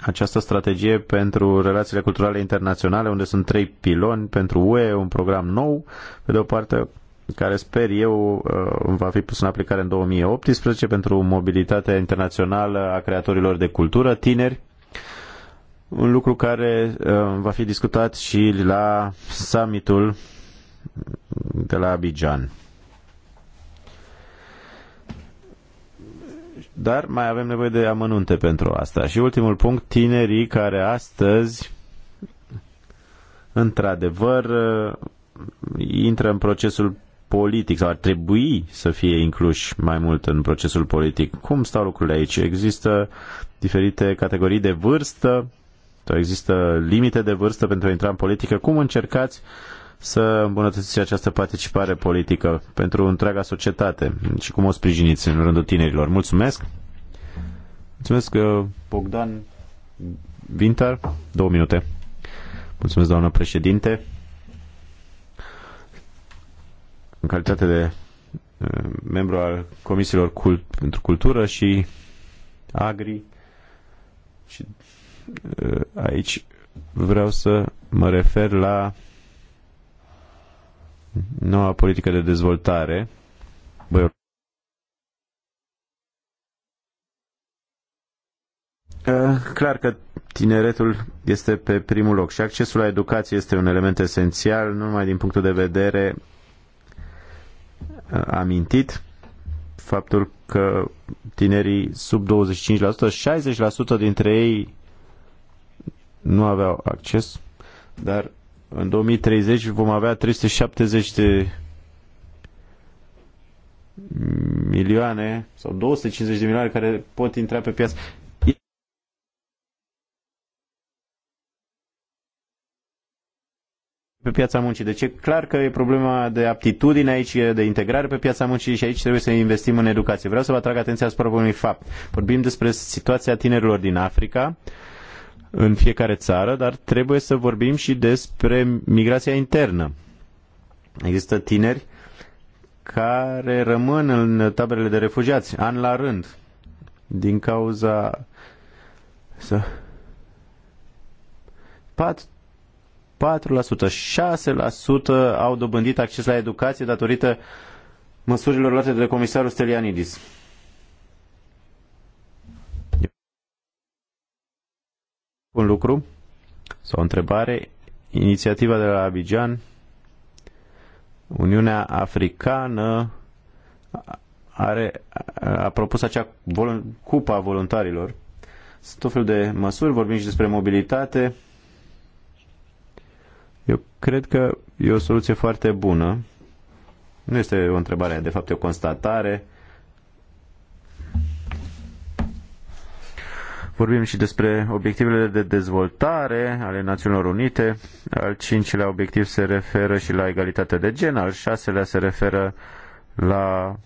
această strategie pentru relațiile culturale internaționale, unde sunt trei piloni pentru UE, un program nou, pe de o parte, care sper eu uh, va fi pus în aplicare în 2018 pentru mobilitatea internațională a creatorilor de cultură, tineri, un lucru care uh, va fi discutat și la summitul de la Abidjan. Dar mai avem nevoie de amănunte pentru asta. Și ultimul punct, tinerii care astăzi, într-adevăr, intră în procesul politic sau ar trebui să fie incluși mai mult în procesul politic. Cum stau lucrurile aici? Există diferite categorii de vârstă, există limite de vârstă pentru a intra în politică. Cum încercați să îmbunătățiți această participare politică pentru întreaga societate și cum o sprijiniți în rândul tinerilor. Mulțumesc! Mulțumesc, uh, Bogdan Vintar. Două minute. Mulțumesc, doamnă președinte. În calitate de uh, membru al comisiilor cult, pentru cultură și agri și uh, aici vreau să mă refer la noua politică de dezvoltare. Eh, clar că tineretul este pe primul loc și accesul la educație este un element esențial, nu numai din punctul de vedere eh, amintit, faptul că tinerii sub 25%, 60% dintre ei nu aveau acces, dar în 2030 vom avea 370 de milioane sau 250 de milioane care pot intra pe piață. pe piața muncii. Deci e clar că e problema de aptitudine aici, de integrare pe piața muncii și aici trebuie să investim în educație. Vreau să vă atrag atenția asupra unui fapt. Vorbim despre situația tinerilor din Africa, în fiecare țară, dar trebuie să vorbim și despre migrația internă. Există tineri care rămân în taberele de refugiați, an la rând, din cauza să 4, 4%, 6% au dobândit acces la educație datorită măsurilor luate de comisarul Stelianidis. un lucru sau o întrebare. Inițiativa de la Abidjan, Uniunea Africană are, a propus acea vol- cupa voluntarilor. Sunt tot felul de măsuri, vorbim și despre mobilitate. Eu cred că e o soluție foarte bună. Nu este o întrebare, de fapt e o constatare Vorbim și despre obiectivele de dezvoltare ale Națiunilor Unite. Al cincilea obiectiv se referă și la egalitatea de gen, al șaselea se referă la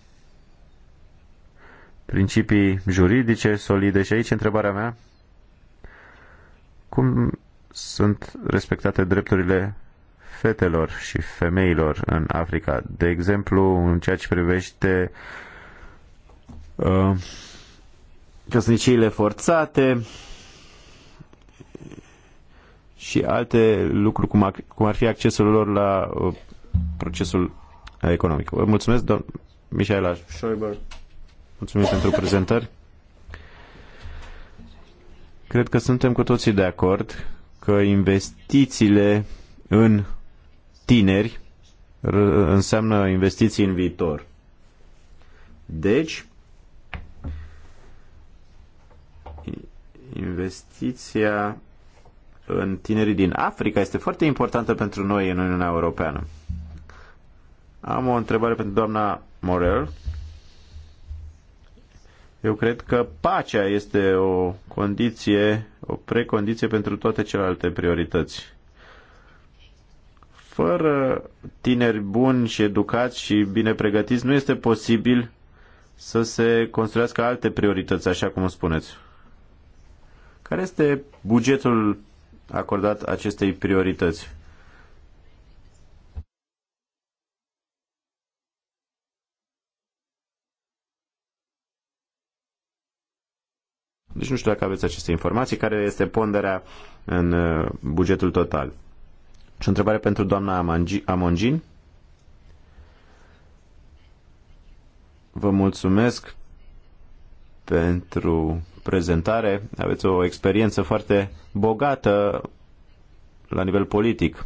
principii juridice solide. Și aici întrebarea mea, cum sunt respectate drepturile fetelor și femeilor în Africa? De exemplu, în ceea ce privește uh, căsniciile forțate și alte lucruri, cum ar, cum ar fi accesul lor la uh, procesul economic. Vă mulțumesc, domn Mihaela Schäuber. mulțumesc pentru prezentări. Cred că suntem cu toții de acord că investițiile în tineri înseamnă investiții în viitor. Deci, Investiția în tinerii din Africa este foarte importantă pentru noi în Uniunea Europeană. Am o întrebare pentru doamna Morel. Eu cred că pacea este o condiție, o precondiție pentru toate celelalte priorități. Fără tineri buni și educați și bine pregătiți, nu este posibil să se construiască alte priorități, așa cum spuneți. Care este bugetul acordat acestei priorități? Deci nu știu dacă aveți aceste informații, care este ponderea în uh, bugetul total. Și o întrebare pentru doamna Amongin. Vă mulțumesc pentru prezentare. Aveți o experiență foarte bogată la nivel politic.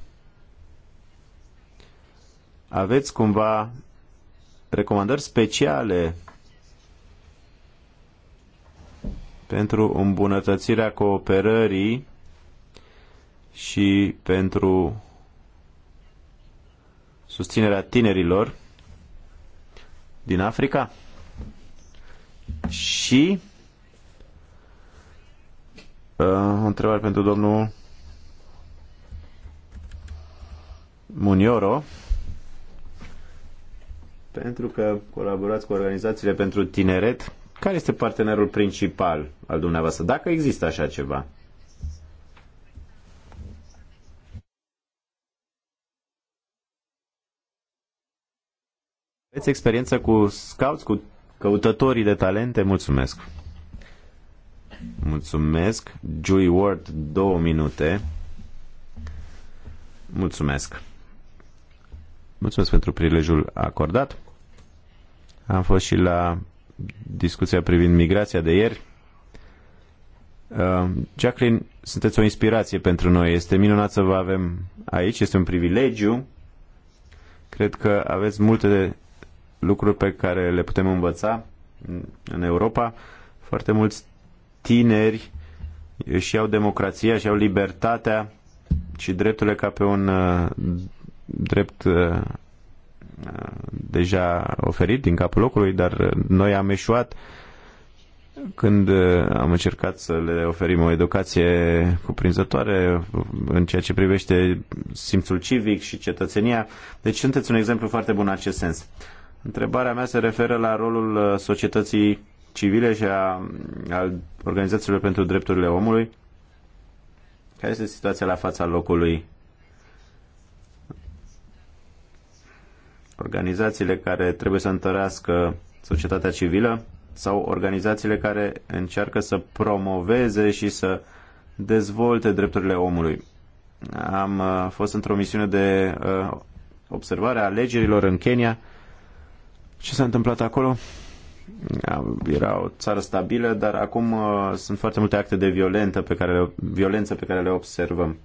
Aveți cumva recomandări speciale pentru îmbunătățirea cooperării și pentru susținerea tinerilor din Africa? Și uh, o întrebare pentru domnul Munioro pentru că colaborați cu organizațiile pentru tineret. Care este partenerul principal al dumneavoastră, dacă există așa ceva? Aveți experiență cu scouts, cu căutătorii de talente. Mulțumesc! Mulțumesc! Joy Ward, două minute. Mulțumesc! Mulțumesc pentru prilejul acordat. Am fost și la discuția privind migrația de ieri. Uh, Jacqueline, sunteți o inspirație pentru noi. Este minunat să vă avem aici, este un privilegiu. Cred că aveți multe de lucruri pe care le putem învăța în Europa. Foarte mulți tineri își iau democrația, și au libertatea și drepturile ca pe un uh, drept uh, uh, deja oferit din capul locului, dar noi am eșuat când am încercat să le oferim o educație cuprinzătoare în ceea ce privește simțul civic și cetățenia. Deci sunteți un exemplu foarte bun în acest sens. Întrebarea mea se referă la rolul uh, societății civile și a, a organizațiilor pentru drepturile omului. Care este situația la fața locului? Organizațiile care trebuie să întărească societatea civilă sau organizațiile care încearcă să promoveze și să dezvolte drepturile omului. Am uh, fost într-o misiune de uh, observare a alegerilor în Kenya ce s-a întâmplat acolo? Era o țară stabilă, dar acum uh, sunt foarte multe acte de violentă pe care le, violență pe care le observăm.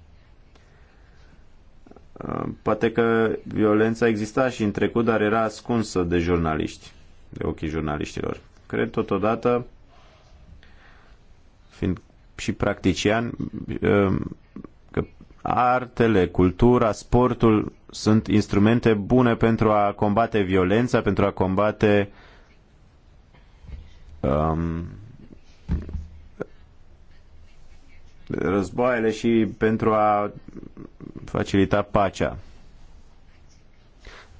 Poate că violența exista și în trecut, dar era ascunsă de jurnaliști, de ochii jurnaliștilor. Cred totodată, fiind și practician, că artele, cultura, sportul sunt instrumente bune pentru a combate violența, pentru a combate um, războaiele și pentru a facilita pacea.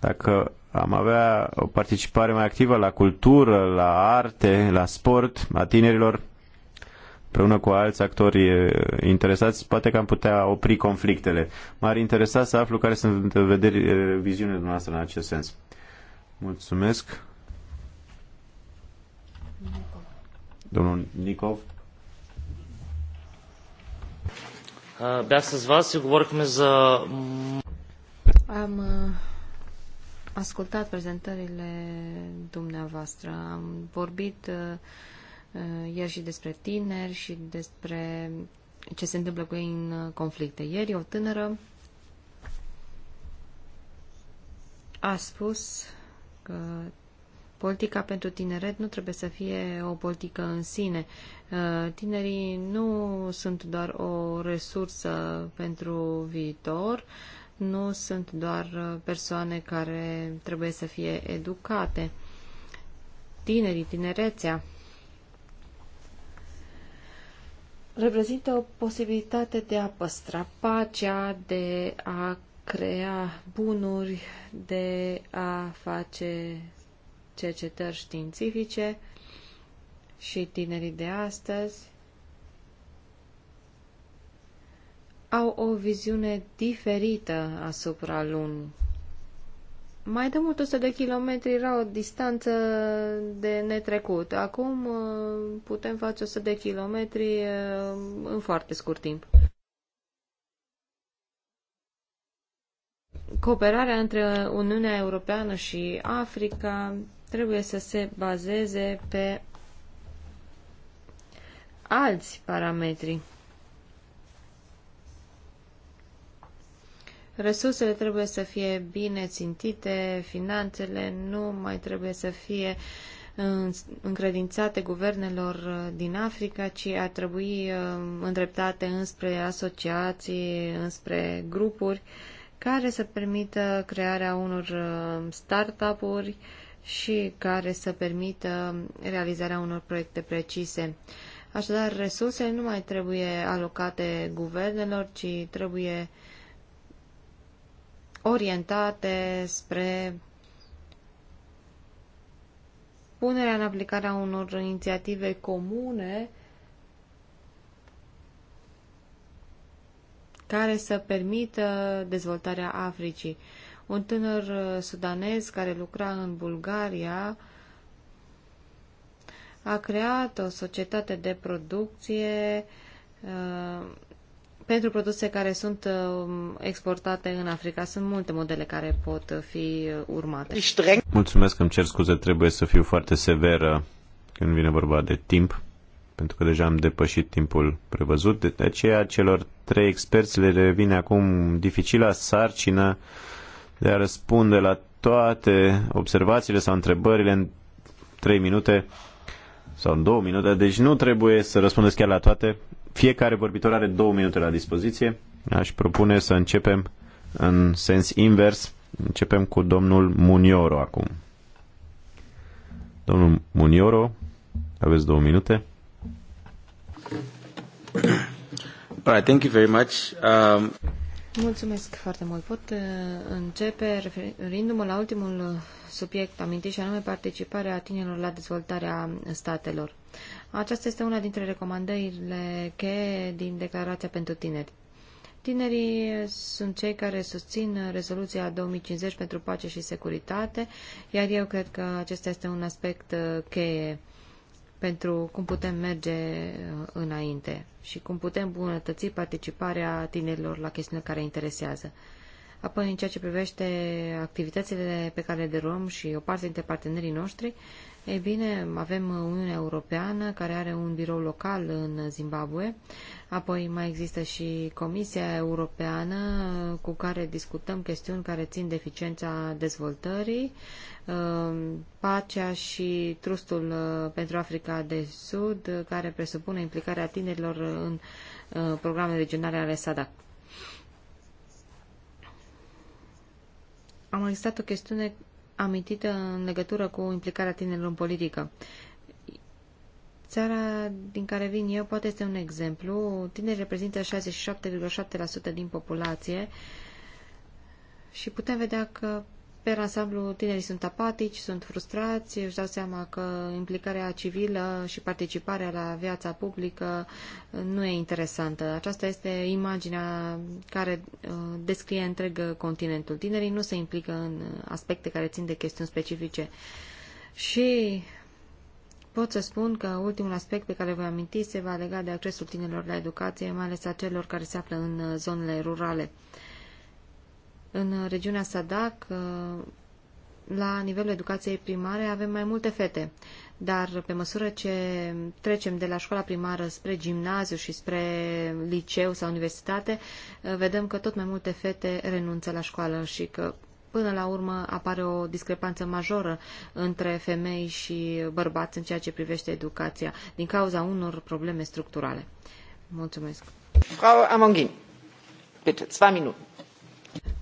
Dacă am avea o participare mai activă la cultură, la arte, la sport, a tinerilor, împreună cu alți actori interesați, poate că am putea opri conflictele. M-ar interesa să aflu care sunt vederi, viziunile noastre în acest sens. Mulțumesc. Domnul Nicov. Бях uh, с Am uh, ascultat prezentările dumneavoastră, am vorbit uh, Eh, ieri și despre tineri și despre ce se întâmplă cu ei în uh, conflicte. Ieri o tânără a spus că politica pentru tineret nu trebuie să fie o politică în sine. Eh, tinerii nu sunt doar o resursă pentru viitor, nu sunt doar uh, persoane care trebuie să fie educate. Tinerii, tinerețea reprezintă o posibilitate de a păstra pacea, de a crea bunuri, de a face cercetări științifice și tinerii de astăzi au o viziune diferită asupra lunii mai de mult 100 de kilometri era o distanță de netrecut. Acum uh, putem face 100 de kilometri uh, în foarte scurt timp. Cooperarea între Uniunea Europeană și Africa trebuie să se bazeze pe alți parametri. Resursele trebuie să fie bine țintite, finanțele nu mai trebuie să fie încredințate guvernelor din Africa, ci ar trebui uh, îndreptate înspre asociații, înspre grupuri care să permită crearea unor uh, startup-uri și care să permită realizarea unor proiecte precise. Așadar, resursele nu mai trebuie alocate guvernelor, ci trebuie orientate spre punerea în aplicare a unor inițiative comune care să permită dezvoltarea Africii. Un tânăr uh, sudanez care lucra în Bulgaria a creat o societate de producție uh, pentru produse care sunt um, exportate în Africa. Sunt multe modele care pot fi urmate. Mulțumesc, îmi cer scuze, trebuie să fiu foarte severă când vine vorba de timp, pentru că deja am depășit timpul prevăzut. De aceea celor trei experți le revine acum dificila sarcină de a răspunde la toate observațiile sau întrebările în trei minute sau în două minute, deci nu trebuie să răspundeți chiar la toate, fiecare vorbitor are două minute la dispoziție. Aș propune să începem în sens invers. Începem cu domnul Munioro acum. Domnul Munioro, aveți două minute. All right, thank you very much. Um... Mulțumesc foarte mult. Pot uh, începe referindu-mă la ultimul uh, subiect amintit și anume participarea tinerilor la dezvoltarea statelor. Aceasta este una dintre recomandările cheie din Declarația pentru Tineri. Tinerii sunt cei care susțin rezoluția 2050 pentru pace și securitate, iar eu cred că acesta este un aspect uh, cheie pentru cum putem merge uh, înainte și cum putem bunătăți participarea tinerilor la chestiunile care interesează. Apoi, în ceea ce privește activitățile pe care le derulăm și o parte dintre partenerii noștri, e bine, avem Uniunea Europeană care are un birou local în Zimbabwe, apoi mai există și Comisia Europeană cu care discutăm chestiuni care țin de eficiența dezvoltării, um, pacea și trustul uh, pentru Africa de Sud care presupune implicarea tinerilor în uh, programe regionale ale SADAC. Am existat o chestiune amintită în legătură cu implicarea tinerilor în politică. Țara din care vin eu poate este un exemplu. Tinerii reprezintă 67,7% din populație și putem vedea că pe ansamblu, tinerii sunt apatici, sunt frustrați, își dau seama că implicarea civilă și participarea la viața publică uh, nu e interesantă. Aceasta este imaginea care uh, descrie întreg continentul. Tinerii nu se implică în aspecte care țin de chestiuni specifice. Și pot să spun că ultimul aspect pe care voi aminti se va lega de accesul tinerilor la educație, mai ales a celor care se află în uh, zonele rurale. În regiunea Sadac, uh, la nivelul educației primare, avem mai multe fete. Dar pe măsură ce trecem de la școala primară spre gimnaziu și spre liceu sau universitate, uh, vedem că tot mai multe fete renunță la școală și că până la urmă apare o discrepanță majoră între femei și bărbați în ceea ce privește educația, din cauza unor probleme structurale. Mulțumesc. Frau Amonghin, bitte, 2 minute.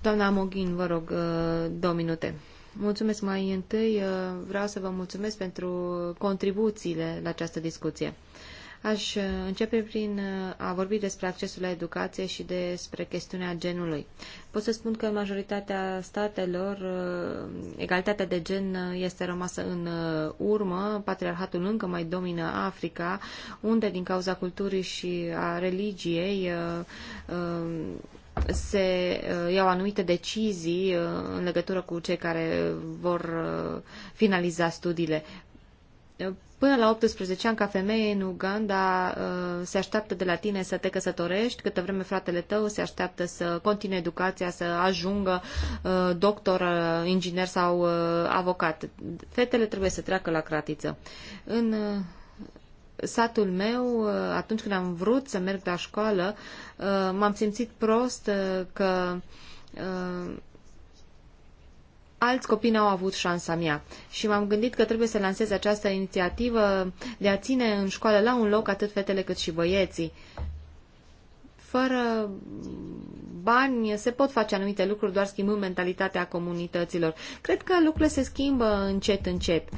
Doamna Moghin, vă rog, uh, două minute. Mulțumesc mai întâi. Uh, vreau să vă mulțumesc pentru contribuțiile la această discuție. Aș uh, începe prin a vorbi despre accesul la educație și despre chestiunea genului. Pot să spun că majoritatea statelor, egalitatea de gen este rămasă în urmă, patriarhatul încă mai domină Africa, unde din cauza culturii și a religiei se uh, iau anumite decizii uh, în legătură cu cei care vor uh, finaliza studiile. Până la 18 ani, ca femeie în Uganda, se așteaptă de la tine să te căsătorești, câtă vreme fratele tău se așteaptă să continue educația, să ajungă doctor, inginer sau avocat. Fetele trebuie să treacă la cratiță. În satul meu, uh, atunci când am vrut să merg la școală, uh, m-am simțit prost uh, că alți copii n-au avut șansa mea și m-am gândit că trebuie să lansez această inițiativă de a ține în școală la un loc atât fetele cât și băieții. Fără bani se pot face anumite lucruri, doar schimbând mentalitatea comunităților. Cred că lucrurile se schimbă încet, încet. Uh,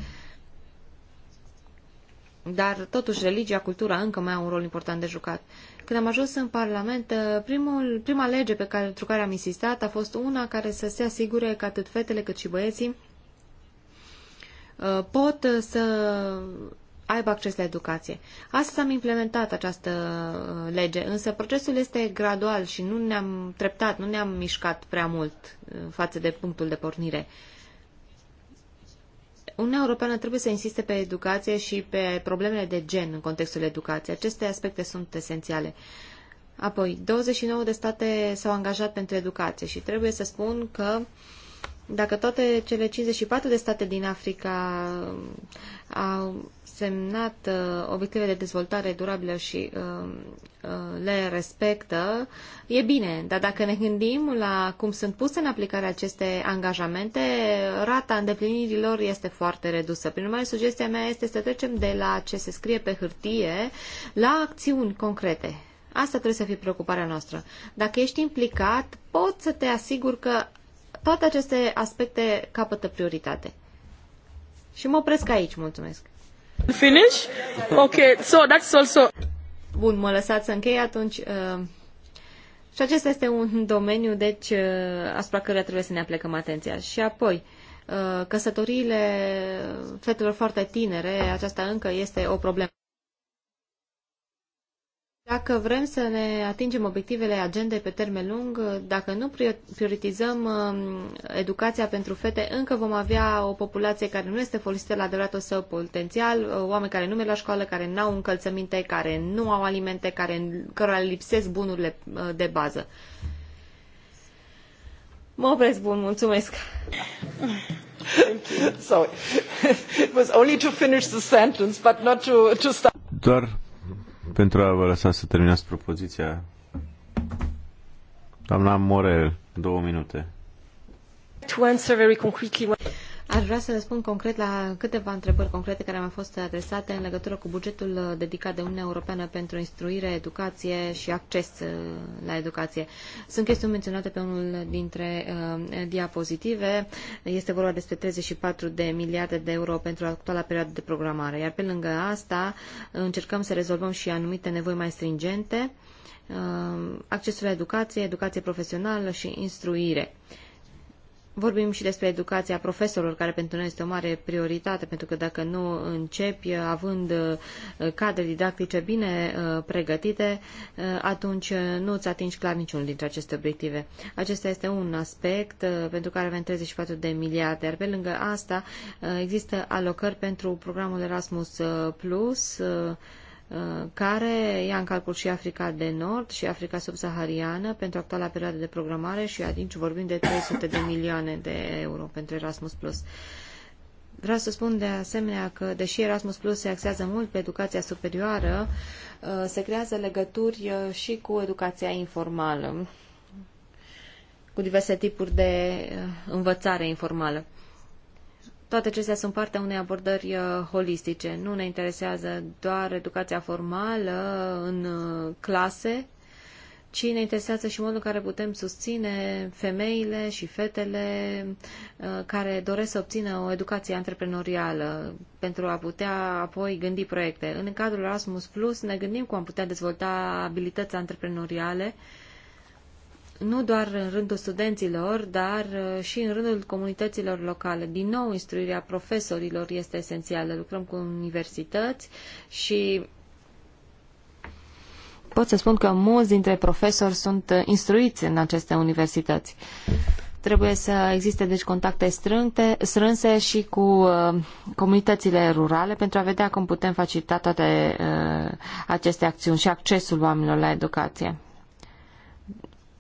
dar, totuși, religia, cultura încă mai au un rol important de jucat. Când am ajuns în Parlament, uh, primul, prima lege pe care, pentru care am insistat a fost una care să se asigure că atât fetele cât și băieții uh, pot uh, să aibă acces la educație. Astăzi am implementat această lege, însă procesul este gradual și nu ne-am treptat, nu ne-am mișcat prea mult față de punctul de pornire. Uniunea Europeană trebuie să insiste pe educație și pe problemele de gen în contextul educației. Aceste aspecte sunt esențiale. Apoi, 29 de state s-au angajat pentru educație și trebuie să spun că dacă toate cele 54 de state din Africa um, au semnat uh, obiective de dezvoltare durabilă și uh, uh, le respectă, e bine. Dar dacă ne gândim la cum sunt puse în aplicare aceste angajamente, rata îndeplinirilor este foarte redusă. Prin urmare, sugestia mea este să trecem de la ce se scrie pe hârtie la acțiuni concrete. Asta trebuie să fie preocuparea noastră. Dacă ești implicat, poți să te asiguri că toate aceste aspecte capătă prioritate. Și mă opresc aici, mulțumesc. Finish? Ok, so that's also... Bun, mă lăsați să închei atunci. Uh... Și acesta este un domeniu, deci, uh, asupra căruia trebuie să ne aplecăm atenția. Și apoi, uh, căsătoriile fetelor foarte tinere, aceasta încă este o problemă. Dacă vrem să ne atingem obiectivele agendei pe termen lung, dacă nu prioritizăm um, educația pentru fete, încă vom avea o populație care nu este folosită la adevăratul său potențial, uh, oameni care nu merg la școală, care nu au încălțăminte, care nu au alimente, care, cărora lipsesc bunurile uh, de bază. Mă opresc bun, mulțumesc. Sorry. It was only to finish the sentence, but not to, to start. Doar pentru a vă lăsa să terminați propoziția. Doamna Morel, două minute. To answer very concretely... Ar vrea să răspund concret la câteva întrebări concrete care mi-au fost adresate în legătură cu bugetul uh, dedicat de Uniunea Europeană pentru instruire, educație și acces uh, la educație. Sunt chestiuni menționate pe unul dintre uh, diapozitive. Este vorba despre 34 de miliarde de euro pentru actuala perioadă de programare. Iar pe lângă asta încercăm să rezolvăm și anumite nevoi mai stringente, uh, accesul la educație, educație profesională și instruire. Uh, Vorbim și despre educația profesorilor, care pentru noi este o mare prioritate, pentru că dacă nu începi având uh, cadre didactice bine uh, pregătite, uh, atunci nu îți atingi clar niciunul dintre aceste obiective. Acesta este un aspect pentru care avem 34 de miliarde, iar pe lângă asta există alocări pentru programul Erasmus Plus, Uh, care ia în calcul și Africa de Nord și Africa subsahariană pentru actuala perioadă de programare și atunci adică vorbim de 300 de milioane de euro pentru Erasmus+. Vreau să spun de asemenea că, deși Erasmus Plus se axează mult pe educația superioară, uh, se creează legături uh, și cu educația informală, cu diverse tipuri de învățare informală. Toate acestea sunt partea unei abordări uh, holistice. Nu ne interesează doar educația formală în uh, clase, ci ne interesează și modul în care putem susține femeile și fetele uh, care doresc să obțină o educație antreprenorială pentru a putea apoi gândi proiecte. În cadrul Erasmus Plus ne gândim cum am putea dezvolta abilități antreprenoriale nu doar în rândul studenților, dar uh, și în rândul comunităților locale. Din nou, instruirea profesorilor este esențială. Lucrăm cu universități și pot să spun că mulți dintre profesori sunt uh, instruiți în aceste universități. Trebuie să existe deci contacte strânte, strânse și cu uh, comunitățile rurale pentru a vedea cum putem facilita toate uh, aceste acțiuni și accesul oamenilor la educație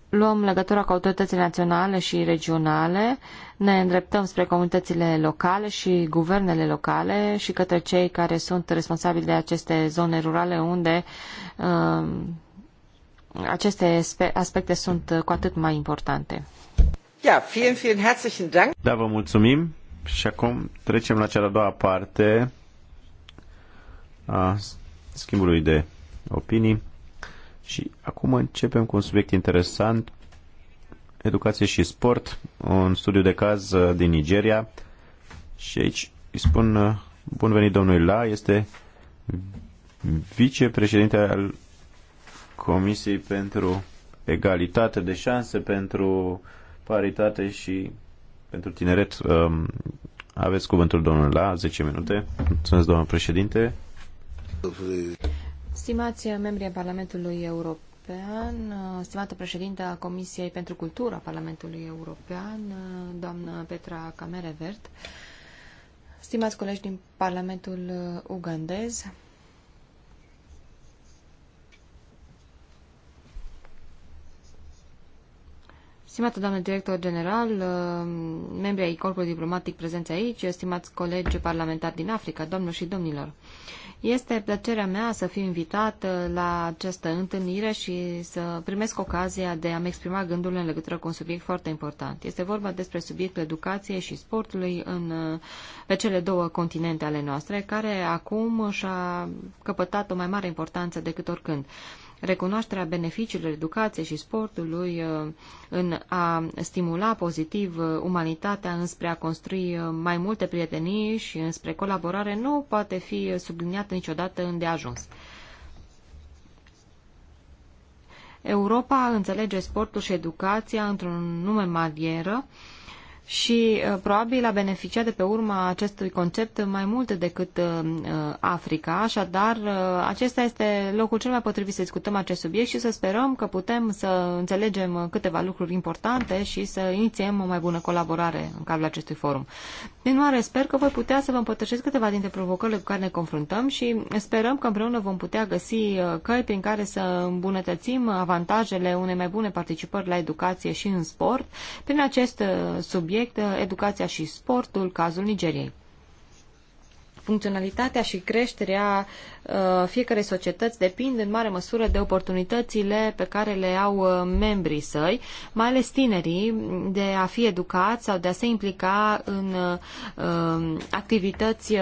luăm legătura cu autoritățile naționale și regionale, ne îndreptăm spre comunitățile locale și guvernele locale și către cei care sunt responsabili de aceste zone rurale unde um, aceste aspecte sunt cu atât mai importante. Ja, vielen, vielen herzlichen Dank. Da, vă mulțumim și acum trecem la cea de-a doua parte a schimbului de opinii. Și acum începem cu un subiect interesant, educație și sport, un studiu de caz uh, din Nigeria. Și aici îi spun uh, bun venit domnului La, este vicepreședinte al Comisiei pentru Egalitate de Șanse, pentru Paritate și pentru Tineret. Um, aveți cuvântul domnul La, 10 minute. Mulțumesc, domnul președinte. Stimați membri ai Parlamentului European, uh, stimată președintă a Comisiei pentru a Parlamentului European, uh, doamnă Petra Camerevert, stimați colegi din Parlamentul Ugandez, Stimată doamnă director general, uh, membri ai corpului diplomatic prezenți aici, stimați colegi parlamentari din Africa, domnul și domnilor, este plăcerea mea să fiu invitat uh, la această întâlnire și să primesc ocazia de a-mi exprima gândurile în legătură cu un subiect foarte important. Este vorba despre subiectul educației și sportului în, uh, pe cele două continente ale noastre, care acum și-a căpătat o mai mare importanță decât oricând. Recunoașterea beneficiilor educației și sportului uh, în a stimula pozitiv uh, umanitatea înspre a construi uh, mai multe prietenii și înspre colaborare nu poate fi subliniată niciodată îndeajuns. Europa înțelege sportul și educația într-un nume marieră, uh, și uh, probabil a beneficiat de pe urma acestui concept mai mult decât uh, uh, Africa, așadar acesta este locul cel mai potrivit să discutăm acest subiect și să sperăm că putem să înțelegem câteva lucruri importante și să inițiem o mai bună colaborare în cadrul acestui forum. Din urmare, sper că voi putea să vă împărtășesc câteva dintre provocările cu care ne confruntăm și sperăm că împreună vom putea găsi căi prin care să îmbunătățim avantajele unei mai bune participări la educație și în sport prin acest subiect subiect, uh, educația și sportul, cazul Nigeriei. Funcționalitatea și creșterea uh, fiecărei societăți depind în mare măsură de oportunitățile pe care le au uh, membrii săi, mai ales tinerii, de a fi educați sau de a se implica în uh, activități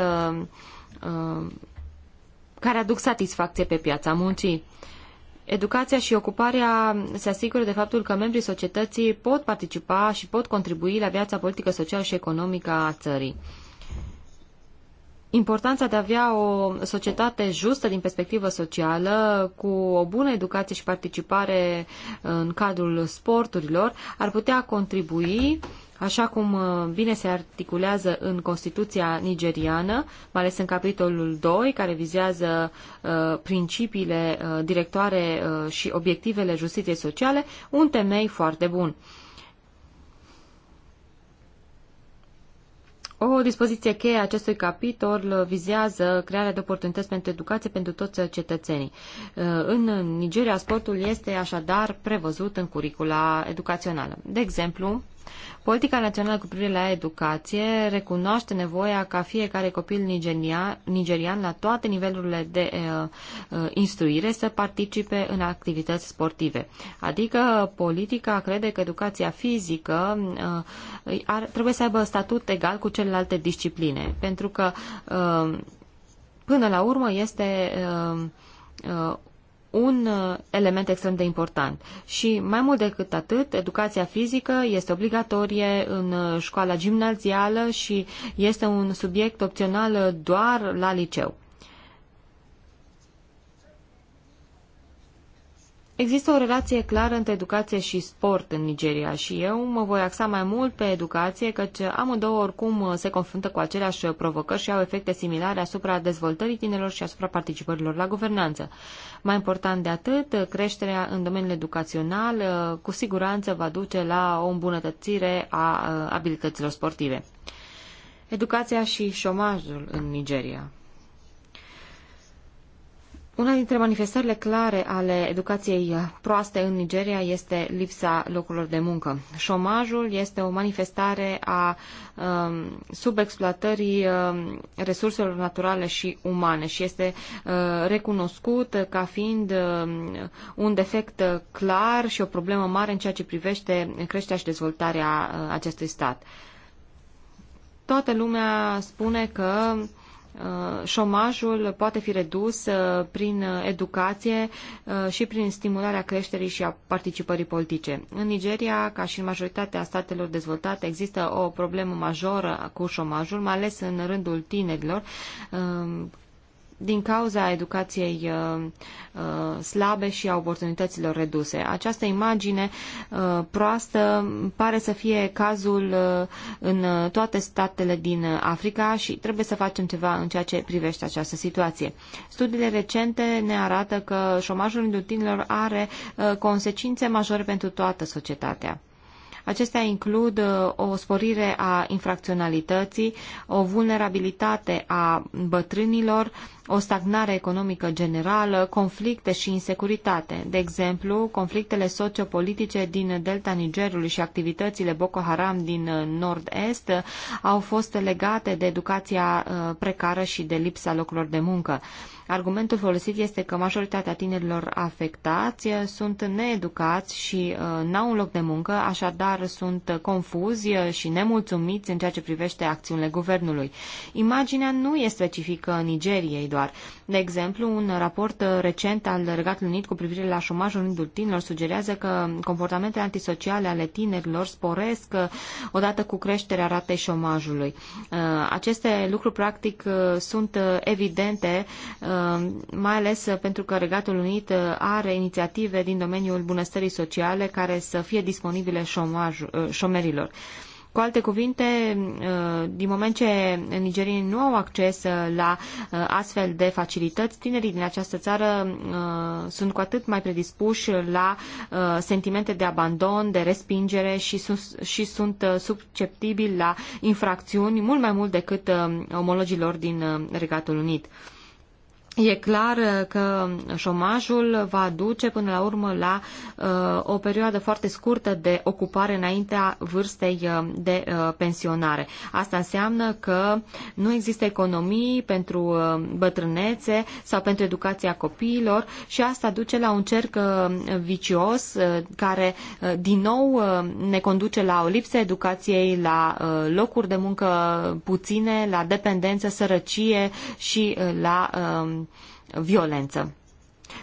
care aduc satisfacție pe piața muncii. Educația și ocuparea se asigură de faptul că membrii societății pot participa și pot contribui la viața politică, socială și economică a țării importanța de a avea o societate justă din perspectivă socială, cu o bună educație și participare uh, în cadrul sporturilor, ar putea contribui așa cum uh, bine se articulează în Constituția nigeriană, mai ales în capitolul 2, care vizează uh, principiile directoare și obiectivele justiției sociale, un temei foarte bun. O dispoziție cheie a acestui capitol vizează crearea de oportunități pentru educație pentru toți cetățenii. Uh, în Nigeria, sportul este așadar prevăzut în curicula educațională. De exemplu, Politica națională cu privire la educație recunoaște nevoia ca fiecare copil nigerian, nigerian la toate nivelurile de uh, instruire să participe în activități sportive. Adică politica crede că educația fizică uh, ar, trebuie să aibă statut egal cu celelalte discipline, pentru că uh, până la urmă este uh, un uh, element extrem de important. Și mai mult decât atât, educația fizică este obligatorie în uh, școala gimnazială și este un subiect opțional uh, doar la liceu. Există o relație clară între educație și sport în Nigeria și eu mă voi axa mai mult pe educație, căci amândouă oricum uh, se confruntă cu aceleași uh, provocări și au efecte similare asupra dezvoltării tinerilor și asupra participărilor la guvernanță. Mai important de atât, uh, creșterea în domeniul educațional cu siguranță va duce la o îmbunătățire a abilităților sportive. Educația și șomajul în Nigeria. Una dintre manifestările clare ale educației uh, proaste în Nigeria este lipsa locurilor de muncă. Șomajul este o manifestare a um, subexploatării um, resurselor naturale și umane și este uh, recunoscut ca fiind um, un defect uh, clar și o problemă mare în ceea ce privește creșterea și dezvoltarea uh, acestui stat. Toată lumea spune că uh, Uh, șomajul poate fi redus uh, prin educație uh, și prin stimularea creșterii și a participării politice. În Nigeria, ca și în majoritatea statelor dezvoltate, există o problemă majoră cu șomajul, mai ales în rândul tinerilor, din cauza educației uh, uh, slabe și a oportunităților reduse. Această imagine uh, proastă pare să fie cazul în toate statele din Africa și trebuie să facem ceva în ceea ce privește această situație. Studiile recente ne arată că șomajul rândul tinerilor are consecințe majore pentru toată societatea. Acestea includ uh, o sporire a infracționalității, o vulnerabilitate a bătrânilor, o stagnare economică generală, conflicte și insecuritate. De exemplu, conflictele sociopolitice din delta Nigerului și activitățile Boko Haram din uh, nord-est uh, au fost legate de educația precară și de lipsa locurilor de muncă. Argumentul folosit este că majoritatea tinerilor afectați eh, sunt needucați și eh, n-au un loc de muncă, așadar sunt confuzi eh, și nemulțumiți în ceea ce privește acțiunile guvernului. Imaginea nu este specifică Nigeriei doar. De exemplu, un raport recent al Regatului Unit cu privire la șomajul rândul tinerilor sugerează că comportamentele antisociale ale tinerilor sporesc odată cu creșterea ratei șomajului. Aceste lucruri, practic, sunt evidente Uh, mai ales uh, pentru că Regatul Unit uh, are inițiative din domeniul bunăstării sociale care să fie disponibile șomaj, șomerilor. Cu alte cuvinte, din moment ce nigerienii nu au acces la astfel de facilități, tinerii din această țară sunt cu atât mai predispuși la sentimente de abandon, de respingere și, și sunt susceptibili la infracțiuni mult mai mult decât omologilor din Regatul Unit. E clar uh, că șomajul va duce până la urmă la uh, o perioadă foarte scurtă de ocupare înaintea vârstei uh, de uh, pensionare. Asta înseamnă că nu există economii pentru uh, bătrânețe sau pentru educația copiilor și asta duce la un cerc uh, vicios uh, care uh, din nou uh, ne conduce la o lipsă educației, la uh, locuri de muncă puține, la dependență, sărăcie și uh, la uh, violență.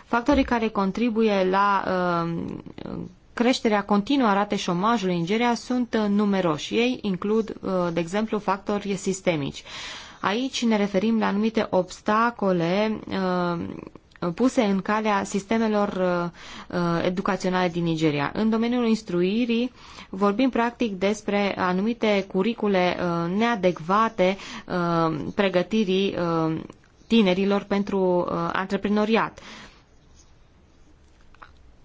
Factorii care contribuie la uh, creșterea continuă a ratei șomajului în Nigeria sunt uh, numeroși. Ei includ, uh, de exemplu, factori sistemici. Aici ne referim la anumite obstacole puse în calea sistemelor educaționale din Nigeria. În domeniul instruirii vorbim practic despre anumite curicule neadecvate pregătirii tinerilor pentru uh, antreprenoriat.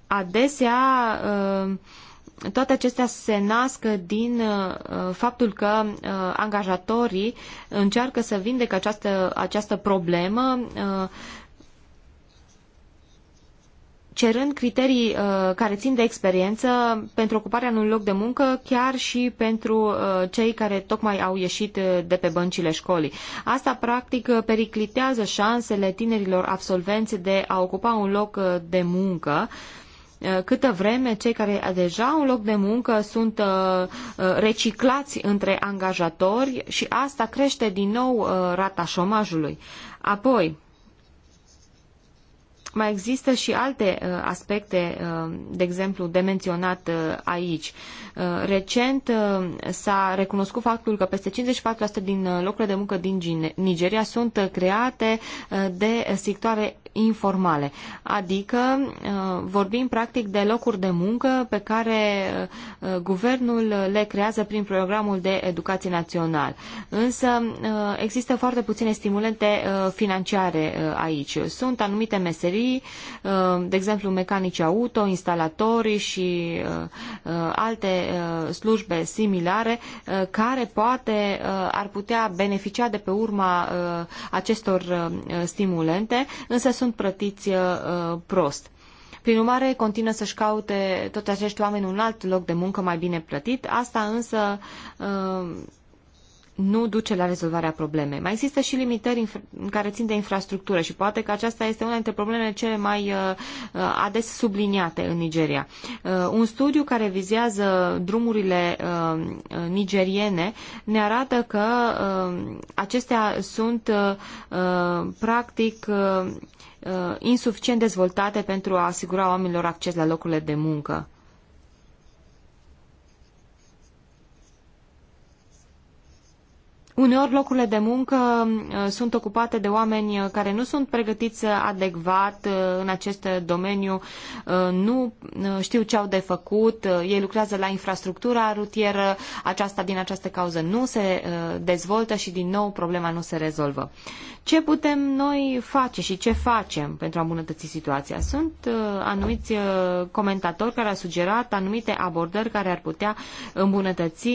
Adesea, uh, toate acestea se nasc din uh, faptul că angajatorii încearcă să vindecă această, această problemă cerând criterii uh, care țin de experiență pentru ocuparea unui loc de muncă, chiar și pentru uh, cei care tocmai au ieșit uh, de pe băncile școlii. Asta, practic, uh, periclitează șansele tinerilor absolvenți de a ocupa un loc uh, de muncă câtă vreme cei care deja au un loc de muncă sunt reciclați între angajatori și asta crește din nou rata șomajului. Apoi, mai există și alte uh, aspecte, uh, de exemplu, de menționat uh, aici. Recent s-a recunoscut faptul că peste 54% din locurile de muncă din Nigeria sunt create de sectoare informale. Adică uh, vorbim practic de locuri de muncă pe care uh, guvernul le creează prin programul de educație național. Însă uh, există foarte puține stimulente financiare aici. Sunt anumite meserii, de exemplu mecanici auto, instalatori și alte slujbe similare care poate ar putea beneficia de pe urma acestor stimulente, însă sunt plătiți uh, prost. Prin urmare, continuă să-și caute tot acești oameni un alt loc de muncă mai bine plătit. Asta însă uh, nu duce la rezolvarea problemei. Mai există și limitări care țin de infrastructură și poate că aceasta este una dintre problemele cele mai uh, ades subliniate în Nigeria. Un studiu care vizează drumurile nigeriene ne arată că acestea sunt practic Uh, insuficient dezvoltate pentru a asigura oamenilor acces la locurile de muncă. Uneori locurile de muncă uh, sunt ocupate de oameni uh, care nu sunt pregătiți uh, adecvat în acest domeniu, nu știu ce au de făcut, ei lucrează la infrastructura rutieră, aceasta din această cauză nu se dezvoltă și din nou problema nu se rezolvă. Ce putem noi face și ce facem pentru a îmbunătăți situația? Sunt anumiți comentatori care au sugerat anumite abordări care ar putea îmbunătăți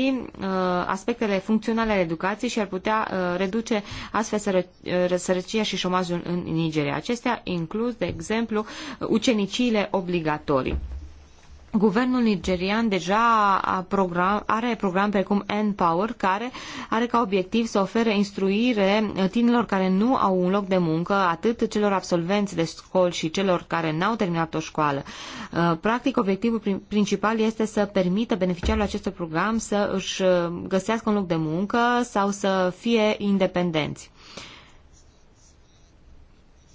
aspectele funcționale ale educației și ar putea uh, reduce astfel sără, uh, sărăcia și șomajul în Nigeria. Acestea includ, de exemplu, uh, uceniciile obligatorii. Guvernul nigerian deja a program, are program precum N-Power, care are ca obiectiv să ofere instruire tinerilor care nu au un loc de muncă, atât celor absolvenți de școli și celor care n-au terminat o școală. Uh, practic, obiectivul principal este să permită beneficiarilor acestui program să își uh, găsească un loc de muncă sau să fie independenți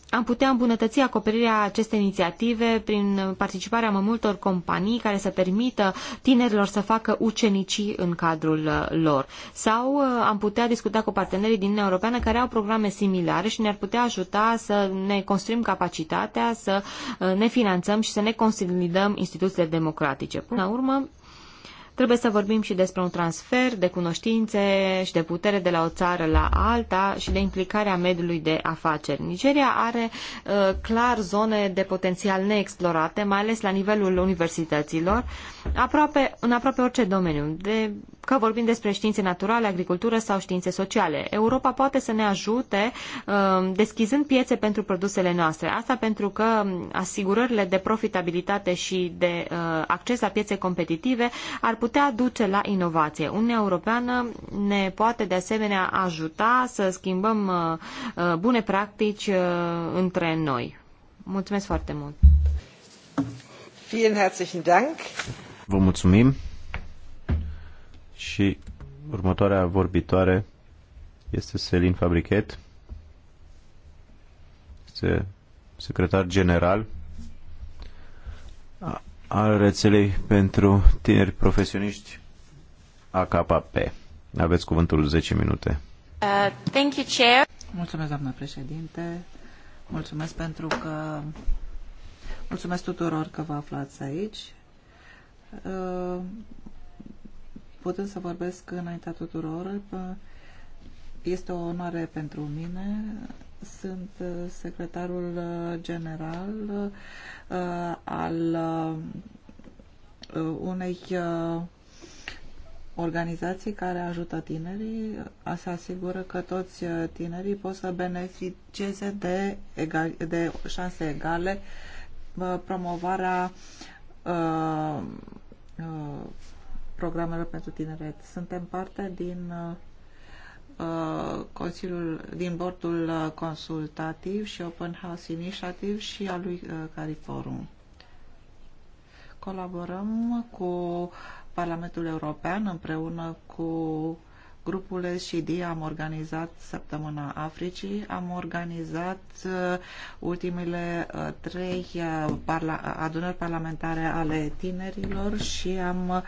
am putea îmbunătăți acoperirea acestei inițiative prin participarea mai multor companii care să permită tinerilor să facă ucenicii în cadrul uh, lor. Sau uh, am putea discuta cu partenerii din Uniunea Europeană care au programe similare și ne-ar putea ajuta să ne construim capacitatea, să uh, ne finanțăm și să ne consolidăm instituțiile democratice. Până la urmă, Trebuie să vorbim și despre un transfer de cunoștințe și de putere de la o țară la alta și de implicarea mediului de afaceri. Nigeria are uh, clar zone de potențial neexplorate, mai ales la nivelul universităților, aproape, în aproape orice domeniu. De că vorbim despre științe naturale, agricultură sau științe sociale. Europa poate să ne ajute um, deschizând piețe pentru produsele noastre. Asta pentru că asigurările de profitabilitate și de uh, acces la piețe competitive ar putea duce la inovație. Uniunea Europeană ne poate de asemenea ajuta să schimbăm uh, uh, bune practici între noi. Mulțumesc foarte mult! Vă mulțumim! și următoarea vorbitoare este Selin Fabrichet, este secretar general al rețelei pentru tineri profesioniști AKP. Aveți cuvântul 10 minute. Uh, thank you, Chair. Mulțumesc, doamnă președinte. Mulțumesc pentru că... Mulțumesc tuturor că vă aflați aici. Uh, putând să vorbesc înaintea tuturor. Este o onoare pentru mine. Sunt uh, secretarul uh, general uh, al unei organizații care ajută tinerii, se asigură că toți tinerii pot să beneficieze de, egal, de șanse egale, promovarea uh, uh, programelor pentru tineret. Suntem parte din uh, uh, Consiliul, din bordul uh, consultativ și Open House Initiative și al lui Cariforum. Colaborăm cu Parlamentul European împreună cu grupul SCD am organizat Săptămâna Africii, am organizat uh, ultimele uh, trei uh, parla adunări parlamentare ale tinerilor și am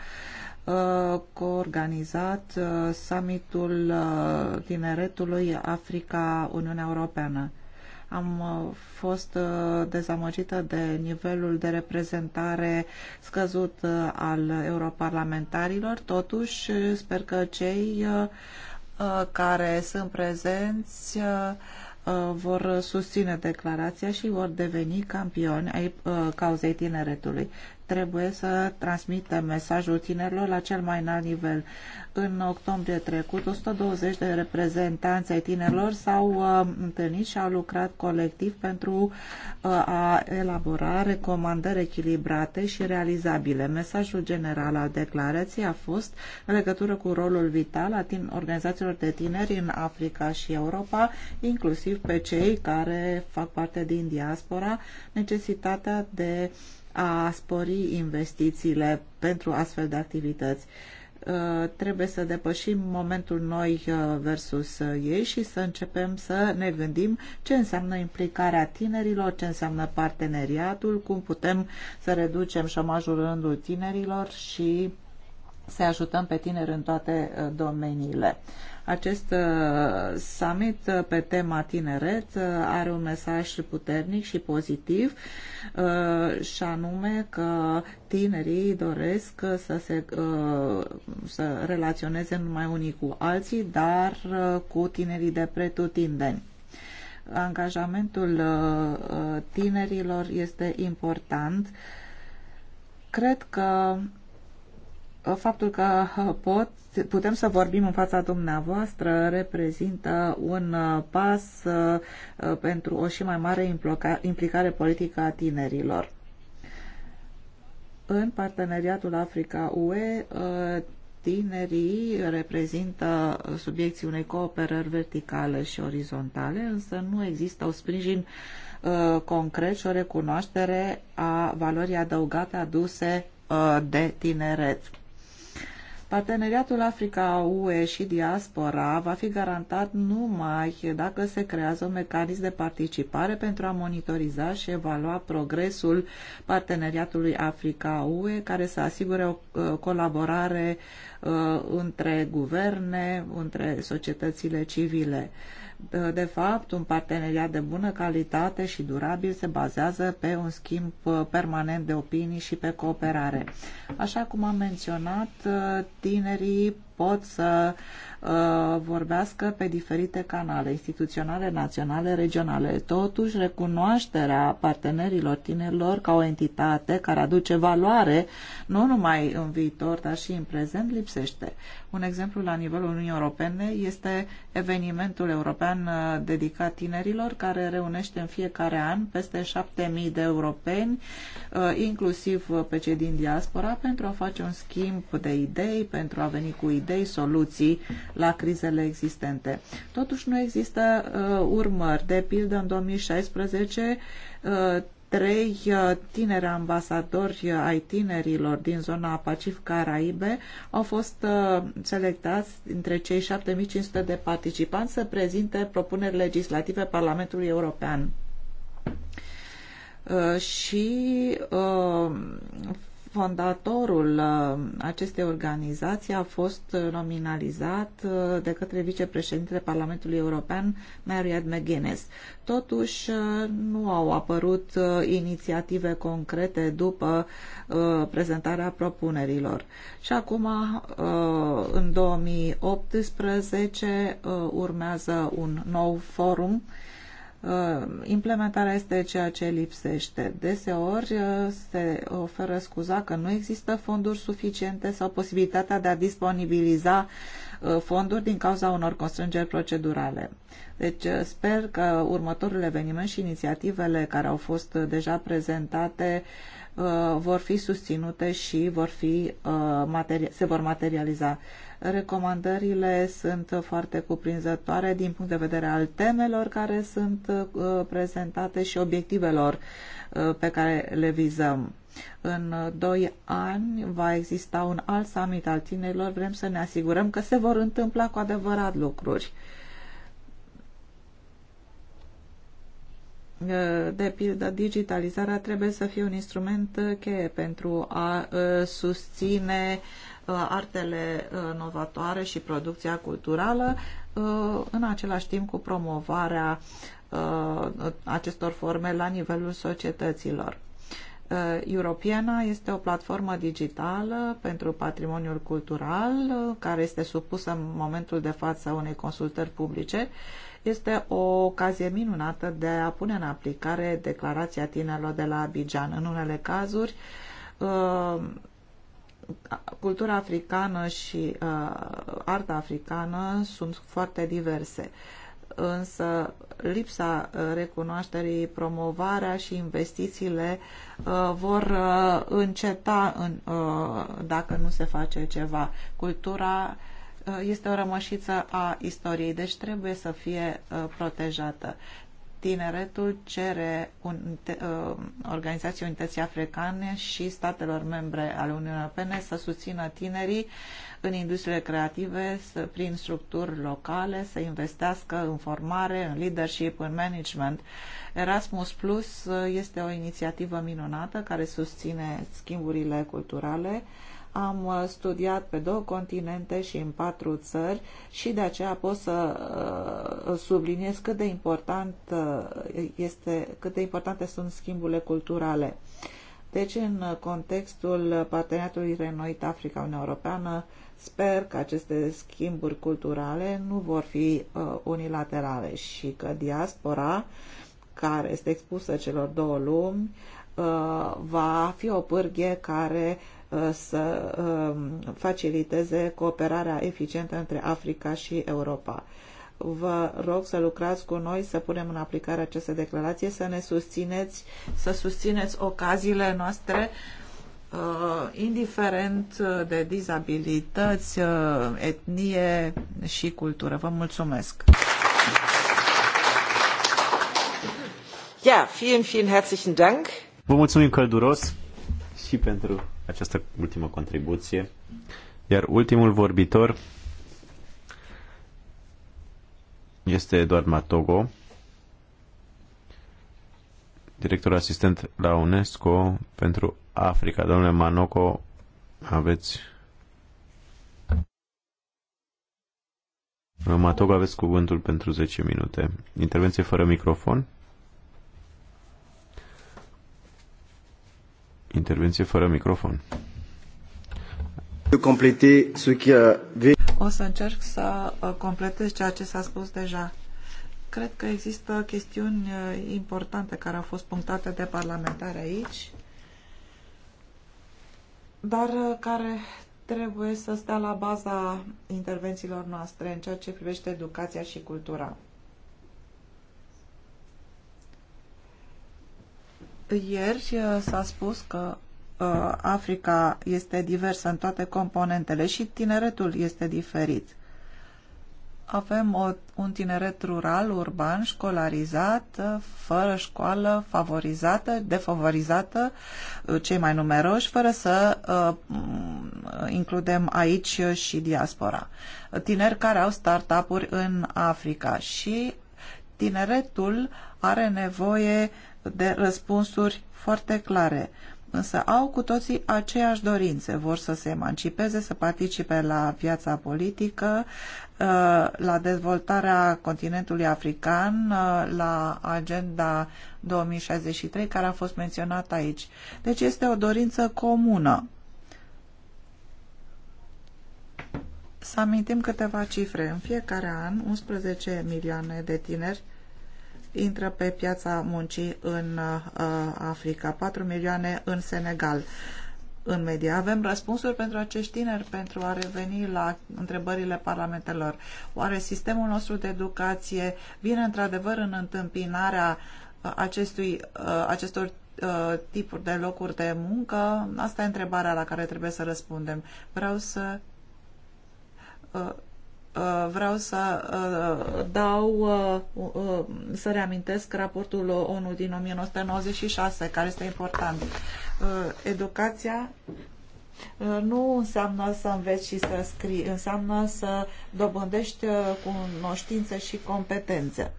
Uh, coorganizat uh, summitul uh, tineretului Africa-Uniunea Europeană. Am fost dezamăgită de nivelul de reprezentare scăzut al europarlamentarilor, totuși sper că cei care sunt prezenți vor susține declarația și vor deveni campioni ai cauzei tineretului trebuie să transmitem mesajul tinerilor la cel mai înalt nivel. În octombrie trecut, 120 de reprezentanți ai tinerilor s-au uh, întâlnit și au lucrat colectiv pentru uh, a elabora recomandări echilibrate și realizabile. Mesajul general al declarației a fost în legătură cu rolul vital a organizațiilor de tineri în Africa și Europa, inclusiv pe cei care fac parte din diaspora, necesitatea de a spori investițiile pentru astfel de activități. Uh, trebuie să depășim momentul noi uh, versus uh, ei și să începem să ne gândim ce înseamnă implicarea tinerilor, ce înseamnă parteneriatul, cum putem să reducem șomajul în rândul tinerilor și să ajutăm pe tineri în toate domeniile. Acest uh, summit uh, pe tema tineret uh, are un mesaj puternic și pozitiv și anume că tinerii doresc să se să relaționeze numai unii cu alții, dar cu tinerii de pretutindeni angajamentul tinerilor este important. Cred că faptul că uh, pot, putem să vorbim în fața dumneavoastră reprezintă un uh, pas uh, pentru o și mai mare implicare politică a tinerilor. În parteneriatul Africa-UE, tinerii reprezintă subiecții unei cooperări verticale și orizontale, însă nu există o sprijin concret și o recunoaștere a valorii adăugate aduse de tineret Parteneriatul Africa-UE și diaspora va fi garantat numai dacă se creează un mecanism de participare pentru a monitoriza și evalua progresul parteneriatului Africa-UE care să asigure o uh, colaborare uh, între guverne, între societățile civile. Uh, de fapt, un parteneriat de bună calitate și durabil se bazează pe un schimb uh, permanent de opinii și pe cooperare. Așa cum am menționat, uh, tinerii pot să uh, vorbească pe diferite canale instituționale, naționale, regionale. Totuși, recunoașterea partenerilor tinerilor ca o entitate care aduce valoare, nu numai în viitor, dar și în prezent, lipsește. Un exemplu la nivelul Uniunii Europene este evenimentul european uh, dedicat tinerilor, care reunește în fiecare an peste 7.000 de europeni, uh, inclusiv pe cei din diaspora, pentru a face un schimb de idei, pentru a veni cu idei idei, soluții la crizele existente. Totuși nu există uh, urmări. De pildă, în 2016, uh, trei uh, tineri ambasadori ai tinerilor din zona Pacific-Caraibe au fost uh, selectați dintre cei 7500 de participanți să prezinte propuneri legislative Parlamentului European. Uh, și Fondatorul uh, acestei organizații a fost uh, nominalizat uh, de către vicepreședintele Parlamentului European, Mariad McGuinness. Totuși, nu au apărut inițiative concrete după prezentarea propunerilor. Și acum, în 2018, urmează un nou forum Uh, implementarea este ceea ce lipsește. Deseori uh, se oferă scuza că nu există fonduri suficiente sau posibilitatea de a disponibiliza uh, fonduri din cauza unor constrângeri procedurale. Deci sper că următorul eveniment și inițiativele care au fost deja prezentate vor fi susținute și vor fi, se vor materializa. Recomandările sunt foarte cuprinzătoare din punct de vedere al temelor care sunt uh, prezentate și obiectivelor uh, pe care le vizăm. În doi ani va exista un alt summit al tinerilor. Vrem să ne asigurăm că se vor întâmpla cu adevărat lucruri. Uh, de pildă, digitalizarea trebuie să fie un instrument cheie pentru a susține uh, Uh, artele uh, novatoare și producția culturală, uh, în același timp cu promovarea acestor forme la nivelul societăților. Europeana este o platformă digitală pentru patrimoniul cultural care este supusă în momentul de față unei consultări publice. Este o ocazie minunată de a pune în aplicare declarația tinerilor de la Abidjan. În unele cazuri, cultura africană și uh, arta africană sunt foarte diverse, însă lipsa uh, recunoașterii, promovarea și investițiile uh, vor uh, înceta în, uh, dacă nu se face ceva. Cultura uh, este o rămășiță a istoriei, deci trebuie să fie uh, protejată tineretul cere un, uh, Organizației Unității Africane și statelor membre ale Uniunii Europene să susțină tinerii în industriile creative să, prin structuri locale, să investească în formare, în leadership, în management. Erasmus Plus uh, este o inițiativă minunată care susține schimburile culturale uh, am uh, studiat pe două continente și în patru țări și de aceea pot să uh, subliniez cât de, important uh, este, cât de importante sunt schimburile culturale. Deci, în contextul parteneriatului renoit Africa-Uniunea Europeană, sper că aceste schimburi culturale nu vor fi uh, unilaterale și că diaspora, care este expusă celor două lumi, uh, va fi o pârghie care să um, faciliteze cooperarea eficientă între Africa și Europa. Vă rog să lucrați cu noi, să punem în aplicare aceste declarații, să ne susțineți, să susțineți ocaziile noastre uh, indiferent uh, de dizabilități, uh, etnie și cultură. Vă mulțumesc! Ja, vielen, vielen herzlichen Dank! Vă mulțumim călduros! și pentru această ultimă contribuție. Iar ultimul vorbitor este Eduard Matogo, director asistent la UNESCO pentru Africa. Domnule Manoco, aveți... Matogo, aveți cuvântul pentru 10 minute. Intervenție fără microfon. Intervenție fără microfon. O să încerc să uh, completez ceea ce s-a spus deja. Cred că există chestiuni uh, importante care au fost punctate de parlamentare aici, dar uh, care trebuie să stea la baza intervențiilor noastre în ceea ce privește educația și cultura. Ieri uh, s-a spus că uh, Africa este diversă în toate componentele și tineretul este diferit. Avem o, un tineret rural, urban, școlarizat, uh, fără școală, favorizată, defavorizată, cei mai numeroși, fără să uh, includem aici și diaspora. Tineri care au startup-uri în Africa și tineretul are nevoie de răspunsuri foarte clare, însă au cu toții aceeași dorințe. Vor să se emancipeze, să participe la viața politică, uh, la dezvoltarea continentului african, uh, la agenda 2063 care a fost menționată aici. Deci este o dorință comună. Să amintim câteva cifre. În fiecare an, 11 milioane de tineri intră pe piața muncii în uh, Africa, 4 milioane în Senegal. În media avem răspunsuri pentru acești tineri pentru a reveni la întrebările parlamentelor. Oare sistemul nostru de educație vine într-adevăr în întâmpinarea uh, acestui, uh, acestor tipuri de locuri de muncă? Asta e întrebarea la care trebuie să răspundem. Vreau să vreau să uh, dau, uh, uh, să reamintesc raportul ONU din 1996, care este important. Educația nu înseamnă să înveți și să scrii, înseamnă să dobândești cunoștințe și competențe.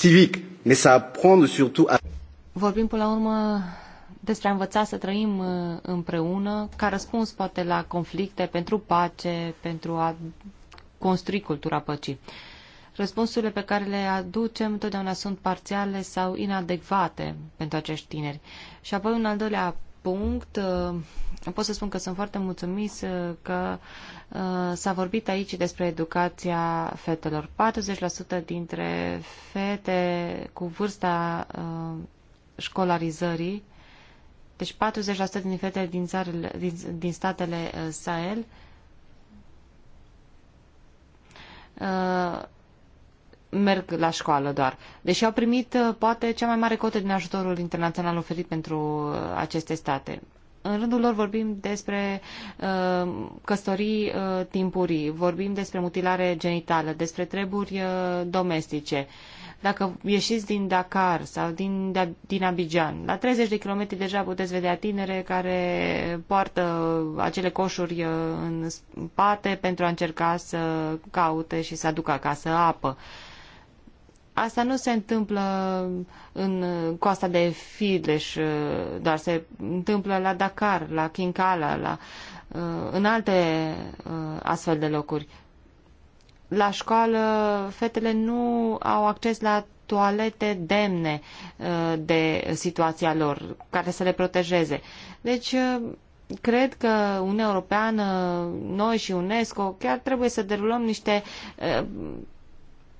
Civic, să ça apprendre surtout a... Vorbim până la urmă despre a învăța să trăim împreună, ca răspuns poate la conflicte, pentru pace, pentru a construi cultura păcii. Răspunsurile pe care le aducem întotdeauna sunt parțiale sau inadecvate pentru acești tineri. Și apoi un al doilea punct, uh, pot să spun că sunt foarte mulțumit uh, că uh, s-a vorbit aici despre educația fetelor. 40% dintre fete cu vârsta școlarizării, deci 40% din fetele din, țarele, din, din statele Sahel, Uh, merg la școală doar. Deși au primit uh, poate cea mai mare cotă din ajutorul internațional oferit pentru uh, aceste state. În rândul lor vorbim despre uh, căsătorii uh, timpurii, vorbim despre mutilare genitală, despre treburi uh, domestice. Uh, dacă ieșiți din Dakar sau din, da, din Abidjan, la 30 de kilometri deja puteți vedea tinere care poartă acele coșuri uh, în spate pentru a încerca să caute și să aducă acasă apă. Asta nu se întâmplă în coasta de Fidleș, uh, doar se întâmplă la Dakar, la Kinkala, la, uh, în alte astfel de locuri la școală fetele nu au acces la toalete demne uh, de situația lor, care să le protejeze. Deci, uh, cred că Uniunea Europeană, noi și UNESCO, chiar trebuie să derulăm niște uh,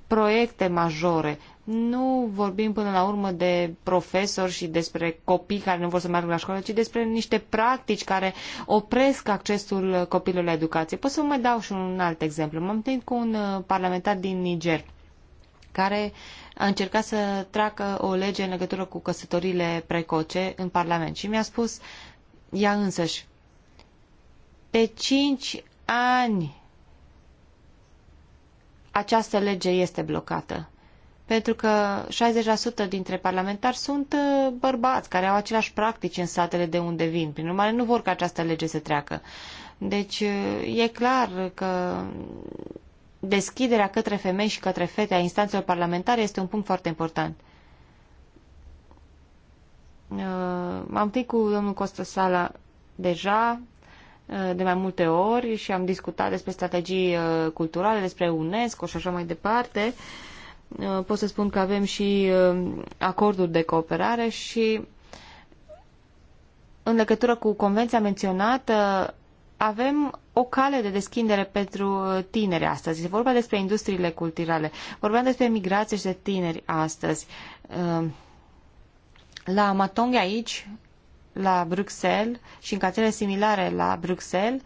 proiecte majore. Nu vorbim până la urmă de profesori și despre copii care nu vor să meargă la școală, ci despre niște practici care opresc accesul copilului la educație. Pot să mai dau și un alt exemplu. M-am întâlnit cu un uh, parlamentar din Niger care a încercat să tracă o lege în legătură cu căsătorile precoce în Parlament și mi-a spus ea însăși, pe cinci ani această lege este blocată. Pentru că 60% dintre parlamentari sunt uh, bărbați care au aceleași practici în satele de unde vin. Prin urmare, nu vor ca această lege să treacă. Deci uh, e clar că deschiderea către femei și către fete a instanțelor parlamentare este un punct foarte important. Uh, m-am întâlnit cu domnul Costă Sala deja, Uh, de mai multe ori și am discutat despre strategii uh, culturale, despre UNESCO și așa mai departe. Uh, pot să spun că avem și acorduri de cooperare și în legătură cu convenția menționată, avem o cale de deschidere pentru tineri astăzi. Se vorba despre industriile culturale. Vorbeam despre migrație și de tineri astăzi. La Matonghe aici la Bruxelles și în cartiere similare la Bruxelles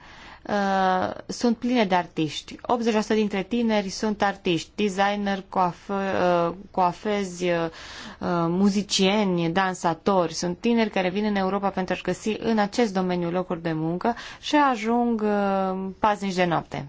uh, sunt pline de artiști. 80% dintre tineri sunt artiști, designer, coafe, uh, coafezi, uh, uh, muzicieni, dansatori. Sunt tineri care vin în Europa pentru a-și găsi în acest domeniu locuri de muncă și ajung uh, paznici de noapte.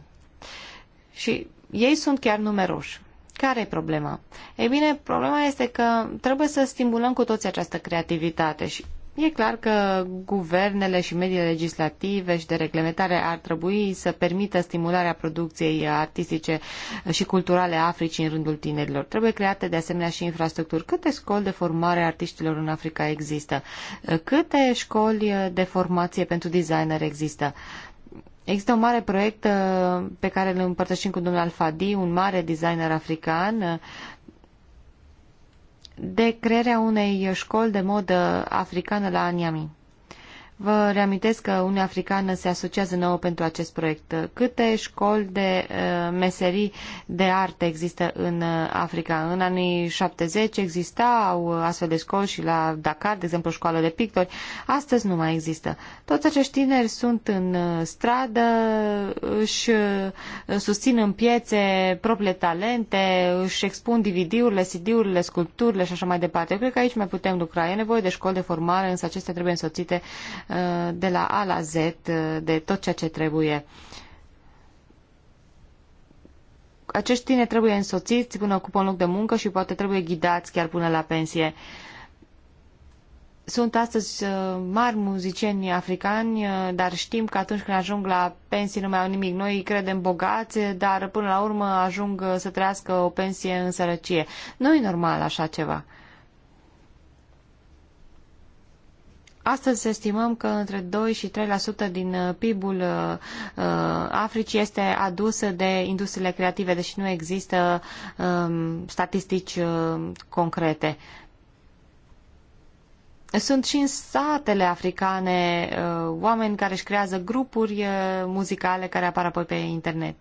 Și ei sunt chiar numeroși. Care e problema? Ei bine, problema este că trebuie să stimulăm cu toți această creativitate și E clar că guvernele și mediile legislative și de reglementare ar trebui să permită stimularea producției artistice și culturale a Africii în rândul tinerilor. Trebuie create de asemenea și infrastructuri. Câte școli de formare a artiștilor în Africa există? Câte școli de formație pentru designer există? Există un mare proiect uh, pe care îl împărtășim cu domnul Alfadi, un mare designer african uh, de crearea unei școli de modă africană la Niamey. Vă reamintesc că Uniunea Africană se asociază nouă pentru acest proiect. Câte școli de uh, meserii de arte există în uh, Africa? În anii 70 existau astfel de școli și la Dakar, de exemplu, școală de pictori. Astăzi nu mai există. Toți acești tineri sunt în uh, stradă, își susțin în piețe propriile talente, își expun DVD-urile, CD-urile, sculpturile și așa mai departe. Eu cred că aici mai putem lucra. E nevoie de școli de formare, însă acestea trebuie însoțite de la A la Z, de tot ceea ce trebuie. Acești tine trebuie însoțiți până ocupă un loc de muncă și poate trebuie ghidați chiar până la pensie. Sunt astăzi uh, mari muzicieni africani, uh, dar știm că atunci când ajung la pensii nu mai au nimic. Noi credem bogați, dar până la urmă ajung uh, să trăiască o pensie în sărăcie. Nu e normal așa ceva. Astăzi estimăm că între 2 și 3% din uh, PIB-ul uh, uh, Africii este adus de industriile creative, deși nu există um, statistici uh, concrete. Sunt și în statele africane uh, oameni care își creează grupuri uh, muzicale care apar apoi pe internet.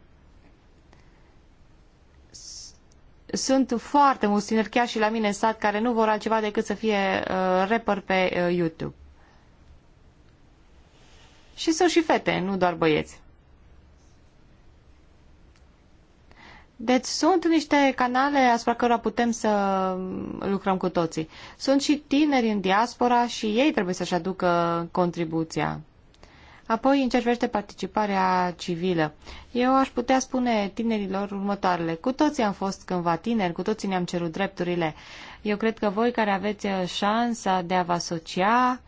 sunt foarte mulți tineri, chiar și la mine în sat care nu vor altceva decât să fie uh, rapper pe uh, YouTube. Și sunt și fete, nu doar băieți. Deci sunt niște canale asupra cărora putem să lucrăm cu toții. Sunt și tineri în diaspora și ei trebuie să-și aducă contribuția. Apoi, în participarea civilă, eu aș putea spune tinerilor următoarele. Cu toții am fost cândva tineri, cu toții ne-am cerut drepturile. Eu cred că voi care aveți uh, șansa de a vă asocia,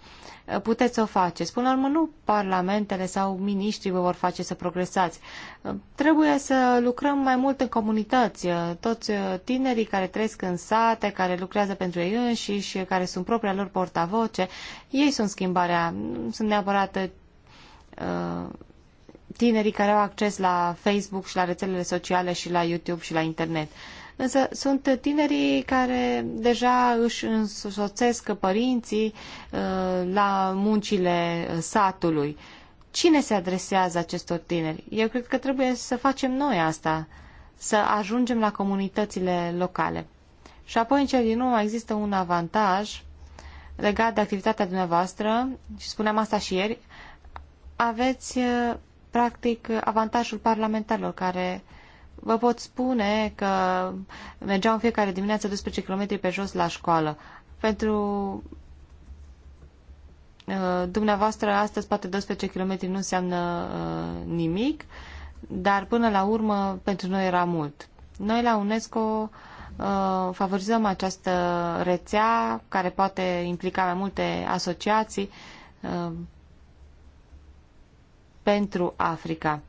uh, puteți să o faceți. Până la urmă, nu parlamentele sau miniștrii vă vor face să progresați. Uh, trebuie să lucrăm mai mult în comunități. Toți tinerii care trăiesc în sate, care lucrează pentru ei înșiși, care sunt propria lor portavoce, ei sunt schimbarea. Nu sunt neapărat Uh, tinerii care au acces la Facebook și la rețelele sociale și la YouTube și la internet. Însă sunt tinerii care deja își însoțesc părinții uh, la muncile satului. Cine se adresează acestor tineri? Eu cred că trebuie să facem noi asta, să ajungem la comunitățile locale. Și apoi, în cel din urmă, există un avantaj legat de activitatea dumneavoastră, și spuneam asta și ieri, aveți eh, practic avantajul parlamentarilor care vă pot spune că mergeau în fiecare dimineață 12 km pe jos la școală. Pentru eh, dumneavoastră astăzi poate 12 km nu înseamnă eh, nimic, dar până la urmă pentru noi era mult. Noi la UNESCO favorizăm această rețea care poate implica mai multe asociații pentru Africa.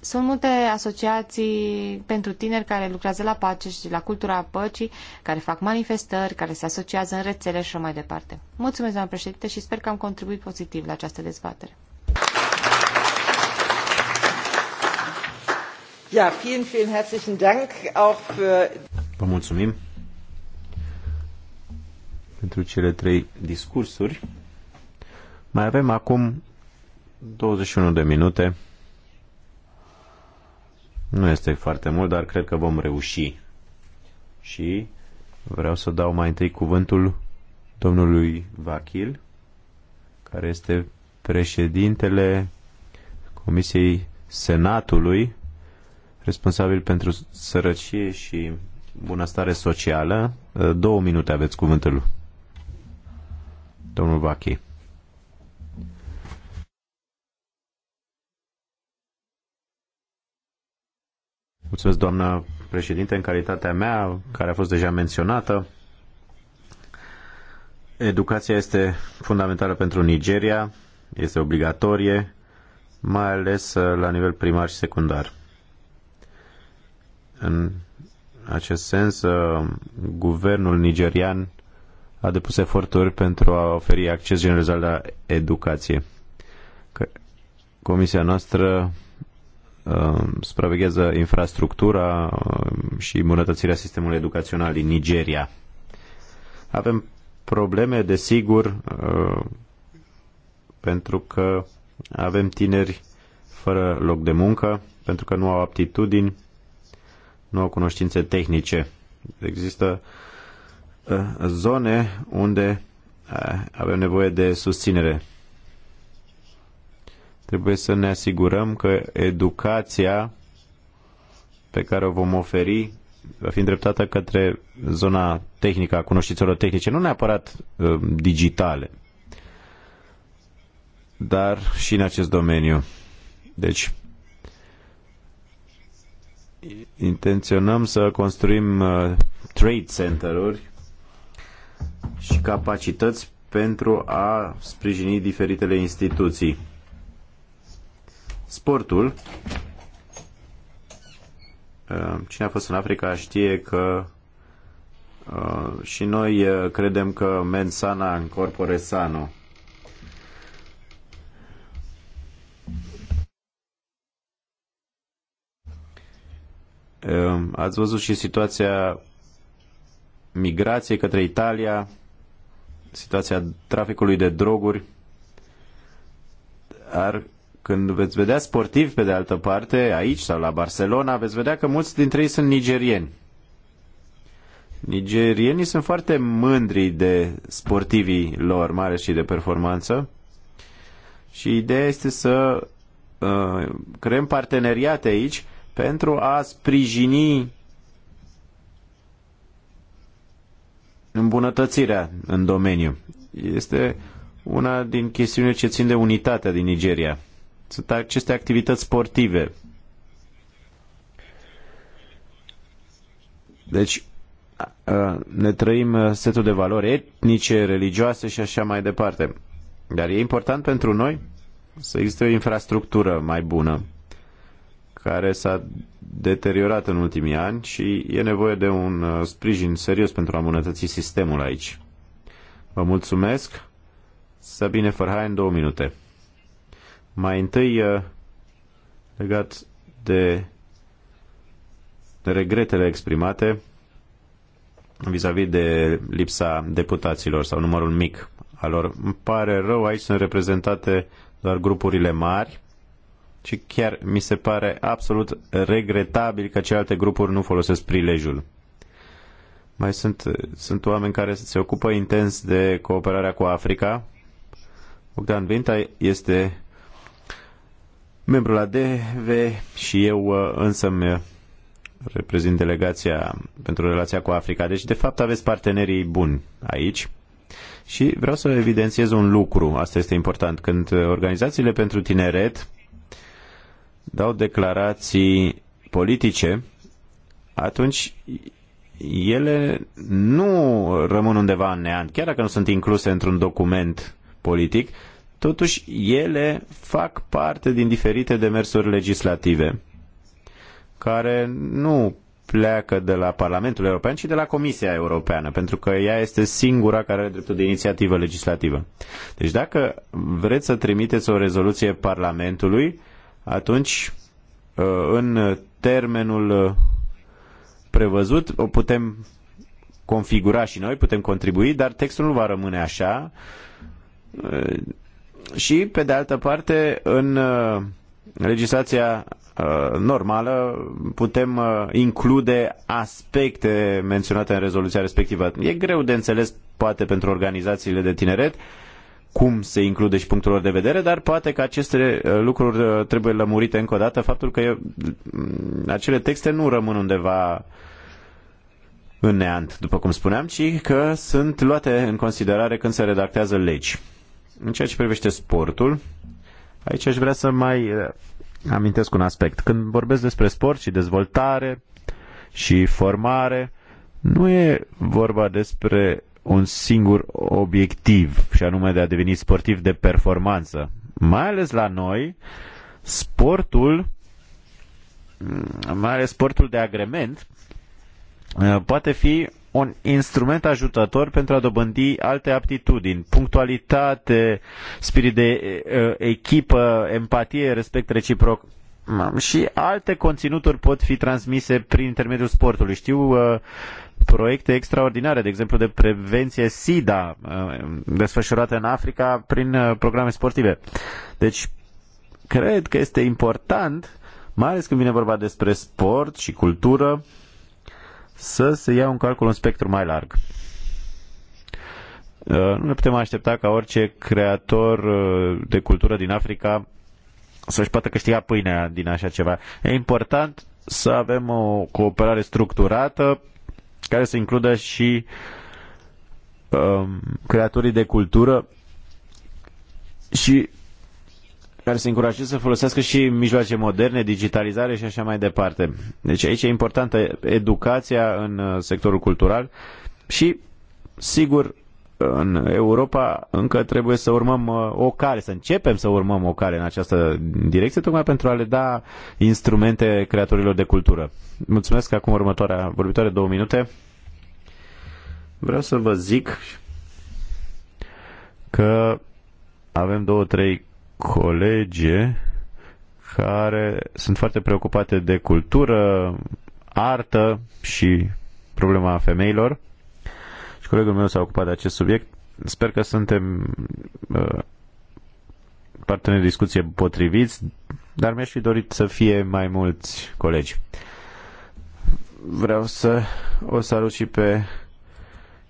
Sunt multe asociații pentru tineri care lucrează la pace și la cultura păcii, care fac manifestări, care se asociază în rețele și mai departe. Mulțumesc, doamnă președinte, și sper că am contribuit pozitiv la această dezbatere. Ja, vielen, vielen herzlichen Dank auch für... Vă mulțumim pentru cele trei discursuri. Mai avem acum 21 de minute. Nu este foarte mult, dar cred că vom reuși. Și vreau să dau mai întâi cuvântul domnului Vachil, care este președintele Comisiei Senatului, responsabil pentru sărăcie și bunăstare socială. Două minute aveți cuvântul. Domnul Vachil. Mulțumesc, doamnă președinte, în calitatea mea, care a fost deja menționată. Educația este fundamentală pentru Nigeria, este obligatorie, mai ales uh, la nivel primar și secundar. În acest sens, uh, guvernul nigerian a depus eforturi pentru a oferi acces generalizat la educație. Comisia noastră Um, supraveghează infrastructura um, și îmbunătățirea sistemului educațional din Nigeria. Avem probleme, desigur, uh, pentru că avem tineri fără loc de muncă, pentru că nu au aptitudini, nu au cunoștințe tehnice. Există uh, zone unde uh, avem nevoie de susținere Trebuie să ne asigurăm că educația pe care o vom oferi va fi îndreptată către zona tehnică a cunoștințelor tehnice, nu neapărat uh, digitale, dar și în acest domeniu. Deci, intenționăm să construim uh, trade center-uri și capacități pentru a sprijini diferitele instituții. Sportul. Uh, cine a fost în Africa știe că uh, și noi uh, credem că mens sana în corpore sano. Ați văzut și situația migrației către Italia, situația traficului de droguri. Ar când veți vedea sportivi, pe de altă parte, aici sau la Barcelona, veți vedea că mulți dintre ei sunt nigerieni. Nigerienii sunt foarte mândri de sportivii lor mare și de performanță și ideea este să uh, creăm parteneriate aici pentru a sprijini îmbunătățirea în domeniu. Este una din chestiunile ce țin de unitatea din Nigeria sunt aceste activități sportive. Deci ne trăim setul de valori etnice, religioase și așa mai departe. Dar e important pentru noi să existe o infrastructură mai bună care s-a deteriorat în ultimii ani și e nevoie de un sprijin serios pentru a îmbunătăți sistemul aici. Vă mulțumesc. Sabine în două minute. Mai întâi, uh, legat de regretele exprimate vis-a-vis -vis de lipsa deputaților sau numărul mic al lor. Îmi pare rău, aici sunt reprezentate doar grupurile mari și chiar mi se pare absolut regretabil că celelalte grupuri nu folosesc prilejul. Mai sunt, sunt oameni care se ocupă intens de cooperarea cu Africa. Bogdan Vinta este membru la DV și eu uh, însă îmi uh, reprezint delegația pentru relația cu Africa. Deci, de fapt, aveți partenerii buni aici. Și vreau să evidențiez un lucru, asta este important. Când organizațiile pentru tineret dau declarații politice, atunci ele nu rămân undeva în neant, chiar dacă nu sunt incluse într-un document politic, Totuși, ele fac parte din diferite demersuri legislative care nu pleacă de la Parlamentul European, ci de la Comisia Europeană, pentru că ea este singura care are dreptul de inițiativă legislativă. Deci dacă vreți să trimiteți o rezoluție Parlamentului, atunci uh, în termenul uh, prevăzut o putem configura și noi, putem contribui, dar textul nu va rămâne așa, uh, și, pe de altă parte, în uh, legislația uh, normală putem uh, include aspecte menționate în rezoluția respectivă. E greu de înțeles, poate, pentru organizațiile de tineret cum se include și punctul lor de vedere, dar poate că aceste lucruri trebuie lămurite încă o dată, faptul că mm, acele texte nu rămân undeva în neant, după cum spuneam, ci că sunt luate în considerare când se redactează legi. În ceea ce privește sportul, aici aș vrea să mai eh, amintesc un aspect. Când vorbesc despre sport și dezvoltare și formare, nu e vorba despre un singur obiectiv, și anume de a deveni sportiv de performanță. Mai ales la noi, sportul, mm, mai ales sportul de agrement, eh, poate fi un instrument ajutător pentru a dobândi alte aptitudini, punctualitate, spirit de echipă, empatie, respect reciproc și alte conținuturi pot fi transmise prin intermediul sportului. Știu uh, proiecte extraordinare, de exemplu de prevenție SIDA, uh, desfășurate în Africa prin uh, programe sportive. Deci, cred că este important, mai ales când vine vorba despre sport și cultură, să se ia un calcul un spectru mai larg. Uh, nu ne putem aștepta ca orice creator uh, de cultură din Africa să-și poată câștiga pâinea din așa ceva. E important să avem o cooperare structurată care să includă și um, creatorii de cultură și care să încurajeze să folosească și mijloace moderne, digitalizare și așa mai departe. Deci aici e importantă educația în uh, sectorul cultural și, sigur, în Europa încă trebuie să urmăm uh, o cale, să începem să urmăm o cale în această direcție, tocmai pentru a le da instrumente creatorilor de cultură. Mulțumesc acum următoarea vorbitoare, două minute. Vreau să vă zic că avem două, trei colege care sunt foarte preocupate de cultură, artă și problema femeilor. Și colegul meu s-a ocupat de acest subiect. Sper că suntem uh, parteneri de discuție potriviți, dar mi-aș fi dorit să fie mai mulți colegi. Vreau să o salut și pe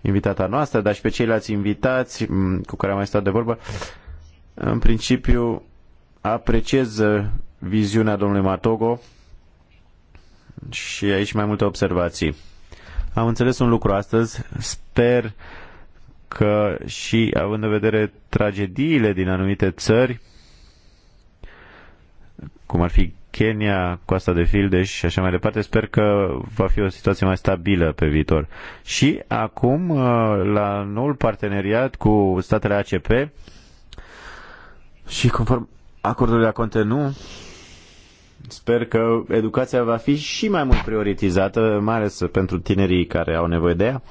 invitata noastră, dar și pe ceilalți invitați mm, cu care am mai stat de vorbă. Uh, în principiu, apreciez viziunea domnului Matogo și aici mai multe observații. Am înțeles un lucru astăzi. Sper că și având în vedere tragediile din anumite țări, cum ar fi Kenya, Coasta de Fildeș și așa mai departe, sper că va fi o situație mai stabilă pe viitor. Și acum, la noul parteneriat cu statele ACP, și conform acordului la nu? sper că educația va fi și mai mult prioritizată, mai ales pentru tinerii care au nevoie de ea.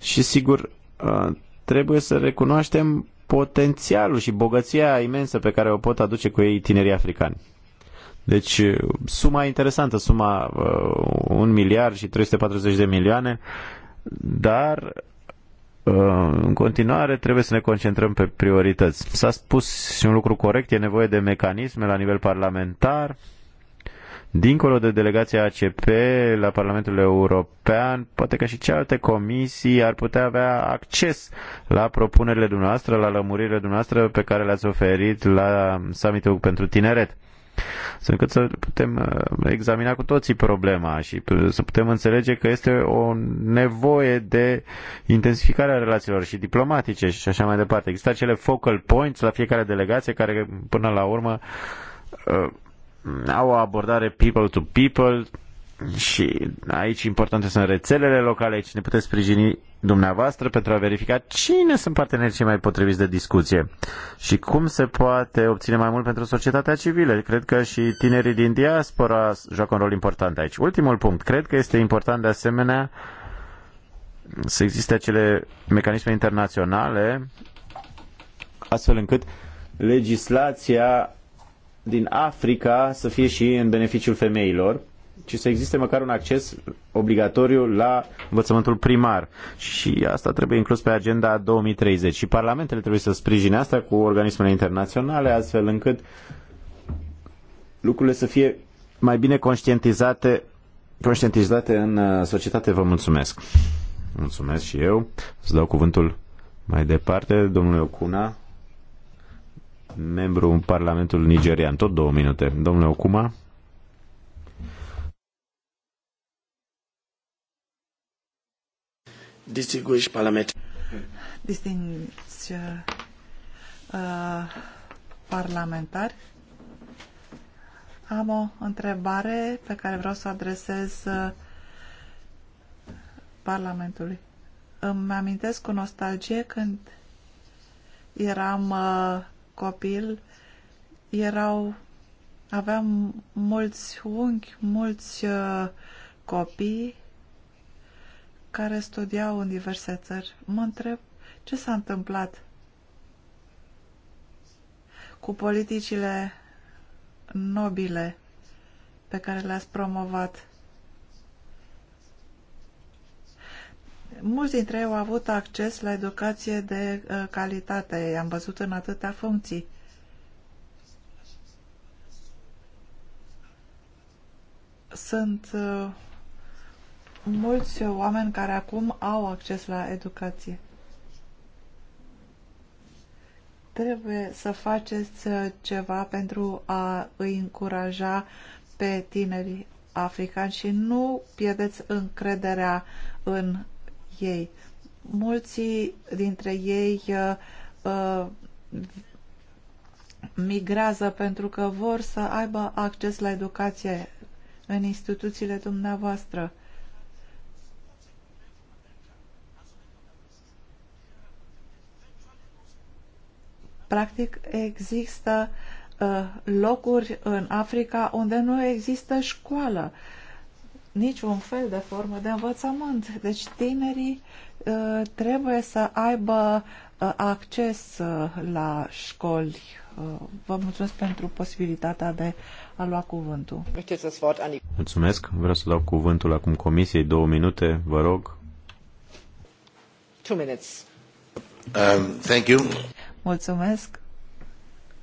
Și sigur, uh, trebuie să recunoaștem potențialul și bogăția imensă pe care o pot aduce cu ei tinerii africani. Deci, suma interesantă, suma 1 uh, miliard și 340 de milioane, dar Uh, în continuare, trebuie să ne concentrăm pe priorități. S-a spus și un lucru corect, e nevoie de mecanisme la nivel parlamentar. Dincolo de delegația ACP la Parlamentul European, poate că și cealaltă comisii ar putea avea acces la propunerile dumneavoastră, la lămuririle dumneavoastră pe care le-ați oferit la summitul pentru tineret să încât să putem uh, examina cu toții problema și să putem înțelege că este o nevoie de intensificare a relațiilor și diplomatice și așa mai departe. Există acele focal points la fiecare delegație care până la urmă uh, au o abordare people to people, și aici importante sunt rețelele locale, aici ne puteți sprijini dumneavoastră pentru a verifica cine sunt partenerii cei mai potriviți de discuție și cum se poate obține mai mult pentru societatea civilă. Cred că și tinerii din diaspora joacă un rol important aici. Ultimul punct. Cred că este important de asemenea să existe acele mecanisme internaționale astfel încât legislația din Africa să fie și în beneficiul femeilor ci să existe măcar un acces obligatoriu la învățământul primar. Și asta trebuie inclus pe agenda 2030. Și parlamentele trebuie să sprijine asta cu organismele internaționale, astfel încât lucrurile să fie mai bine conștientizate, conștientizate în uh, societate. Vă mulțumesc. Mulțumesc și eu. Să dau cuvântul mai departe, domnule Ocuna, membru în Parlamentul Nigerian. Tot două minute. Domnule Ocuma. distinguished parliament. Distinguished uh, parlamentari, am o întrebare pe care vreau să o adresez uh, Parlamentului. Îmi amintesc cu nostalgie când eram uh, copil, erau aveam mulți unchi, mulți uh, copii care studiau în diverse țări. Mă întreb ce s-a întâmplat cu politicile nobile pe care le-ați promovat. Mulți dintre ei au avut acces la educație de uh, calitate, i-am văzut în atâtea funcții. Sunt uh, mulți oameni care acum au acces la educație. Trebuie să faceți uh, ceva pentru a îi încuraja pe tinerii africani și nu pierdeți încrederea în ei. Mulți dintre ei uh, uh migrează pentru că vor să aibă acces la educație în instituțiile dumneavoastră. Practic există uh, locuri în Africa unde nu există școală, niciun fel de formă de învățământ. Deci tinerii uh, trebuie să aibă uh, acces la școli. Vă mulțumesc pentru posibilitatea de a lua cuvântul. Mulțumesc. Vreau să dau cuvântul acum comisiei. Două minute, vă rog. Two minutes. Um, thank you. Mulțumesc.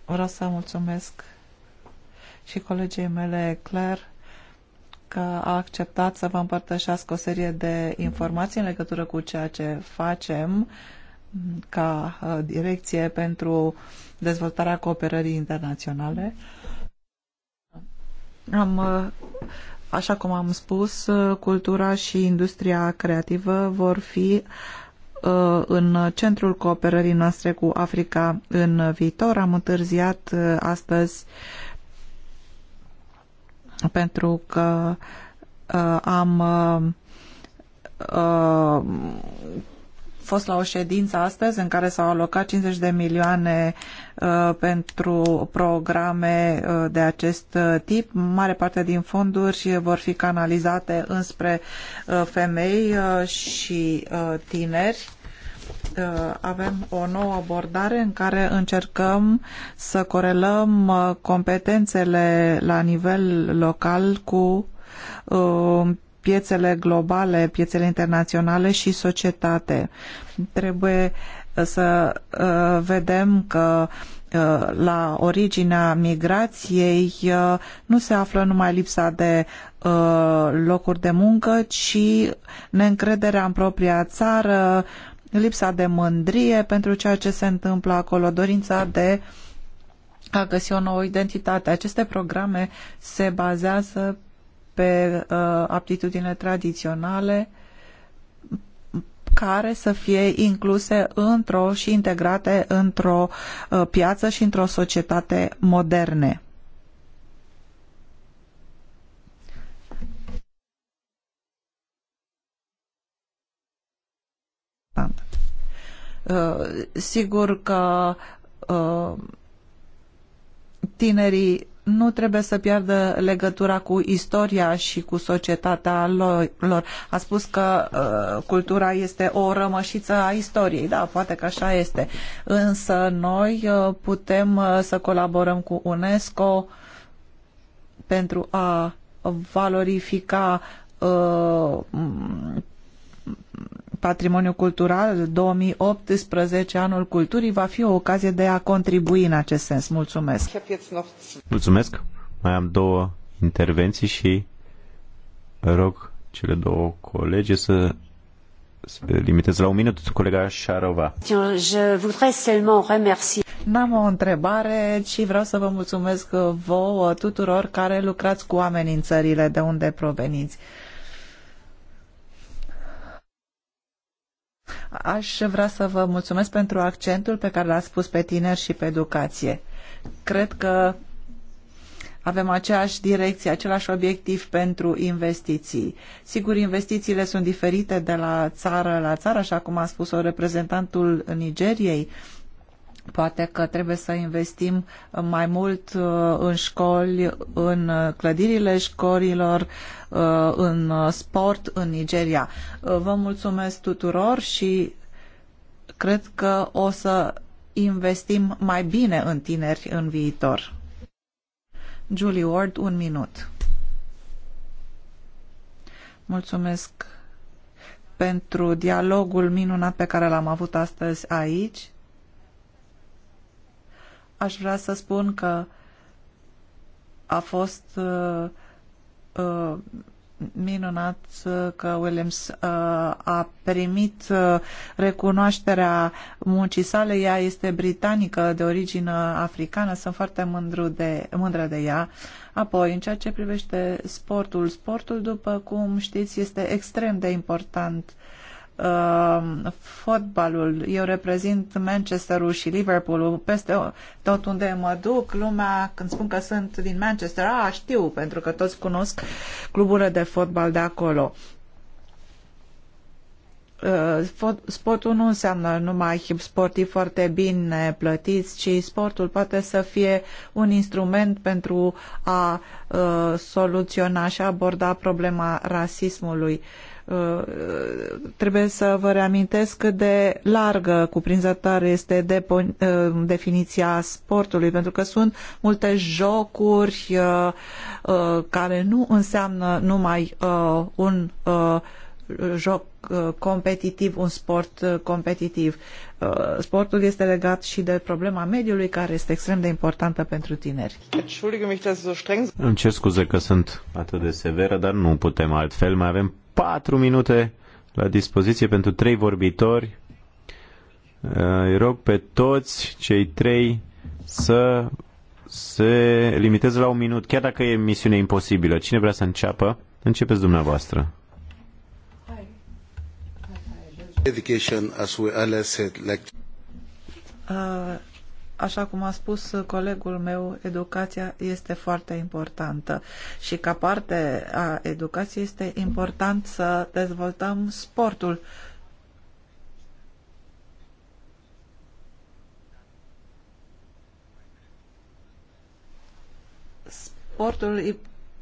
Vreau să mulțumesc și colegii mele, Claire, că a acceptat să vă împărtășească o serie de informații în legătură cu ceea ce facem ca uh, direcție pentru dezvoltarea cooperării internaționale. Am, uh, așa cum am spus, uh, cultura și industria creativă vor fi Uh, în centrul cooperării noastre cu Africa în viitor. Am întârziat uh, astăzi pentru că uh, am fost la o ședință astăzi în care s-au alocat 50 de milioane pentru programe de acest tip. Mare parte din fonduri vor fi canalizate înspre femei și tineri Uh, avem o nouă abordare în care încercăm să corelăm uh, competențele la nivel local cu uh, piețele globale, piețele internaționale și societate. Trebuie să vedem că la originea migrației nu se află numai lipsa de locuri de muncă, ci neîncrederea în propria țară, lipsa de mândrie pentru ceea ce se întâmplă acolo, dorința de a găsi o nouă identitate. Aceste programe se bazează pe uh, aptitudine tradiționale care să fie incluse într-o și integrate într-o uh, piață și într-o societate moderne. Uh, sigur că uh, tinerii nu trebuie să piardă legătura cu istoria și cu societatea lor. A spus că uh, cultura este o rămășiță a istoriei, da, poate că așa este. Însă noi uh, putem uh, să colaborăm cu UNESCO pentru a valorifica uh, patrimoniu cultural 2018, anul culturii, va fi o ocazie de a contribui în acest sens. Mulțumesc! Mulțumesc! Mai am două intervenții și rog cele două colege să se limiteze la un minut. Colega Șarova. N-am o întrebare, ci vreau să vă mulțumesc vouă tuturor care lucrați cu în amenințările de unde proveniți. Aș vrea să vă mulțumesc pentru accentul pe care l-ați pus pe tineri și pe educație. Cred că avem aceeași direcție, același obiectiv pentru investiții. Sigur, investițiile sunt diferite de la țară la țară, așa cum a spus-o reprezentantul Nigeriei, Poate că trebuie să investim mai mult uh, în școli, în clădirile școlilor, uh, în sport în Nigeria. Uh, vă mulțumesc tuturor și cred că o să investim mai bine în tineri în viitor. Julie Ward, un minut. Mulțumesc pentru dialogul minunat pe care l-am avut astăzi aici aș vrea să spun că a fost uh, uh, minunat că Williams uh, a primit uh, recunoașterea muncii sale. Ea este britanică de origine africană, sunt foarte mândru de, mândră de ea. Apoi, în ceea ce privește sportul, sportul, după cum știți, este extrem de important uh, uh, fotbalul. Eu reprezint Manchesterul și Liverpoolul. Peste tot unde mă duc, lumea când spun că sunt din Manchester, a, știu, pentru că toți cunosc cluburile de fotbal de acolo uh, sportul nu înseamnă numai sportii foarte bine plătiți, ci sportul poate să fie un instrument pentru a uh, soluționa și aborda problema rasismului. Uh, Uh, trebuie să vă reamintesc cât de largă, cuprinzătoare este uh, definiția sportului, pentru că sunt multe jocuri uh, care nu înseamnă numai un joc competitiv, un sport competitiv. Sportul este legat și de problema mediului, care este extrem de importantă pentru tineri. Îmi cer scuze că sunt atât de severă, dar nu putem altfel. Mai avem 4 minute la dispoziție pentru trei vorbitori. Uh, îi rog pe toți cei trei să se limiteze la un minut, chiar dacă e misiune imposibilă. Cine vrea să înceapă, începeți dumneavoastră. Education, as we said, like... Uh Așa cum a spus colegul meu, educația este foarte importantă și ca parte a educației este important să dezvoltăm sportul. Sportul îi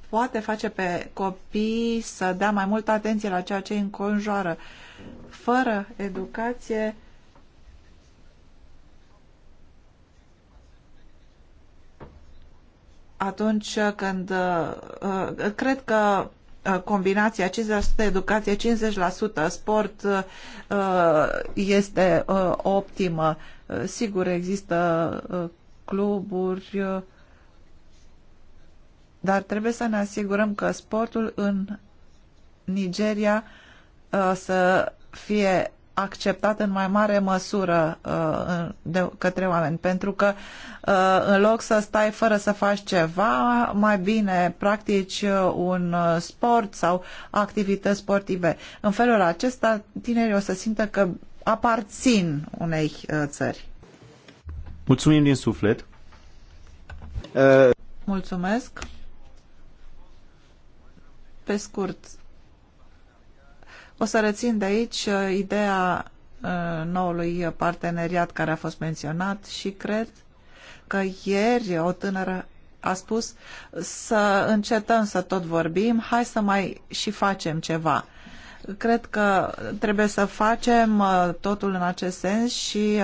poate face pe copii să dea mai multă atenție la ceea ce îi înconjoară. Fără educație, atunci când uh, uh, cred că uh, combinația 50% educație, 50% sport este optimă. Sigur, există cluburi, dar trebuie să ne asigurăm că sportul în Nigeria să fie acceptat în mai mare măsură uh, de către oameni, pentru că uh, în loc să stai fără să faci ceva, mai bine practici uh, un sport sau activități sportive. În felul acesta, tinerii o să simtă că aparțin unei țări. Mulțumim din suflet. Mulțumesc. Pe scurt, o să rețin de aici uh, ideea uh, noului parteneriat care a fost menționat și cred că ieri o tânără a spus să încetăm să tot vorbim, hai să mai și facem ceva. Cred că trebuie să facem uh, totul în acest sens și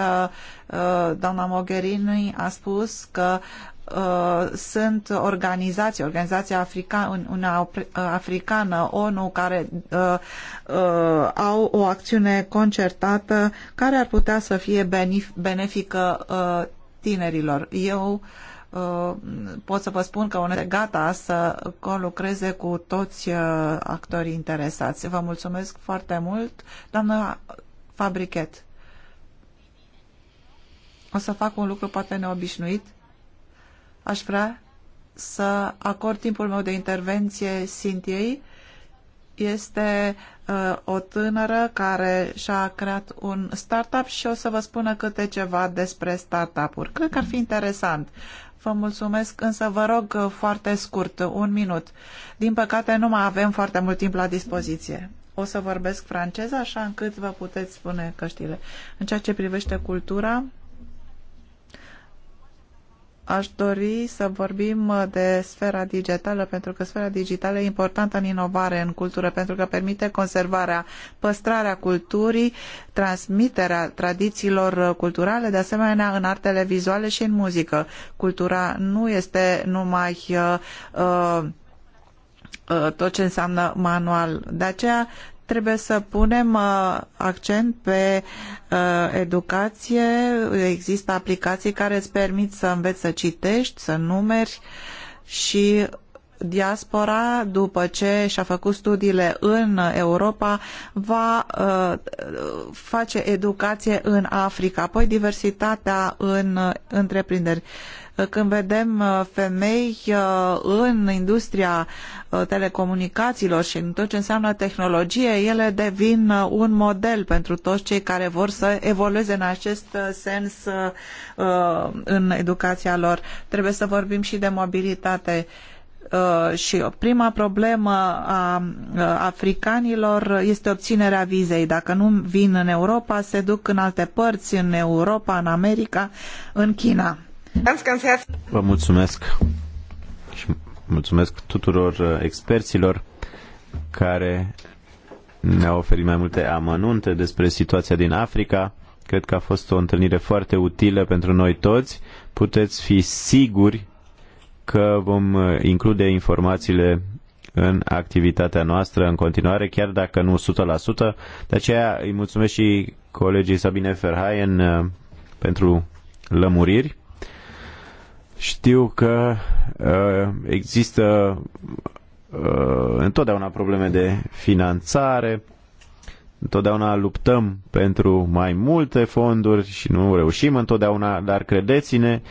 doamna Mogherini a spus că Uh, sunt organizații, Organizația Africa, una uh, Africană, ONU, care uh, uh, au o acțiune concertată care ar putea să fie benefică uh, tinerilor. Eu uh, pot să vă spun că UNED gata să conlucreze cu toți uh, actorii interesați. Vă mulțumesc foarte mult, doamna Fabrichet. O să fac un lucru poate neobișnuit. Aș vrea să acord timpul meu de intervenție Sintiei. Este uh, o tânără care și-a creat un startup și o să vă spună câte ceva despre startup-uri. Cred că ar fi interesant. Vă mulțumesc, însă vă rog uh, foarte scurt, un minut. Din păcate nu mai avem foarte mult timp la dispoziție. O să vorbesc franceză, așa încât vă puteți spune căștile. În ceea ce privește cultura, Aș dori să vorbim uh, de sfera digitală, pentru că sfera digitală e importantă în inovare, în cultură, pentru că permite conservarea, păstrarea culturii, transmiterea tradițiilor uh, culturale, de asemenea în artele vizuale și în muzică. Cultura nu este numai uh, uh tot ce înseamnă manual. De aceea Trebuie să punem uh, accent pe uh, educație. Există aplicații care îți permit să înveți să citești, să numeri și diaspora, după ce și-a făcut studiile în Europa, va uh, face educație în Africa, apoi diversitatea în întreprinderi. Când vedem uh, femei uh, în industria uh, telecomunicațiilor și în tot ce înseamnă tehnologie, ele devin un model pentru toți cei care vor să evolueze în acest sens în educația lor. Trebuie să vorbim și de mobilitate și prima problemă a africanilor este obținerea vizei. Dacă nu vin în Europa, se duc în alte părți, în Europa, în America, în China. Vă mulțumesc și mulțumesc tuturor uh, experților care ne-au oferit mai multe amănunte despre situația din Africa. Cred că a fost o întâlnire foarte utilă pentru noi toți. Puteți fi siguri că vom uh, include informațiile în activitatea noastră în continuare, chiar dacă nu 100%. De aceea îi mulțumesc și colegii Sabine Ferhaien uh, pentru lămuriri. Știu că uh, există uh, întotdeauna probleme de finanțare, întotdeauna luptăm pentru mai multe fonduri și nu reușim întotdeauna, dar credeți-ne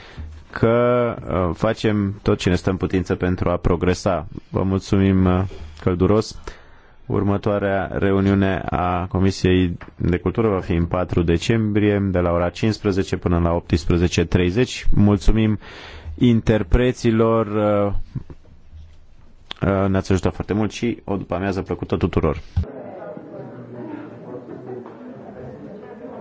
că uh, facem tot ce ne stă în putință pentru a progresa. Vă mulțumim uh, călduros. Următoarea reuniune a Comisiei de Cultură va fi în 4 decembrie, de la ora 15 până la 18.30. Mulțumim interpreților, uh, uh, ne-ați ajutat foarte mult și o după amiază plăcută tuturor.